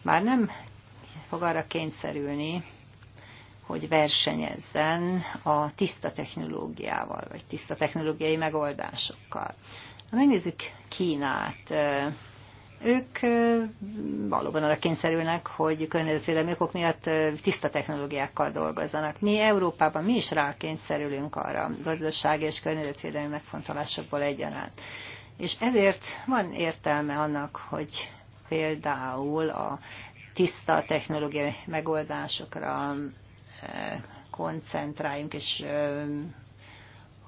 már nem fog arra kényszerülni, hogy versenyezzen a tiszta technológiával, vagy tiszta technológiai megoldásokkal. Ha megnézzük Kínát, ők valóban arra kényszerülnek, hogy környezetvédelmi okok miatt tiszta technológiákkal dolgozzanak. Mi Európában mi is rákényszerülünk arra, gazdaság és környezetvédelmi megfontolásokból egyaránt. És ezért van értelme annak, hogy például a tiszta technológiai megoldásokra koncentráljunk és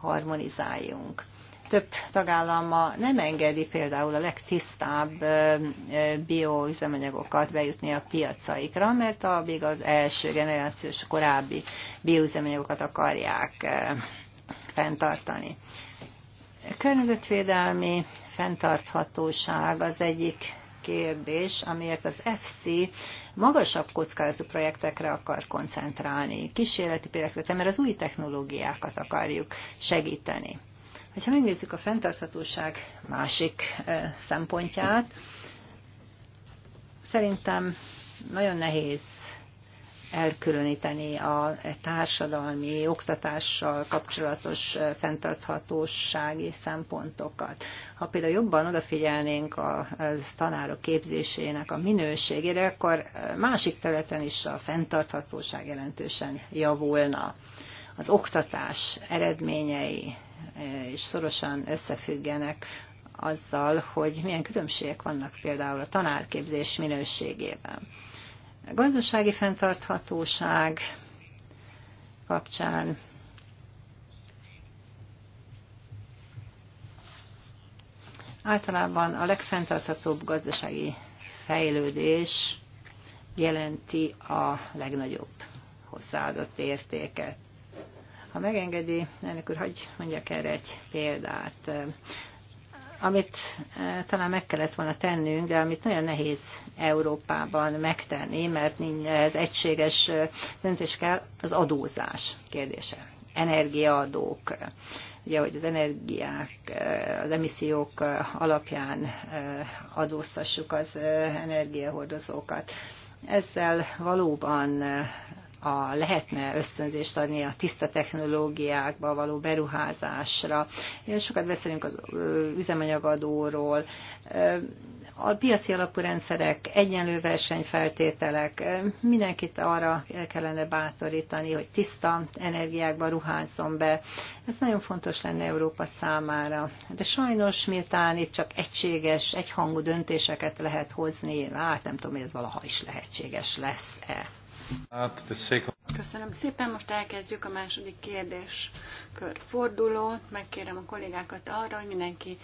harmonizáljunk. Több tagállama nem engedi például a legtisztább bioüzemanyagokat bejutni a piacaikra, mert addig az első generációs korábbi bioüzemanyagokat akarják fenntartani. Környezetvédelmi fenntarthatóság az egyik kérdés, amiért az FC magasabb kockázatú projektekre akar koncentrálni, kísérleti projektekre, mert az új technológiákat akarjuk segíteni. Ha megnézzük a fenntarthatóság másik eh, szempontját, szerintem nagyon nehéz elkülöníteni a társadalmi oktatással kapcsolatos fenntarthatósági szempontokat. Ha például jobban odafigyelnénk a tanárok képzésének a minőségére, akkor másik területen is a fenntarthatóság jelentősen javulna. Az oktatás eredményei is szorosan összefüggenek azzal, hogy milyen különbségek vannak például a tanárképzés minőségében. A gazdasági fenntarthatóság kapcsán általában a legfenntarthatóbb gazdasági fejlődés jelenti a legnagyobb hozzáadott értéket. Ha megengedi, ennek úr, hagyj mondjak erre egy példát amit eh, talán meg kellett volna tennünk, de amit nagyon nehéz Európában megtenni, mert ez egységes eh, döntés kell, az adózás kérdése. Energiaadók, ugye, hogy az energiák, eh, az emissziók alapján adóztassuk az energiahordozókat. Ezzel valóban a, lehetne ösztönzést adni a tiszta technológiákba való beruházásra. Sokat beszélünk az üzemanyagadóról. A piaci alapú rendszerek, egyenlő versenyfeltételek, mindenkit arra kellene bátorítani, hogy tiszta energiákba ruházzon be. Ez nagyon fontos lenne Európa számára. De sajnos miután itt csak egységes, egyhangú döntéseket lehet hozni, hát nem tudom, hogy ez valaha is lehetséges lesz-e. Köszönöm szépen, most elkezdjük a második kérdéskör fordulót. Megkérem a kollégákat arra, hogy mindenki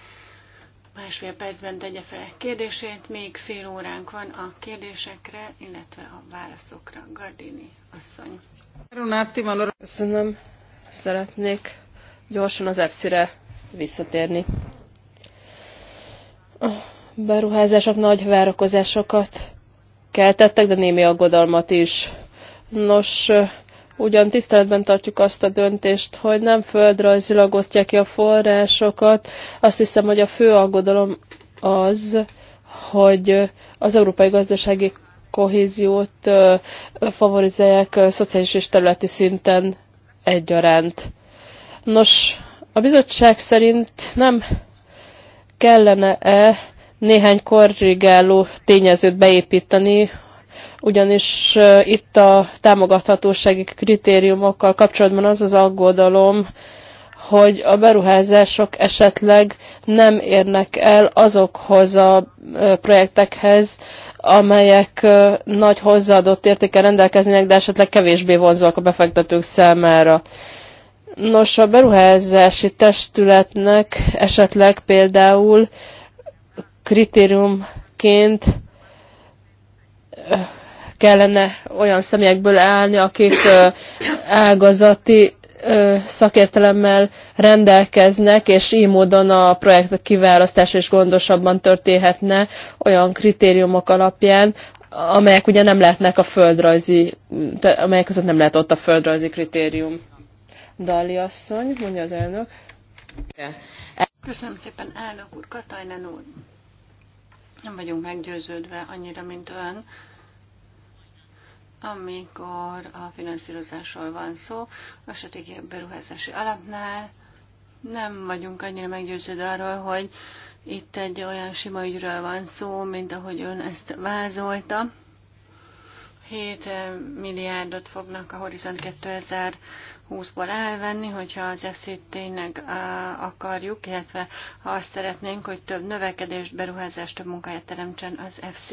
másfél percben tegye fel kérdését, még fél óránk van a kérdésekre, illetve a válaszokra. Gardini asszony. Köszönöm. Szeretnék gyorsan az EFSZ-re visszatérni. A beruházások nagy várakozásokat keltettek, de némi aggodalmat is. Nos, ugyan tiszteletben tartjuk azt a döntést, hogy nem földrajzilag osztják ki a forrásokat. Azt hiszem, hogy a fő aggodalom az, hogy az európai gazdasági kohéziót favorizálják szociális és területi szinten egyaránt. Nos, a bizottság szerint nem kellene-e néhány korrigáló tényezőt beépíteni, ugyanis itt a támogathatósági kritériumokkal kapcsolatban az az aggodalom, hogy a beruházások esetleg nem érnek el azokhoz a projektekhez, amelyek nagy hozzáadott értékkel rendelkeznek, de esetleg kevésbé vonzóak a befektetők számára. Nos, a beruházási testületnek esetleg például kritériumként kellene olyan személyekből állni, akik ágazati szakértelemmel rendelkeznek, és így módon a projekt kiválasztása is gondosabban történhetne olyan kritériumok alapján, amelyek ugye nem lehetnek a földrajzi, amelyek között nem lehet ott a földrajzi kritérium. Dali asszony, mondja az elnök. Köszönöm szépen, elnök úr, Katajnen úr. Nem vagyunk meggyőződve annyira, mint ön, amikor a finanszírozásról van szó, a stratégiai beruházási alapnál nem vagyunk annyira meggyőződve arról, hogy itt egy olyan sima ügyről van szó, mint ahogy ön ezt vázolta. 7 milliárdot fognak a Horizont 2000 20-ból elvenni, hogyha az eszét tényleg akarjuk, illetve ha azt szeretnénk, hogy több növekedést, beruházást, több munkáját teremtsen az FC.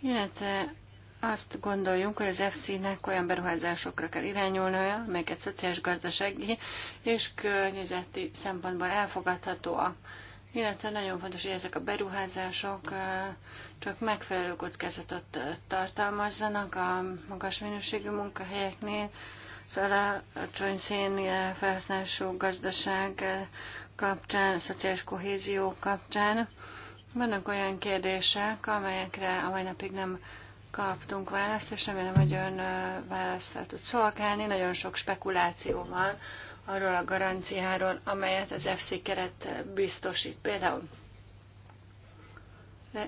Illetve azt gondoljunk, hogy az FC-nek olyan beruházásokra kell irányulnia, amelyeket szociális, gazdasági és környezeti szempontból elfogadhatóak. Illetve nagyon fontos, hogy ezek a beruházások csak megfelelő kockázatot tartalmazzanak a magas minőségű munkahelyeknél, Szóval a csonyszén eh, felhasználású gazdaság eh, kapcsán, a szociális kohézió kapcsán. Vannak olyan kérdések, amelyekre a mai napig nem kaptunk választ, és remélem, hogy ön eh, választ tud szolgálni. Nagyon sok spekuláció van arról a garanciáról, amelyet az FC keret biztosít. Például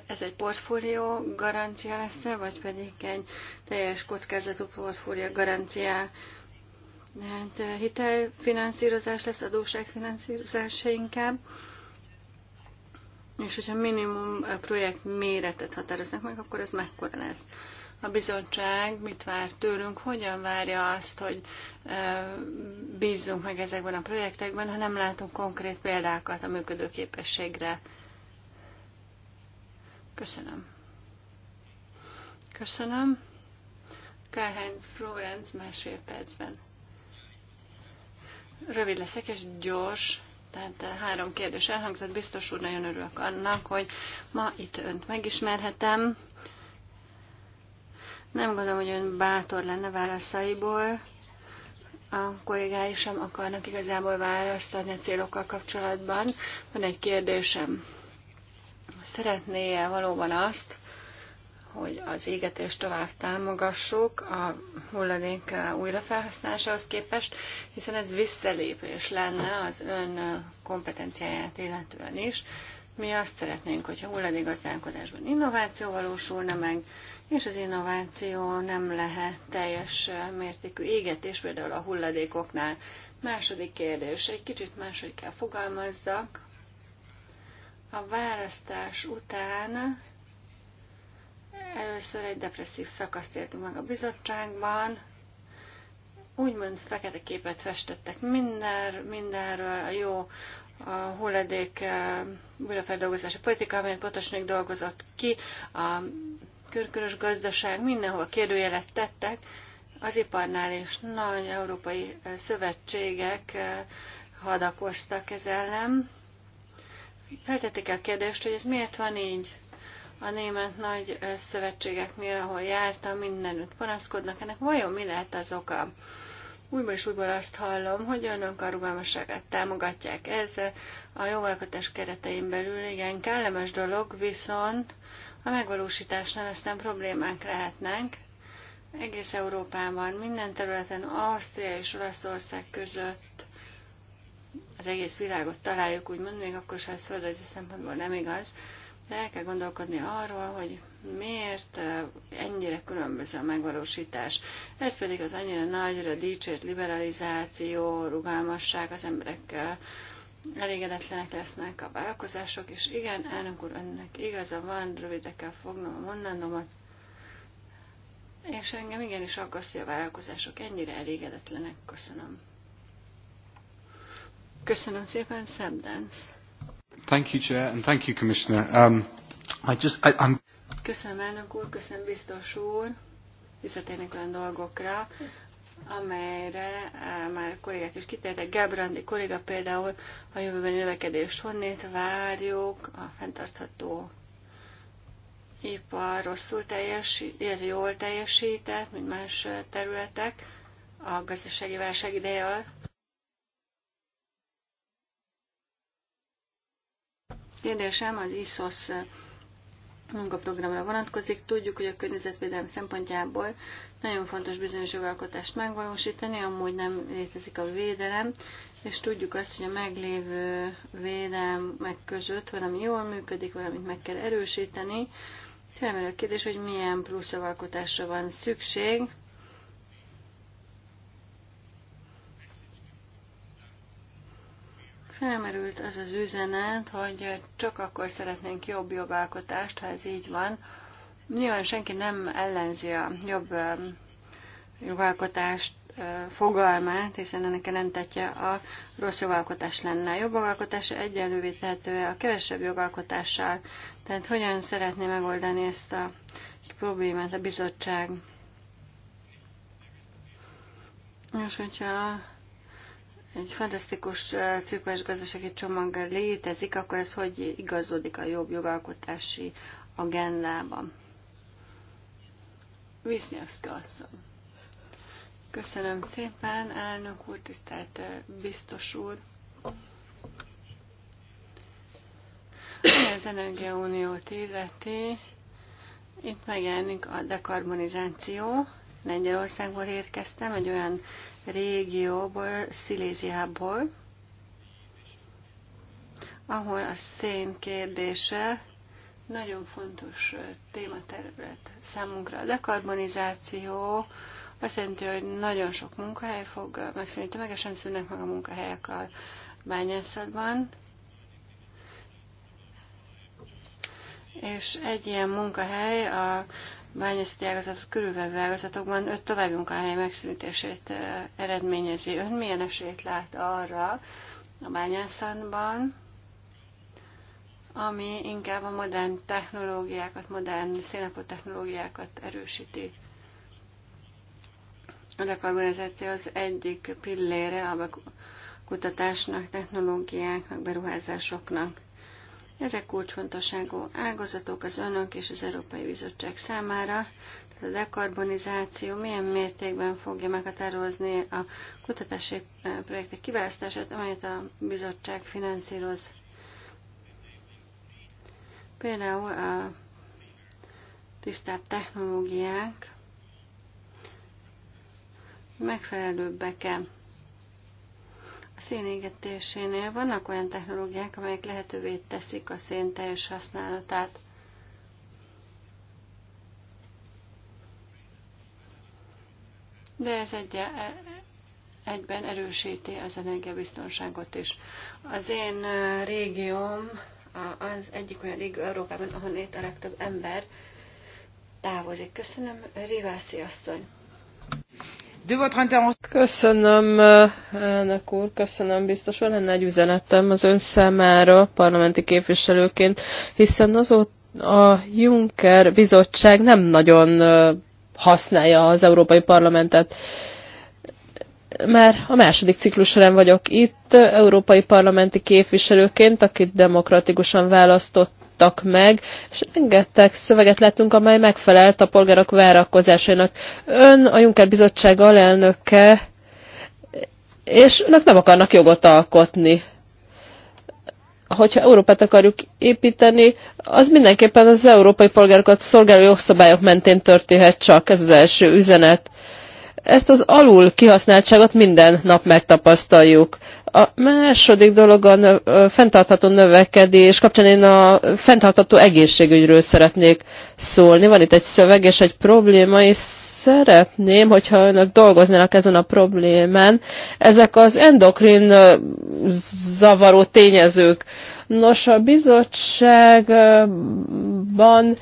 ez egy portfólió garancia lesz -e, vagy pedig egy teljes kockázatú portfólió garancia Hát eh, hitelfinanszírozás lesz, adóságfinanszírozás inkább. És hogyha minimum eh, projekt méretet határoznak meg, akkor ez mekkora lesz? A bizottság mit vár tőlünk, hogyan várja azt, hogy eh, bízzunk meg ezekben a projektekben, ha nem látunk konkrét példákat a működőképességre. Köszönöm. Köszönöm. Kárhány Florent másfél percben. Rövid leszek és gyors. Tehát eh, három kérdés elhangzott. Biztos úr, nagyon örülök annak, hogy ma itt önt megismerhetem. Nem gondolom, hogy ön bátor lenne válaszaiból. A kollégái sem akarnak igazából választ adni a célokkal kapcsolatban. Van egy kérdésem. Szeretné-e valóban azt, hogy az égetést tovább támogassuk a hulladék újrafelhasználásához képest, hiszen ez visszalépés lenne az ön kompetenciáját illetően is. Mi azt szeretnénk, hogyha hulladékgazdálkodásban innováció valósulna meg, és az innováció nem lehet teljes mértékű égetés, például a hulladékoknál. Második kérdés, egy kicsit máshogy kell fogalmazzak. A választás után Először egy depresszív szakaszt éltünk meg a bizottságban, úgymond fekete képet festettek minden, mindenről, a jó a hulladék eh, újrafeldolgozási politika, amelyet Potosnik dolgozott ki, a körkörös gazdaság, mindenhol kérdőjelet tettek, az iparnál is nagy európai eh, szövetségek eh, hadakoztak ez ellen. Feltették a kérdést, hogy ez miért van így a német nagy szövetségeknél, ahol jártam, mindenütt panaszkodnak. Ennek vajon mi lehet az oka? Újból és újból azt hallom, hogy önök a rugalmasságát támogatják. Ez a jogalkotás keretein belül igen kellemes dolog, viszont a megvalósításnál ezt nem problémák lehetnek. Egész Európában, minden területen, Ausztria és Olaszország között az egész világot találjuk, úgymond, még akkor sem ez földrajzi szempontból nem igaz de el kell gondolkodni arról, hogy miért ennyire különböző a megvalósítás. Ez pedig az annyira nagyra dicsért liberalizáció, rugalmasság, az emberekkel elégedetlenek lesznek a vállalkozások, és igen, elnök úr, önnek igaza van, rövidre kell fognom a mondandómat, és engem igenis aggaszt, hogy a vállalkozások ennyire elégedetlenek. Köszönöm. Köszönöm szépen, Szebdánc. Thank you, Chair, and thank you, Commissioner. Um, I just, I, I'm... Köszönöm, elnök úr, köszönöm, biztos úr. Visszatérnék olyan dolgokra, amelyre eh, már kollégák is kitértek. Gábrandi kolléga például a jövőben növekedés honnét várjuk, a fenntartható ipar rosszul teljesít, illetve jól teljesített, mint más területek a gazdasági válság ideje alatt. Kérdésem az ISOS munkaprogramra vonatkozik. Tudjuk, hogy a környezetvédelem szempontjából nagyon fontos bizonyos jogalkotást megvalósítani, amúgy nem létezik a védelem, és tudjuk azt, hogy a meglévő védelmek között valami jól működik, valamit meg kell erősíteni. Felmerül a kérdés, hogy milyen plusz jogalkotásra van szükség, Felmerült az az üzenet, hogy csak akkor szeretnénk jobb jogalkotást, ha ez így van. Nyilván senki nem ellenzi a jobb jogalkotást fogalmát, hiszen ennek ellentetje a rossz jogalkotás lenne. A jobb jogalkotás egyenlővé tehető a kevesebb jogalkotással. Tehát hogyan szeretné megoldani ezt a problémát a bizottság? És hogyha egy fantasztikus cirkulás gazdasági csomag létezik, akkor ez hogy igazodik a jobb jogalkotási agendában? Visznyevszka asszony. Köszönöm szépen, elnök úr, tisztelt biztos úr. Ami az Energiauniót illeti, itt megjelenik a dekarbonizáció. Lengyelországból érkeztem, egy olyan régióból, Sziléziából, ahol a szén kérdése nagyon fontos tématerület számunkra. A dekarbonizáció azt jelenti, hogy nagyon sok munkahely fog megszűnni, tömegesen szűnnek meg a munkahelyek a bányászatban, és egy ilyen munkahely a bányászati ágazatot körülvevő ágazatokban öt további munkahely megszűnítését eredményezi. Ön milyen esélyt lát arra a bányászatban, ami inkább a modern technológiákat, modern szénapot technológiákat erősíti? A dekarbonizáció az egyik pillére a kutatásnak, technológiáknak, beruházásoknak. Ezek kulcsfontosságú ágazatok az önök és az Európai Bizottság számára, tehát a dekarbonizáció milyen mértékben fogja meghatározni a kutatási eh, projektek kiválasztását, amelyet a bizottság finanszíroz. Például a tisztább technológiák megfelelőbbek-e a szén vannak olyan technológiák, amelyek lehetővé teszik a szén teljes használatát. De ez egy, e, e, egyben erősíti az energiabiztonságot is. Az én e, régióm az egyik olyan régió Európában, itt a legtöbb ember távozik. Köszönöm, Rivászi asszony. Köszönöm, elnök úr, köszönöm biztos, lenne egy üzenetem az ön számára parlamenti képviselőként, hiszen azóta a Juncker bizottság nem nagyon használja az Európai Parlamentet. Már a második ciklusorán vagyok itt, európai parlamenti képviselőként, akit demokratikusan választott fogalmaztak meg, és rengeteg szöveget láttunk, amely megfelelt a polgárok várakozásainak. Ön a Juncker Bizottság alelnöke, és önök nem akarnak jogot alkotni. Hogyha Európát akarjuk építeni, az mindenképpen az európai polgárokat szolgáló jogszabályok mentén történhet csak, ez az első üzenet. Ezt az alul kihasználtságot minden nap megtapasztaljuk. A második dolog a fenntartható növekedés. Kapcsán én a fenntartható egészségügyről szeretnék szólni. Van itt egy szöveg és egy probléma, és szeretném, hogyha önök dolgoznának ezen a problémán. Ezek az endokrin zavaró tényezők. Nos, a bizottságban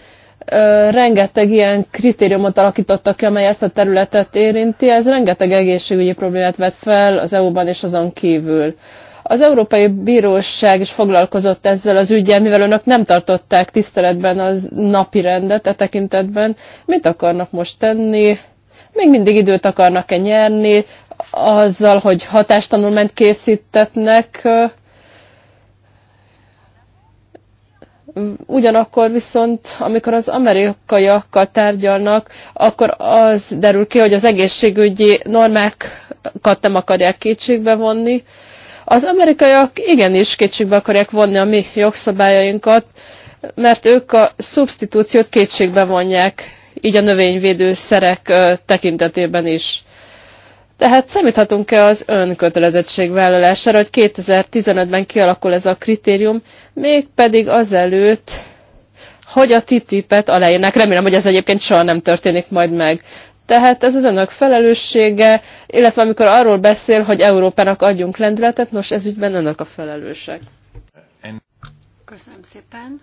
rengeteg ilyen kritériumot alakítottak ki, amely ezt a területet érinti, ez rengeteg egészségügyi problémát vet fel az EU-ban és azon kívül. Az Európai Bíróság is foglalkozott ezzel az ügyel, mivel önök nem tartották tiszteletben az napi rendet e tekintetben. Mit akarnak most tenni? Még mindig időt akarnak-e nyerni azzal, hogy hatástanulmányt készítetnek? Ugyanakkor viszont, amikor az amerikaiakkal tárgyalnak, akkor az derül ki, hogy az egészségügyi normákat nem akarják kétségbe vonni. Az amerikaiak igenis kétségbe akarják vonni a mi jogszabályainkat, mert ők a szubstitúciót kétségbe vonják, így a növényvédőszerek tekintetében is. Tehát számíthatunk-e az önkötelezettség vállalására, hogy 2015-ben kialakul ez a kritérium, mégpedig azelőtt, hogy a TTIP-et aláírnák. Remélem, hogy ez egyébként soha nem történik majd meg. Tehát ez az önök felelőssége, illetve amikor arról beszél, hogy Európának adjunk lendületet, nos, ez ügyben önök a felelősek. Köszönöm szépen.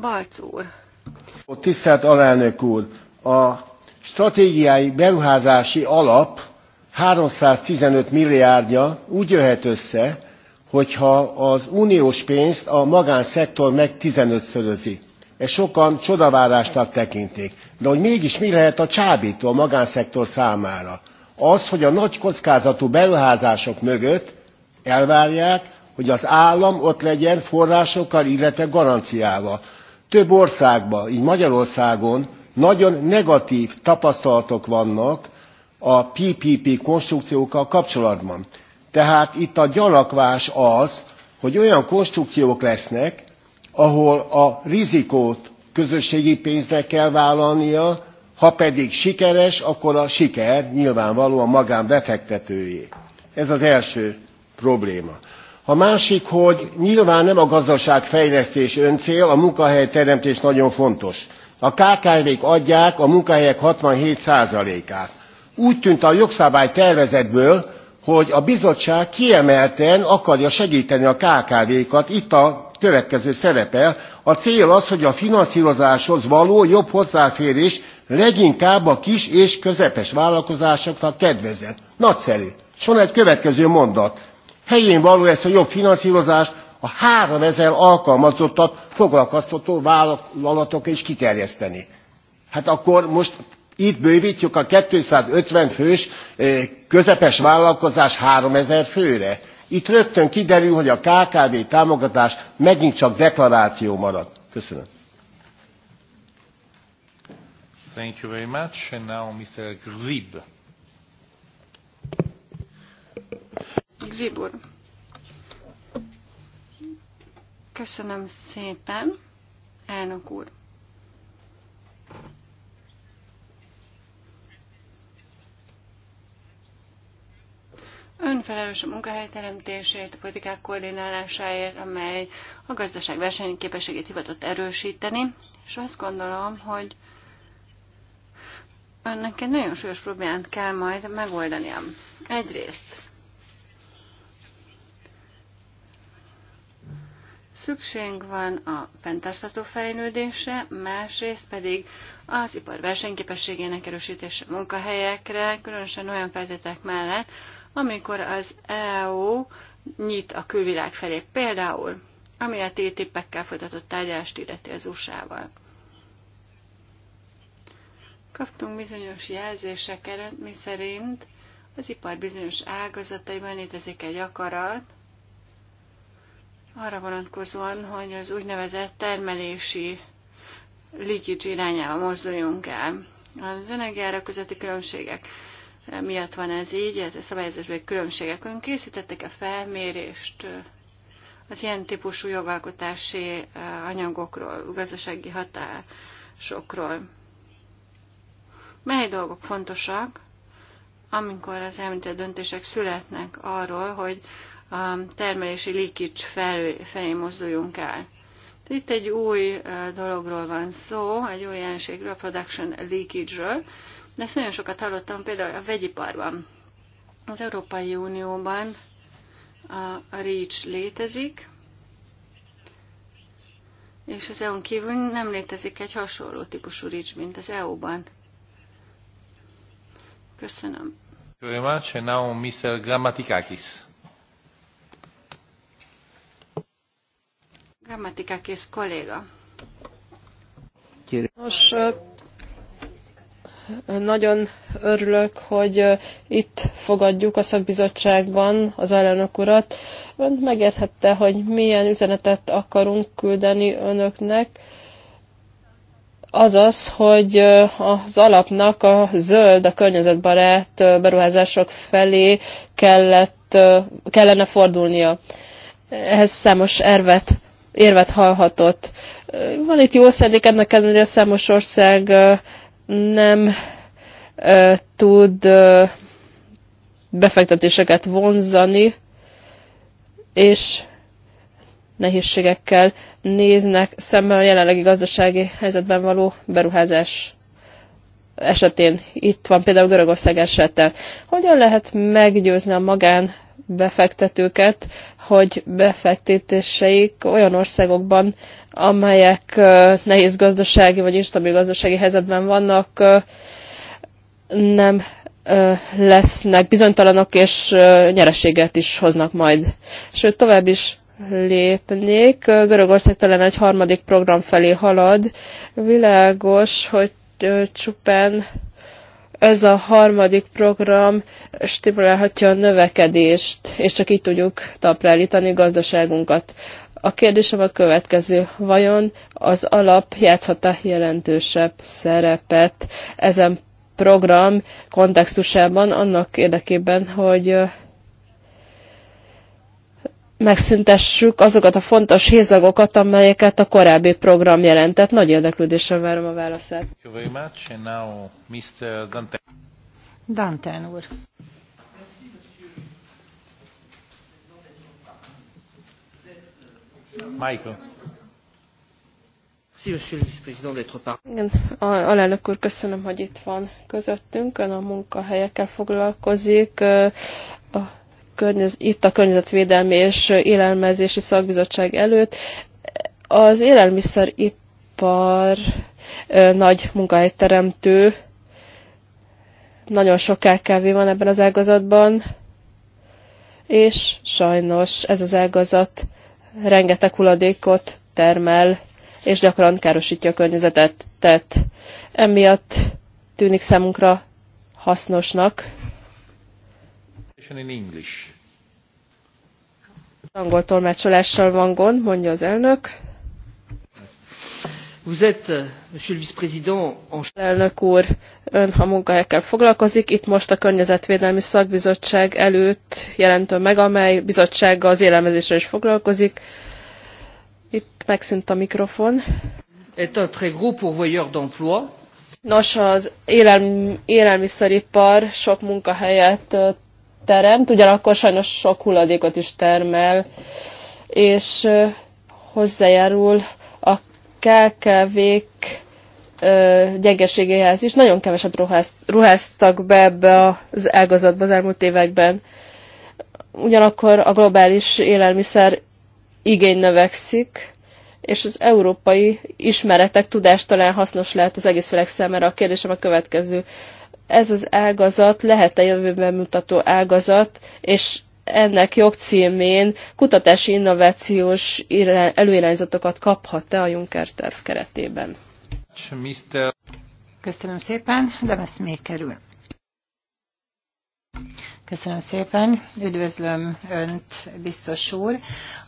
Balc úr. Tisztelt alelnök úr, a stratégiai beruházási alap 315 milliárdja úgy jöhet össze, hogyha az uniós pénzt a magánszektor meg 15-szörözi. Ezt sokan csodavárásnak tekintik. De hogy mégis mi lehet a csábító a magánszektor számára? Az, hogy a nagy kockázatú beruházások mögött elvárják, hogy az állam ott legyen forrásokkal, illetve garanciával. Több országban, így Magyarországon nagyon negatív tapasztalatok vannak a ppp konstrukciókkal kapcsolatban tehát itt a gyanakvás az hogy olyan konstrukciók lesznek ahol a rizikót közösségi pénznek kell vállalnia ha pedig sikeres akkor a siker nyilvánvalóan befektetőjé. ez az első probléma. a másik hogy nyilván nem a gazdaságfejlesztés öncél a munkahelyteremtés nagyon fontos a kkv k adják a munkahelyek 67 át. úgy tűnt a jogszabály tervezetből, hogy a bizottság kiemelten akarja segíteni a kkv kat itt a következő szerepel a cél az hogy a finanszírozáshoz való jobb hozzáférés leginkább a kis és közepes vállalkozásoknak kedvezett. nagyszerű! és van egy következő mondat való ezt a jobb finanszírozást a 3000 alkalmazottat foglalkoztató vállalatok is kiterjeszteni. Hát akkor most itt bővítjük a 250 fős eh, közepes vállalkozás 3000 főre. Itt rögtön kiderül, hogy a KKV támogatás megint csak deklaráció marad. Köszönöm. Thank you very much. And now Mr. Grzyb. Grzyb úr. Köszönöm szépen, elnök úr. Önfelelős a munkahelyteremtésért, a politikák koordinálásáért, amely a gazdaság versenyképességét hivatott erősíteni, és azt gondolom, hogy önnek egy nagyon súlyos problémát kell majd megoldania. Egyrészt Szükség van a fenntartható fejlődésre, másrészt pedig az ipar versenyképességének erősítése munkahelyekre, különösen olyan feltételek mellett, amikor az EU nyit a külvilág felé, például ami a TTIP-ekkel folytatott tárgyalást illeti az USA-val. Kaptunk bizonyos jelzéseket, mi szerint az ipar bizonyos ágazataiban létezik egy akarat, arra vonatkozóan, hogy az úgynevezett termelési leakage irányába mozduljunk el. Az energiára közötti különbségek miatt van ez így, illetve szabályozásban különbségek. Ön készítettek a felmérést az ilyen típusú jogalkotási eh, anyagokról, gazdasági hatásokról? Mely dolgok fontosak, amikor az említett döntések születnek arról, hogy a termelési leakage felé, felé mozduljunk el. Itt egy új dologról van szó, egy új jelenségről, a production leakage-ről, de ezt nagyon sokat hallottam például a vegyiparban. Az Európai Unióban a REACH létezik, és az EU-n kívül nem létezik egy hasonló típusú REACH, mint az EU-ban. Köszönöm. Köszönöm, Mr. Grammaticakis. Grammatikákész kolléga. Nos, nagyon örülök, hogy itt fogadjuk a szakbizottságban az elnök urat. Ön megérthette, hogy milyen üzenetet akarunk küldeni önöknek. Azaz, hogy az alapnak a zöld, a környezetbarát beruházások felé kellett, kellene fordulnia. Ehhez számos ervet érvet hallhatott. Van itt jó szendék, ennek ellenére számos ország nem tud befektetéseket vonzani, és nehézségekkel néznek szemben a jelenlegi gazdasági helyzetben való beruházás esetén. Itt van például Görögország esete. Hogyan lehet meggyőzni a magán befektetőket, hogy befektetéseik olyan országokban, amelyek nehéz gazdasági vagy instabil gazdasági helyzetben vannak, nem lesznek bizonytalanok, és nyereséget is hoznak majd. Sőt, tovább is lépnék. Görögország talán egy harmadik program felé halad. Világos, hogy csupán ez a harmadik program stimulálhatja a növekedést, és csak így tudjuk taprálítani gazdaságunkat. A kérdésem a következő. Vajon az alap játszhat-e jelentősebb szerepet ezen program kontextusában annak érdekében, hogy megszüntessük azokat a fontos hézagokat, amelyeket a korábbi program jelentett. Nagy érdeklődéssel várom a válaszát. Danten úr. Michael. Igen, alelnök úr, köszönöm, hogy itt van közöttünk. Ön a munkahelyekkel foglalkozik, a környez, itt a Környezetvédelmi és Élelmezési Szakbizottság előtt. Az élelmiszeripar nagy munkahelyteremtő, nagyon sok KKV van ebben az ágazatban, és sajnos ez az ágazat rengeteg hulladékot termel, és gyakran károsítja a környezetet. Tehát emiatt tűnik számunkra hasznosnak, in English. Angol tolmácsolással van gond, mondja az elnök. Vous êtes, euh, monsieur le vice-président, en... Elnök úr, ön a munkahelyekkel foglalkozik, itt most a Környezetvédelmi Szakbizottság előtt jelentő meg, amely bizottsága az élelmezésre is foglalkozik. Itt megszűnt a mikrofon. Est un très gros pourvoyeur d'emploi. Nos, az élelm, élelmiszeripar sok munkahelyet teremt, ugyanakkor sajnos sok hulladékot is termel, és hozzájárul a KKV-k gyengeségéhez is. Nagyon keveset ruháztak be ebbe az ágazatba az elmúlt években. Ugyanakkor a globális élelmiszer igény növekszik, és az európai ismeretek, tudás talán hasznos lehet az egész világ számára. A kérdésem a következő ez az ágazat lehet a jövőben mutató ágazat, és ennek jogcímén kutatási innovációs előirányzatokat kaphat-e a Juncker terv keretében? Köszönöm szépen, de ezt még kerül. Köszönöm szépen, üdvözlöm Önt, biztos úr.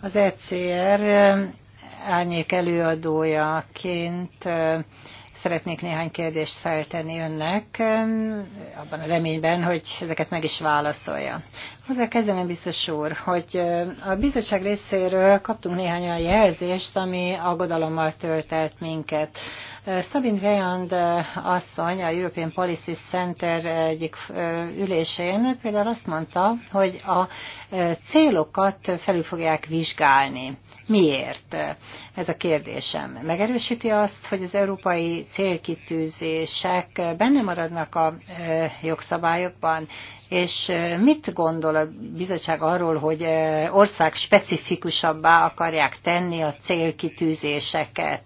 Az ECR árnyék előadójaként szeretnék néhány kérdést feltenni önnek, abban a reményben, hogy ezeket meg is válaszolja. Hozzá kezdenem biztos úr, hogy a bizottság részéről kaptunk néhány olyan jelzést, ami aggodalommal töltelt minket. Sabine Vejand asszony a European Policy Center egyik ülésén például azt mondta, hogy a célokat felül fogják vizsgálni. Miért? Ez a kérdésem. Megerősíti azt, hogy az európai célkitűzések benne maradnak a jogszabályokban, és mit gondol a bizottság arról, hogy ország specifikusabbá akarják tenni a célkitűzéseket?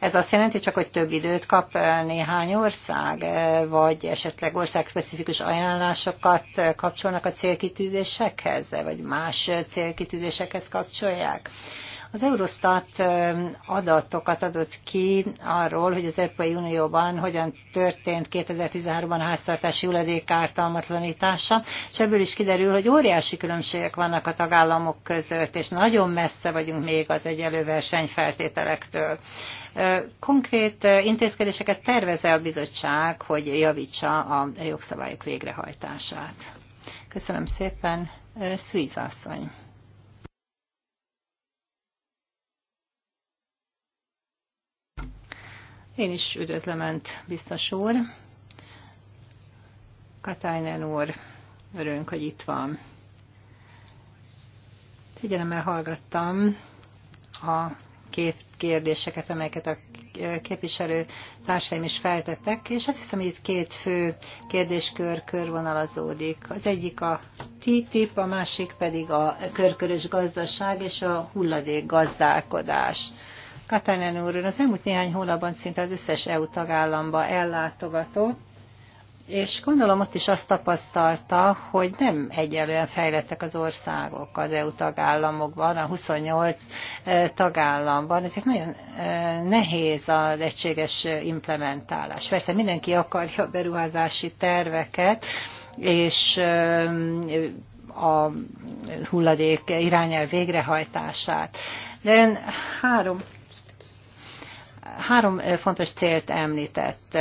Ez azt jelenti csak, hogy több időt kap néhány ország, vagy esetleg ország specifikus ajánlásokat kapcsolnak a célkitűzésekhez? ezzel, vagy más célkitűzésekhez kapcsolják? Az Eurostat adatokat adott ki arról, hogy az Európai Unióban hogyan történt 2013-ban a háztartási hulladék ártalmatlanítása, és ebből is kiderül, hogy óriási különbségek vannak a tagállamok között, és nagyon messze vagyunk még az egyelő versenyfeltételektől. Konkrét intézkedéseket tervez a bizottság, hogy javítsa a jogszabályok végrehajtását? Köszönöm szépen. Szűz asszony. Én is üdvözlöm Önt, biztos úr. Katájnen úr, örülünk, hogy itt van. Figyelemmel hallgattam a két kérdéseket, amelyeket a képviselő társaim is feltettek, és azt hiszem, hogy itt két fő kérdéskör körvonalazódik. Az egyik a TTIP, a másik pedig a körkörös gazdaság és a hulladék gazdálkodás. Katalin úr, az elmúlt néhány hónapban szinte az összes EU tagállamba ellátogatott, és gondolom ott is azt tapasztalta, hogy nem egyelően fejlettek az országok az EU tagállamokban, a 28 e, tagállamban. Ezért nagyon e, nehéz az egységes implementálás. Persze mindenki akarja a beruházási terveket, és e, a hulladék irányel végrehajtását. De ön három három fontos célt említett,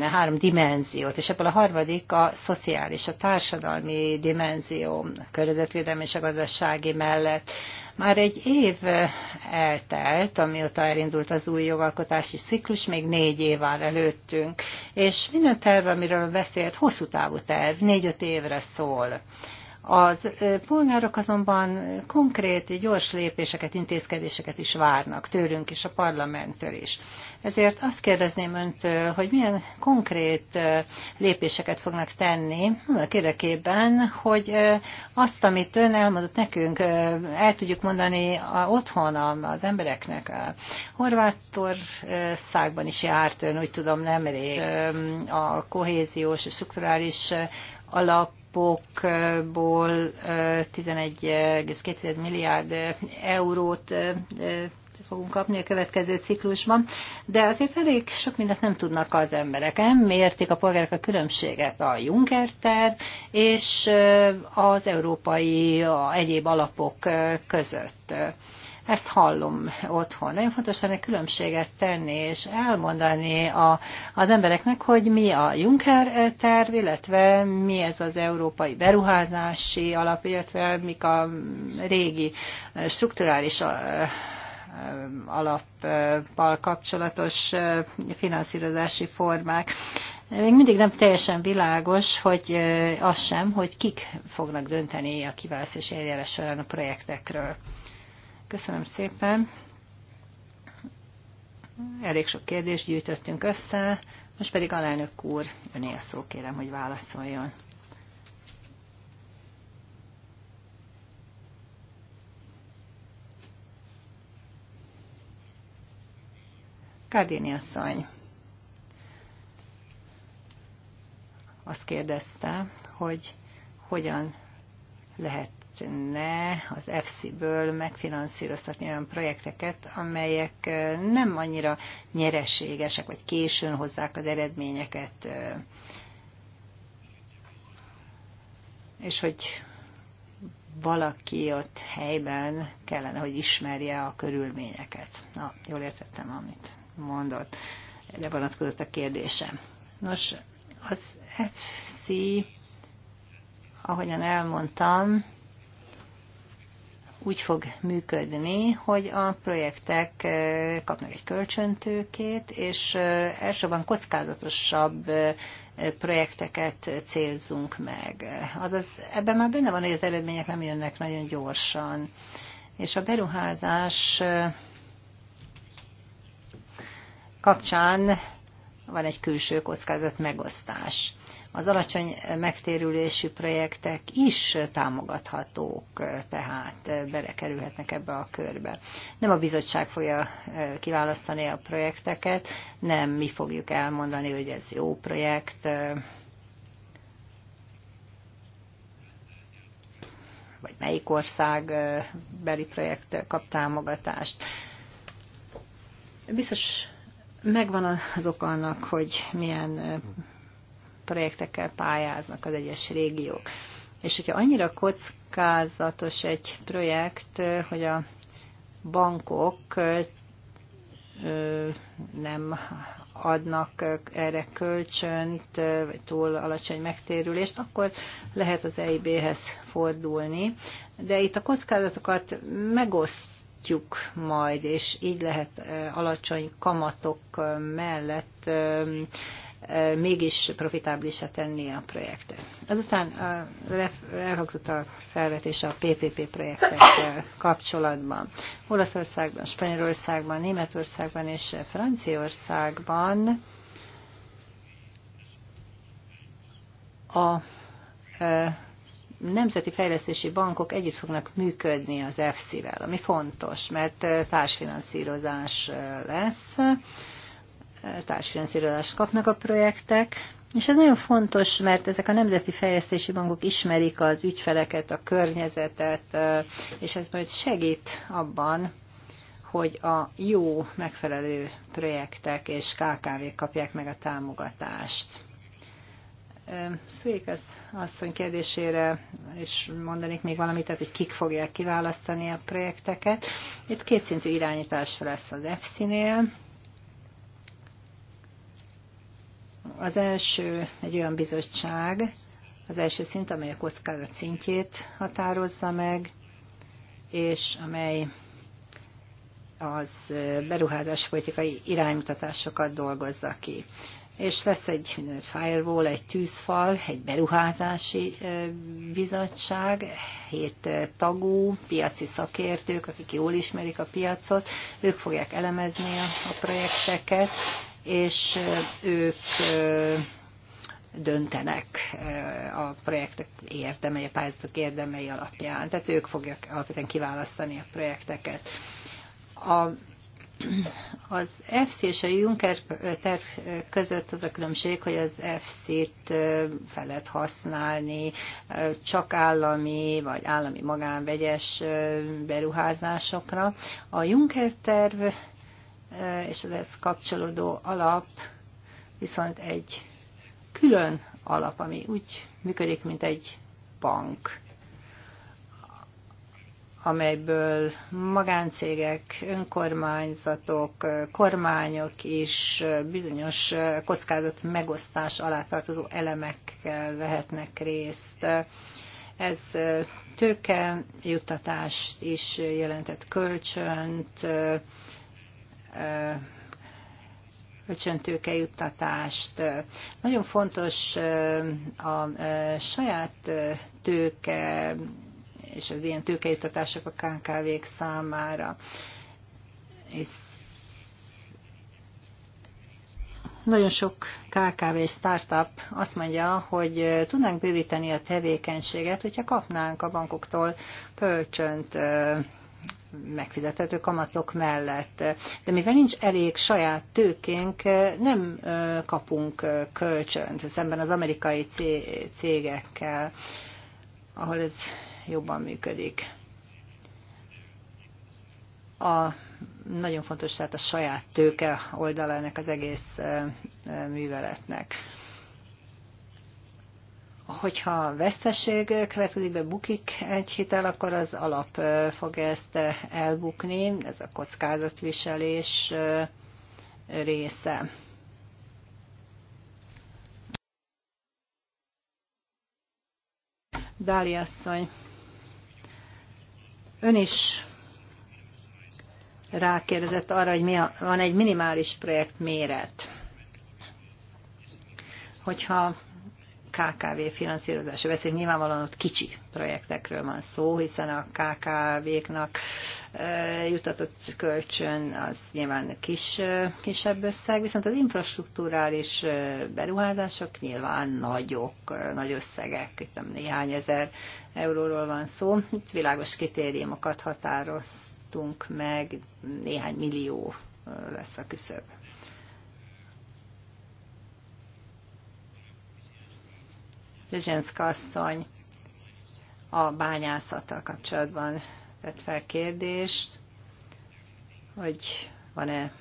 három dimenziót, és ebből a harmadik a szociális, a társadalmi dimenzió, a környezetvédelmi és a gazdasági mellett. Már egy év eltelt, amióta elindult az új jogalkotási ciklus, még négy év áll előttünk, és minden terv, amiről beszélt, hosszú távú terv, négy-öt évre szól. Az polgárok azonban konkrét, gyors lépéseket, intézkedéseket is várnak tőlünk is, a parlamenttől is. Ezért azt kérdezném öntől, hogy milyen konkrét lépéseket fognak tenni annak érdekében, hogy azt, amit ön elmondott nekünk, el tudjuk mondani otthon az embereknek. Horvátországban is járt ön, úgy tudom, nemrég a kohéziós és strukturális alap alapokból 11,2 milliárd eurót fogunk kapni a következő ciklusban, de azért elég sok mindent nem tudnak az emberek. Nem mérték a polgárok a különbséget a Juncker terv és az európai a egyéb alapok között. Ezt hallom otthon. Nagyon fontos lenne különbséget tenni és elmondani a, az embereknek, hogy mi a Juncker terv, illetve mi ez az európai beruházási alap, illetve mik a régi strukturális alappal kapcsolatos finanszírozási formák. Még mindig nem teljesen világos, hogy az sem, hogy kik fognak dönteni a kiválasztási eljárás során a projektekről. Köszönöm szépen. Elég sok kérdést gyűjtöttünk össze, most pedig alelnök úr, a szó kérem, hogy válaszoljon. Kábéni asszony azt kérdezte, hogy hogyan lehet lehetne az EFSI-ből megfinanszíroztatni olyan projekteket, amelyek nem annyira nyereségesek, vagy későn hozzák az eredményeket, és hogy valaki ott helyben kellene, hogy ismerje a körülményeket. Na, jól értettem, amit mondott. Erre vonatkozott a kérdésem. Nos, az FC, ahogyan elmondtam, úgy fog működni, hogy a projektek kapnak egy kölcsöntőkét, és elsősorban kockázatosabb projekteket célzunk meg. Azaz ebben már benne van, hogy az eredmények nem jönnek nagyon gyorsan. És a beruházás kapcsán van egy külső kockázat megosztás. Az alacsony megtérülésű projektek is támogathatók, tehát belekerülhetnek ebbe a körbe. Nem a bizottság fogja eh, kiválasztani a projekteket, nem mi fogjuk elmondani, hogy ez jó projekt, eh, vagy melyik ország eh, beli projekt kap támogatást. Biztos megvan az oka annak, hogy milyen projektekkel pályáznak az egyes régiók. És hogyha annyira kockázatos egy projekt, hogy a bankok nem adnak erre kölcsönt, vagy túl alacsony megtérülést, akkor lehet az EIB-hez fordulni. De itt a kockázatokat megoszt javítjuk majd, és így lehet alacsony kamatok mellett mégis profitábilisra tenni a projektet. Azután elhangzott a felvetés a PPP projektekkel kapcsolatban. Olaszországban, Spanyolországban, Németországban és Franciaországban a nemzeti fejlesztési bankok együtt fognak működni az EFSZ-vel, ami fontos, mert társfinanszírozás lesz, társfinanszírozást kapnak a projektek, és ez nagyon fontos, mert ezek a nemzeti fejlesztési bankok ismerik az ügyfeleket, a környezetet, és ez majd segít abban, hogy a jó, megfelelő projektek és KKV-k kapják meg a támogatást. Szvék az asszony kérdésére és mondanék még valamit, tehát hogy kik fogják kiválasztani a projekteket. Itt kétszintű irányítás lesz az efsi nél Az első egy olyan bizottság, az első szint, amely a kockázat szintjét határozza meg, és amely az beruházás politikai iránymutatásokat dolgozza ki és lesz egy úgynevezett firewall, egy tűzfal, egy beruházási bizottság, hét tagú, piaci szakértők, akik jól ismerik a piacot, ők fogják elemezni a, a projekteket, és ők döntenek a projektek érdemei, a pályázatok érdemei alapján. Tehát ők fogják alapvetően kiválasztani a projekteket. A az FC és a Juncker terv között az a különbség, hogy az FC-t fel lehet használni csak állami vagy állami magánvegyes beruházásokra. A Juncker terv és az ezt kapcsolódó alap viszont egy külön alap, ami úgy működik, mint egy bank amelyből magáncégek, önkormányzatok, kormányok és bizonyos kockázat megosztás alá tartozó elemekkel vehetnek részt. Ez tőke juttatást is jelentett kölcsönt, kölcsöntőke juttatást. Nagyon fontos a saját tőke és az ilyen tőkejutatások a KKV-k számára. És nagyon sok KKV és startup azt mondja, hogy tudnánk bővíteni a tevékenységet, hogyha kapnánk a bankoktól pölcsönt megfizethető kamatok mellett. De mivel nincs elég saját tőkénk, nem kapunk kölcsönt szemben az amerikai cégekkel, ahol ez jobban működik. A, nagyon fontos tehát a saját tőke oldala ennek az egész műveletnek hogyha veszteség következik be, bukik egy hitel, akkor az alap fog ezt elbukni, ez a kockázatviselés része. Dáli asszony. Ön is rákérdezett arra, hogy mi a, van egy minimális projekt méret. Hogyha KKV finanszírozása veszély nyilvánvalóan ott kicsi projektekről van szó, hiszen a KKV-knak jutatott kölcsön az nyilván kis, kisebb összeg, viszont az infrastruktúrális beruházások nyilván nagyok, nagy összegek, itt nem néhány ezer euróról van szó, itt világos kritériumokat határoztunk meg, néhány millió lesz a küszöb. Lezsenszka asszony a bányászattal kapcsolatban tett fel kérdést, hogy van-e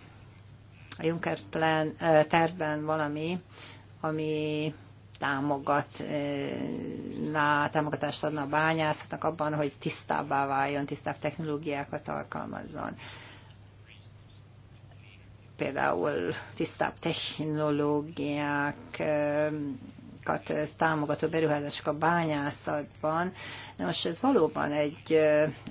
a Juncker plan, tervben valami, ami támogatná, támogatást adna a bányászatnak abban, hogy tisztábbá váljon, tisztább technológiákat alkalmazzon. Például tisztább technológiák támogató beruházások a bányászatban. Na most ez valóban egy,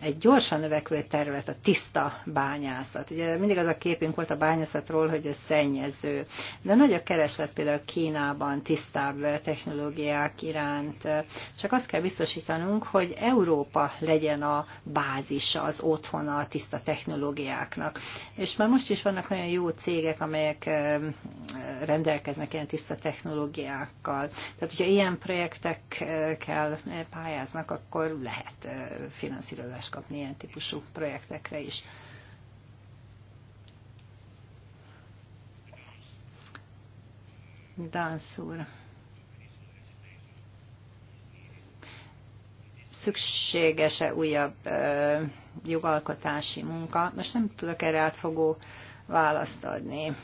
egy gyorsan növekvő terület, a tiszta bányászat. Ugye mindig az a képünk volt a bányászatról, hogy ez szennyező. De nagy a kereslet például Kínában tisztább technológiák iránt. Csak azt kell biztosítanunk, hogy Európa legyen a bázisa, az otthona a tiszta technológiáknak. És már most is vannak olyan jó cégek, amelyek rendelkeznek ilyen tiszta technológiákkal. Tehát, hogyha ilyen projektekkel pályáznak, akkor lehet finanszírozást kapni ilyen típusú projektekre is. Dánsz úr. Szükséges-e újabb jogalkotási munka? Most nem tudok erre átfogó választ adni.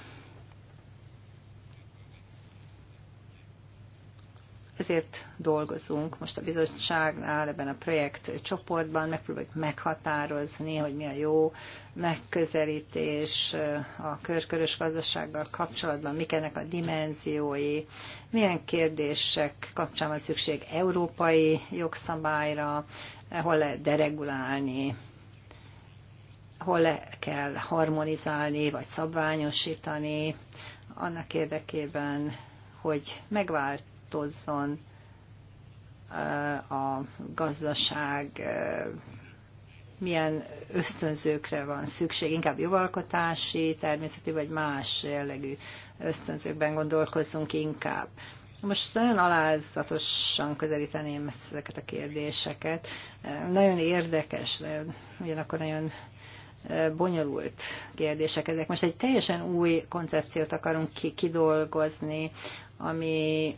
ezért dolgozunk most a bizottságnál, ebben a projekt csoportban, megpróbáljuk meghatározni, hogy mi a jó megközelítés a körkörös gazdasággal kapcsolatban, mik ennek a dimenziói, milyen kérdések kapcsán van szükség európai jogszabályra, hol lehet deregulálni, hol le kell harmonizálni vagy szabványosítani, annak érdekében, hogy megvált változzon a gazdaság, milyen ösztönzőkre van szükség, inkább jogalkotási, természeti vagy más jellegű ösztönzőkben gondolkozzunk inkább. Most nagyon alázatosan közelíteném ezeket a kérdéseket. Nagyon érdekes, nagyon ugyanakkor nagyon bonyolult kérdések ezek. Most egy teljesen új koncepciót akarunk kidolgozni, ami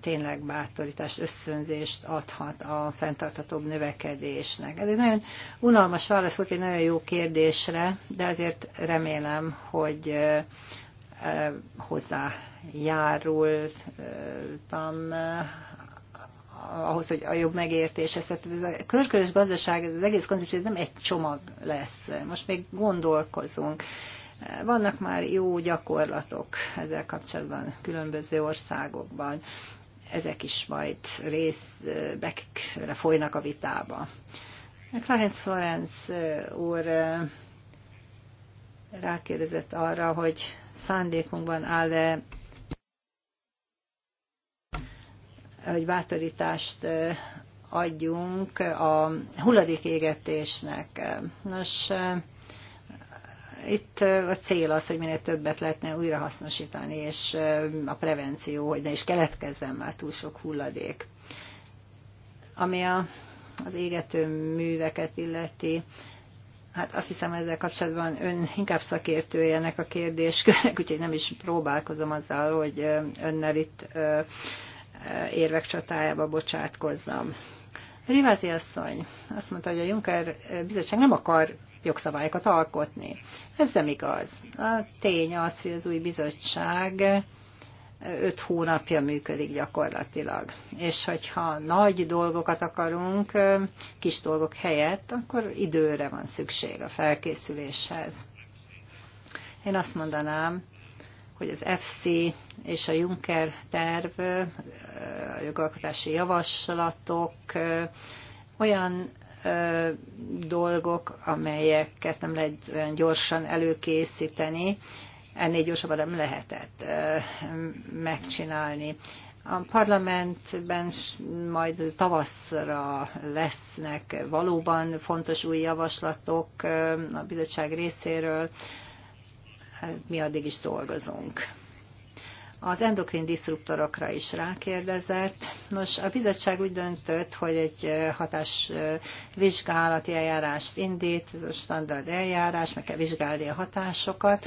tényleg bátorítást, összönzést adhat a fenntarthatóbb növekedésnek. Ez egy nagyon unalmas válasz volt egy nagyon jó kérdésre, de azért remélem, hogy hozzájárultam ahhoz, hogy a jobb megértés. Ez, ez a körkörös gazdaság, ez az egész koncepció, ez nem egy csomag lesz. Most még gondolkozunk. Vannak már jó gyakorlatok ezzel kapcsolatban különböző országokban. Ezek is majd részbe folynak a vitába. Clarence Florence úr rákérdezett arra, hogy szándékunkban áll-e hogy bátorítást adjunk a hulladékégetésnek. Nos, itt a cél az, hogy minél többet lehetne újrahasznosítani, és a prevenció, hogy ne is keletkezzen már túl sok hulladék. Ami a, az égető műveket illeti, hát azt hiszem ezzel kapcsolatban ön inkább szakértője ennek a kérdéskörnek, úgyhogy nem is próbálkozom azzal, hogy önnel itt érvek csatájába bocsátkozzam. Rivázi asszony azt mondta, hogy a Juncker bizottság nem akar jogszabályokat alkotni. Ez nem igaz. A tény az, hogy az új bizottság öt hónapja működik gyakorlatilag. És hogyha nagy dolgokat akarunk, kis dolgok helyett, akkor időre van szükség a felkészüléshez. Én azt mondanám, hogy az FC és a Juncker terv, a jogalkotási javaslatok olyan dolgok, amelyeket nem lehet olyan gyorsan előkészíteni, ennél gyorsabban nem lehetett megcsinálni. A parlamentben majd tavaszra lesznek valóban fontos új javaslatok a bizottság részéről, hát mi addig is dolgozunk. Az endokrin diszruptorokra is rákérdezett. Nos, a bizottság úgy döntött, hogy egy hatás vizsgálati eljárást indít, ez a standard eljárás, meg kell vizsgálni a hatásokat.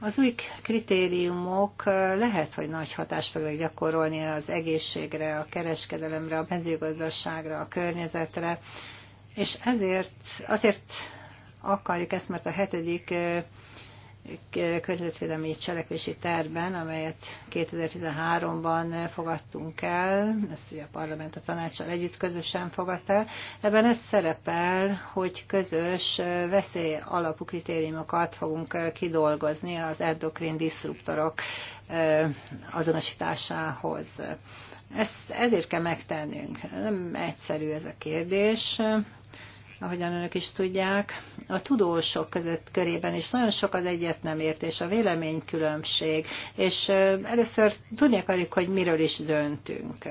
Az új kritériumok lehet, hogy nagy hatást fognak gyakorolni az egészségre, a kereskedelemre, a mezőgazdaságra, a környezetre, és ezért, azért akarjuk ezt, mert a hetedik környezetvédelmi cselekvési tervben, amelyet 2013-ban fogadtunk el, ezt ugye a parlament a tanácsal együtt közösen fogadta ebben ez szerepel, hogy közös veszély alapú kritériumokat fogunk kidolgozni az endokrin diszruptorok eh, azonosításához. Ezt ezért kell megtennünk. Nem egyszerű ez a kérdés, ahogyan önök is tudják, a tudósok között körében is nagyon sok az egyet nem értés, a véleménykülönbség, és először tudni akarjuk, hogy miről is döntünk.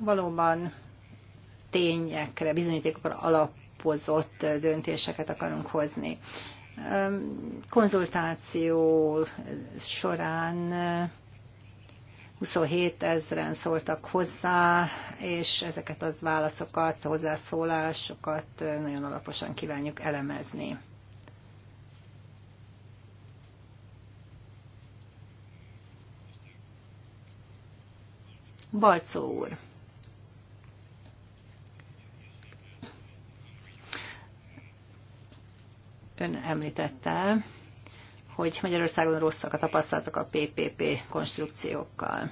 Valóban tényekre, bizonyítékokra alapozott döntéseket akarunk hozni. Konzultáció során 27 ezeren szóltak hozzá, és ezeket az válaszokat, hozzászólásokat nagyon alaposan kívánjuk elemezni. Balcó úr. Ön említette, hogy Magyarországon rosszak a tapasztalatok a PPP konstrukciókkal.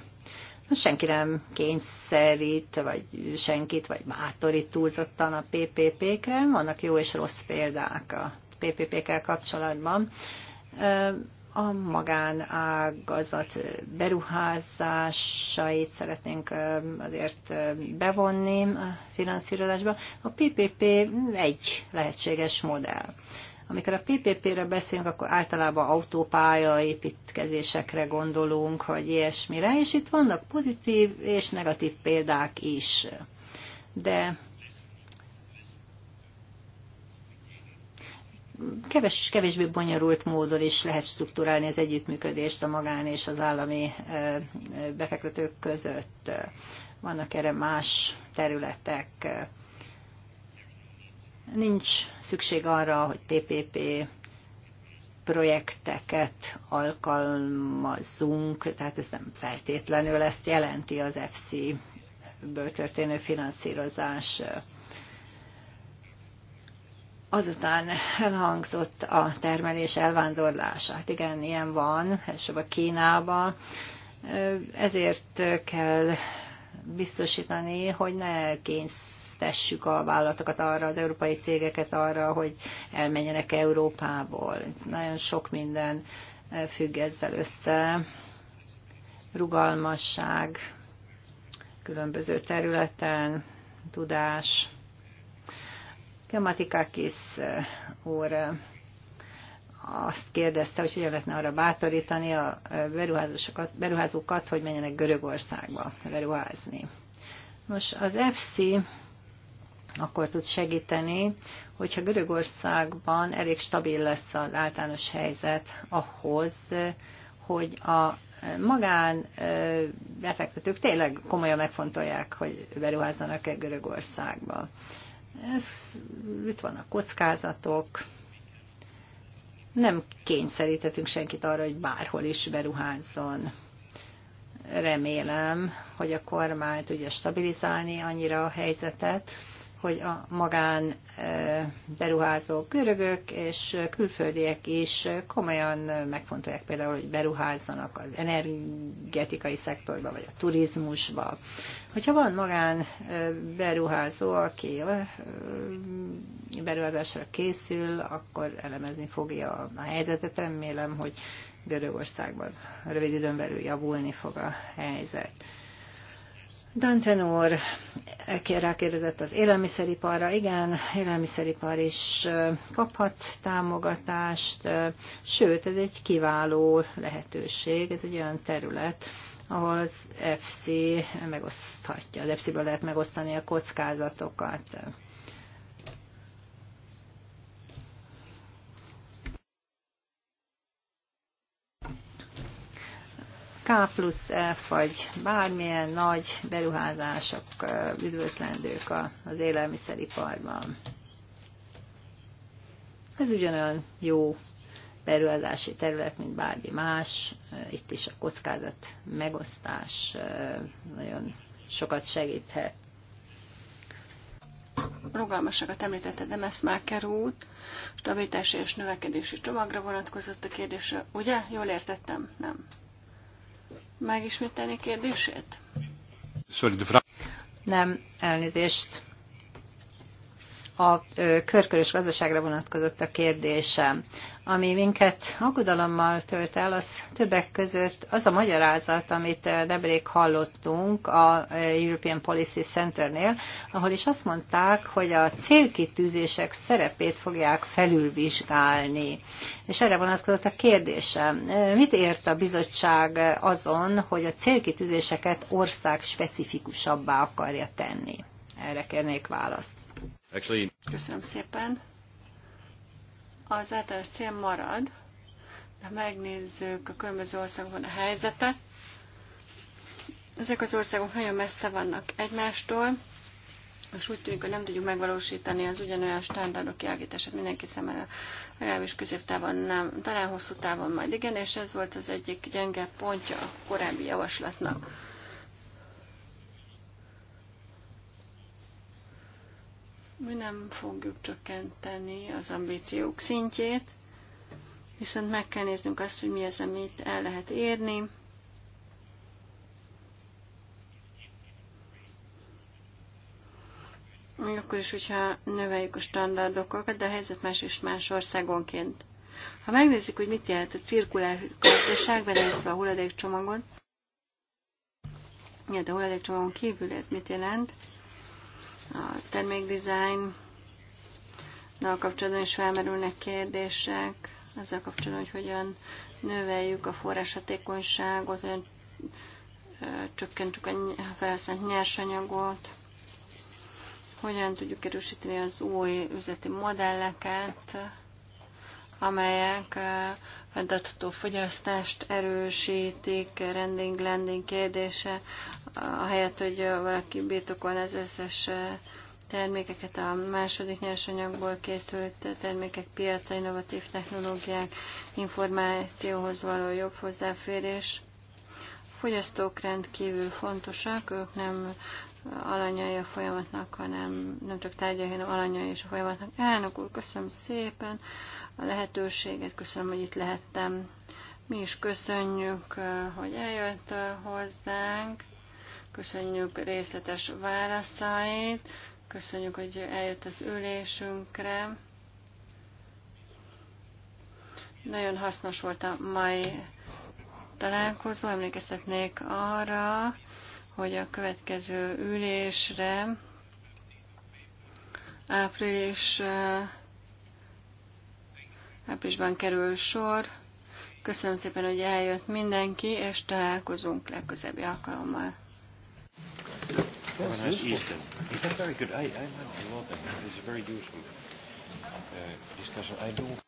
Senki nem kényszerít, vagy senkit, vagy bátorít túlzottan a PPP-kre. Vannak jó és rossz példák a PPP-kkel kapcsolatban. A magánágazat beruházásait szeretnénk azért bevonni a finanszírozásba. A PPP egy lehetséges modell. Amikor a PPP-ről beszélünk, akkor általában autópálya építkezésekre gondolunk, vagy ilyesmire, és itt vannak pozitív és negatív példák is. De keves, kevésbé bonyolult módon is lehet strukturálni az együttműködést a magán és az állami befektetők között. Vannak erre más területek. Nincs szükség arra, hogy PPP projekteket alkalmazzunk, tehát ez nem feltétlenül ezt jelenti az FC-ből történő finanszírozás. Azután elhangzott a termelés elvándorlása. Hát igen, ilyen van, elsősorban Kínában. Ezért kell biztosítani, hogy ne kényszer késztessük a vállalatokat arra, az európai cégeket arra, hogy elmenjenek Európából. Nagyon sok minden e, függ ezzel össze. Rugalmasság különböző területen, tudás. Kematikakis e, úr e, azt kérdezte, hogy hogyan lehetne arra bátorítani a beruházókat, beruházókat hogy menjenek Görögországba beruházni. Nos, az FC akkor tud segíteni, hogyha Görögországban elég stabil lesz az általános helyzet ahhoz, hogy a magán befektetők tényleg komolyan megfontolják, hogy beruházzanak-e Görögországba. Ez, itt a kockázatok, nem kényszeríthetünk senkit arra, hogy bárhol is beruházzon. Remélem, hogy a kormány tudja stabilizálni annyira a helyzetet, hogy a magán beruházók görögök és külföldiek is komolyan megfontolják például, hogy beruházzanak az energetikai szektorba, vagy a turizmusba. Hogyha van magán beruházó, aki beruházásra készül, akkor elemezni fogja a helyzetet. Remélem, hogy Görögországban rövid időn belül javulni fog a helyzet. Danten úr rákérdezett az élelmiszeriparra. Igen, élelmiszeripar is kaphat támogatást, sőt, ez egy kiváló lehetőség, ez egy olyan terület, ahol az FC megoszthatja, az FC-ből lehet megosztani a kockázatokat. K plusz F, vagy bármilyen nagy beruházások üdvözlendők az élelmiszeriparban. Ez ugyanolyan jó beruházási terület, mint bármi más. Itt is a kockázat megosztás nagyon sokat segíthet. Rugalmasságot említette Demes Máker már került. Stabilitási és növekedési csomagra vonatkozott a kérdésre. Ugye? Jól értettem? Nem. Megismételni kérdését? Szóval Nem, elnézést a körkörös gazdaságra vonatkozott a kérdésem. Ami minket aggodalommal tölt el, az többek között az a magyarázat, amit nemrég hallottunk a European Policy Centernél, ahol is azt mondták, hogy a célkitűzések szerepét fogják felülvizsgálni. És erre vonatkozott a kérdésem. Mit ért a bizottság azon, hogy a célkitűzéseket ország specifikusabbá akarja tenni? Erre kérnék választ. Köszönöm szépen. Az általános cél marad, de megnézzük a különböző országokban a helyzetet. Ezek az országok nagyon messze vannak egymástól, és úgy tűnik, hogy nem tudjuk megvalósítani az ugyanolyan standardok kiállítását mindenki számára, legalábbis középtávon nem, talán hosszú távon majd igen, és ez volt az egyik gyenge pontja a korábbi javaslatnak. Mi nem fogjuk csökkenteni az ambíciók szintjét, viszont meg kell néznünk azt, hogy mi az, amit el lehet érni. Még akkor is, hogyha növeljük a standardokat, de a helyzet más és más országonként. Ha megnézzük, hogy mit jelent a cirkulár gazdaság, beleértve a hulladékcsomagon, ja, de a hulladékcsomagon kívül ez mit jelent, a termékdizájnnal kapcsolatban is felmerülnek kérdések, ezzel kapcsolatban, hogy hogyan növeljük a forráshatékonyságot, hogyan csökkentsük a felhasznált nyersanyagot, hogyan tudjuk erősíteni az új üzleti modelleket, amelyek fenntartható fogyasztást erősítik, rending, lending kérdése, ahelyett, hogy valaki birtokolna az összes eh, termékeket, a második nyersanyagból készült termékek piaca, innovatív technológiák, információhoz való jobb hozzáférés. A fogyasztók rendkívül fontosak, ők nem alanyai a folyamatnak, hanem nem csak tárgyai, hanem alanyai is a folyamatnak. Elnök úr, köszönöm szépen! a lehetőséget, köszönöm, hogy itt lehettem. Mi is köszönjük, eh, hogy eljött eh, hozzánk, köszönjük részletes válaszait, köszönjük, hogy eljött az ülésünkre. Nagyon hasznos volt a mai találkozó. Emlékeztetnék arra, hogy a következő ülésre április eh, áprilisban kerül sor. Köszönöm szépen, hogy eljött mindenki, és találkozunk legközebbi alkalommal. Köszönöm.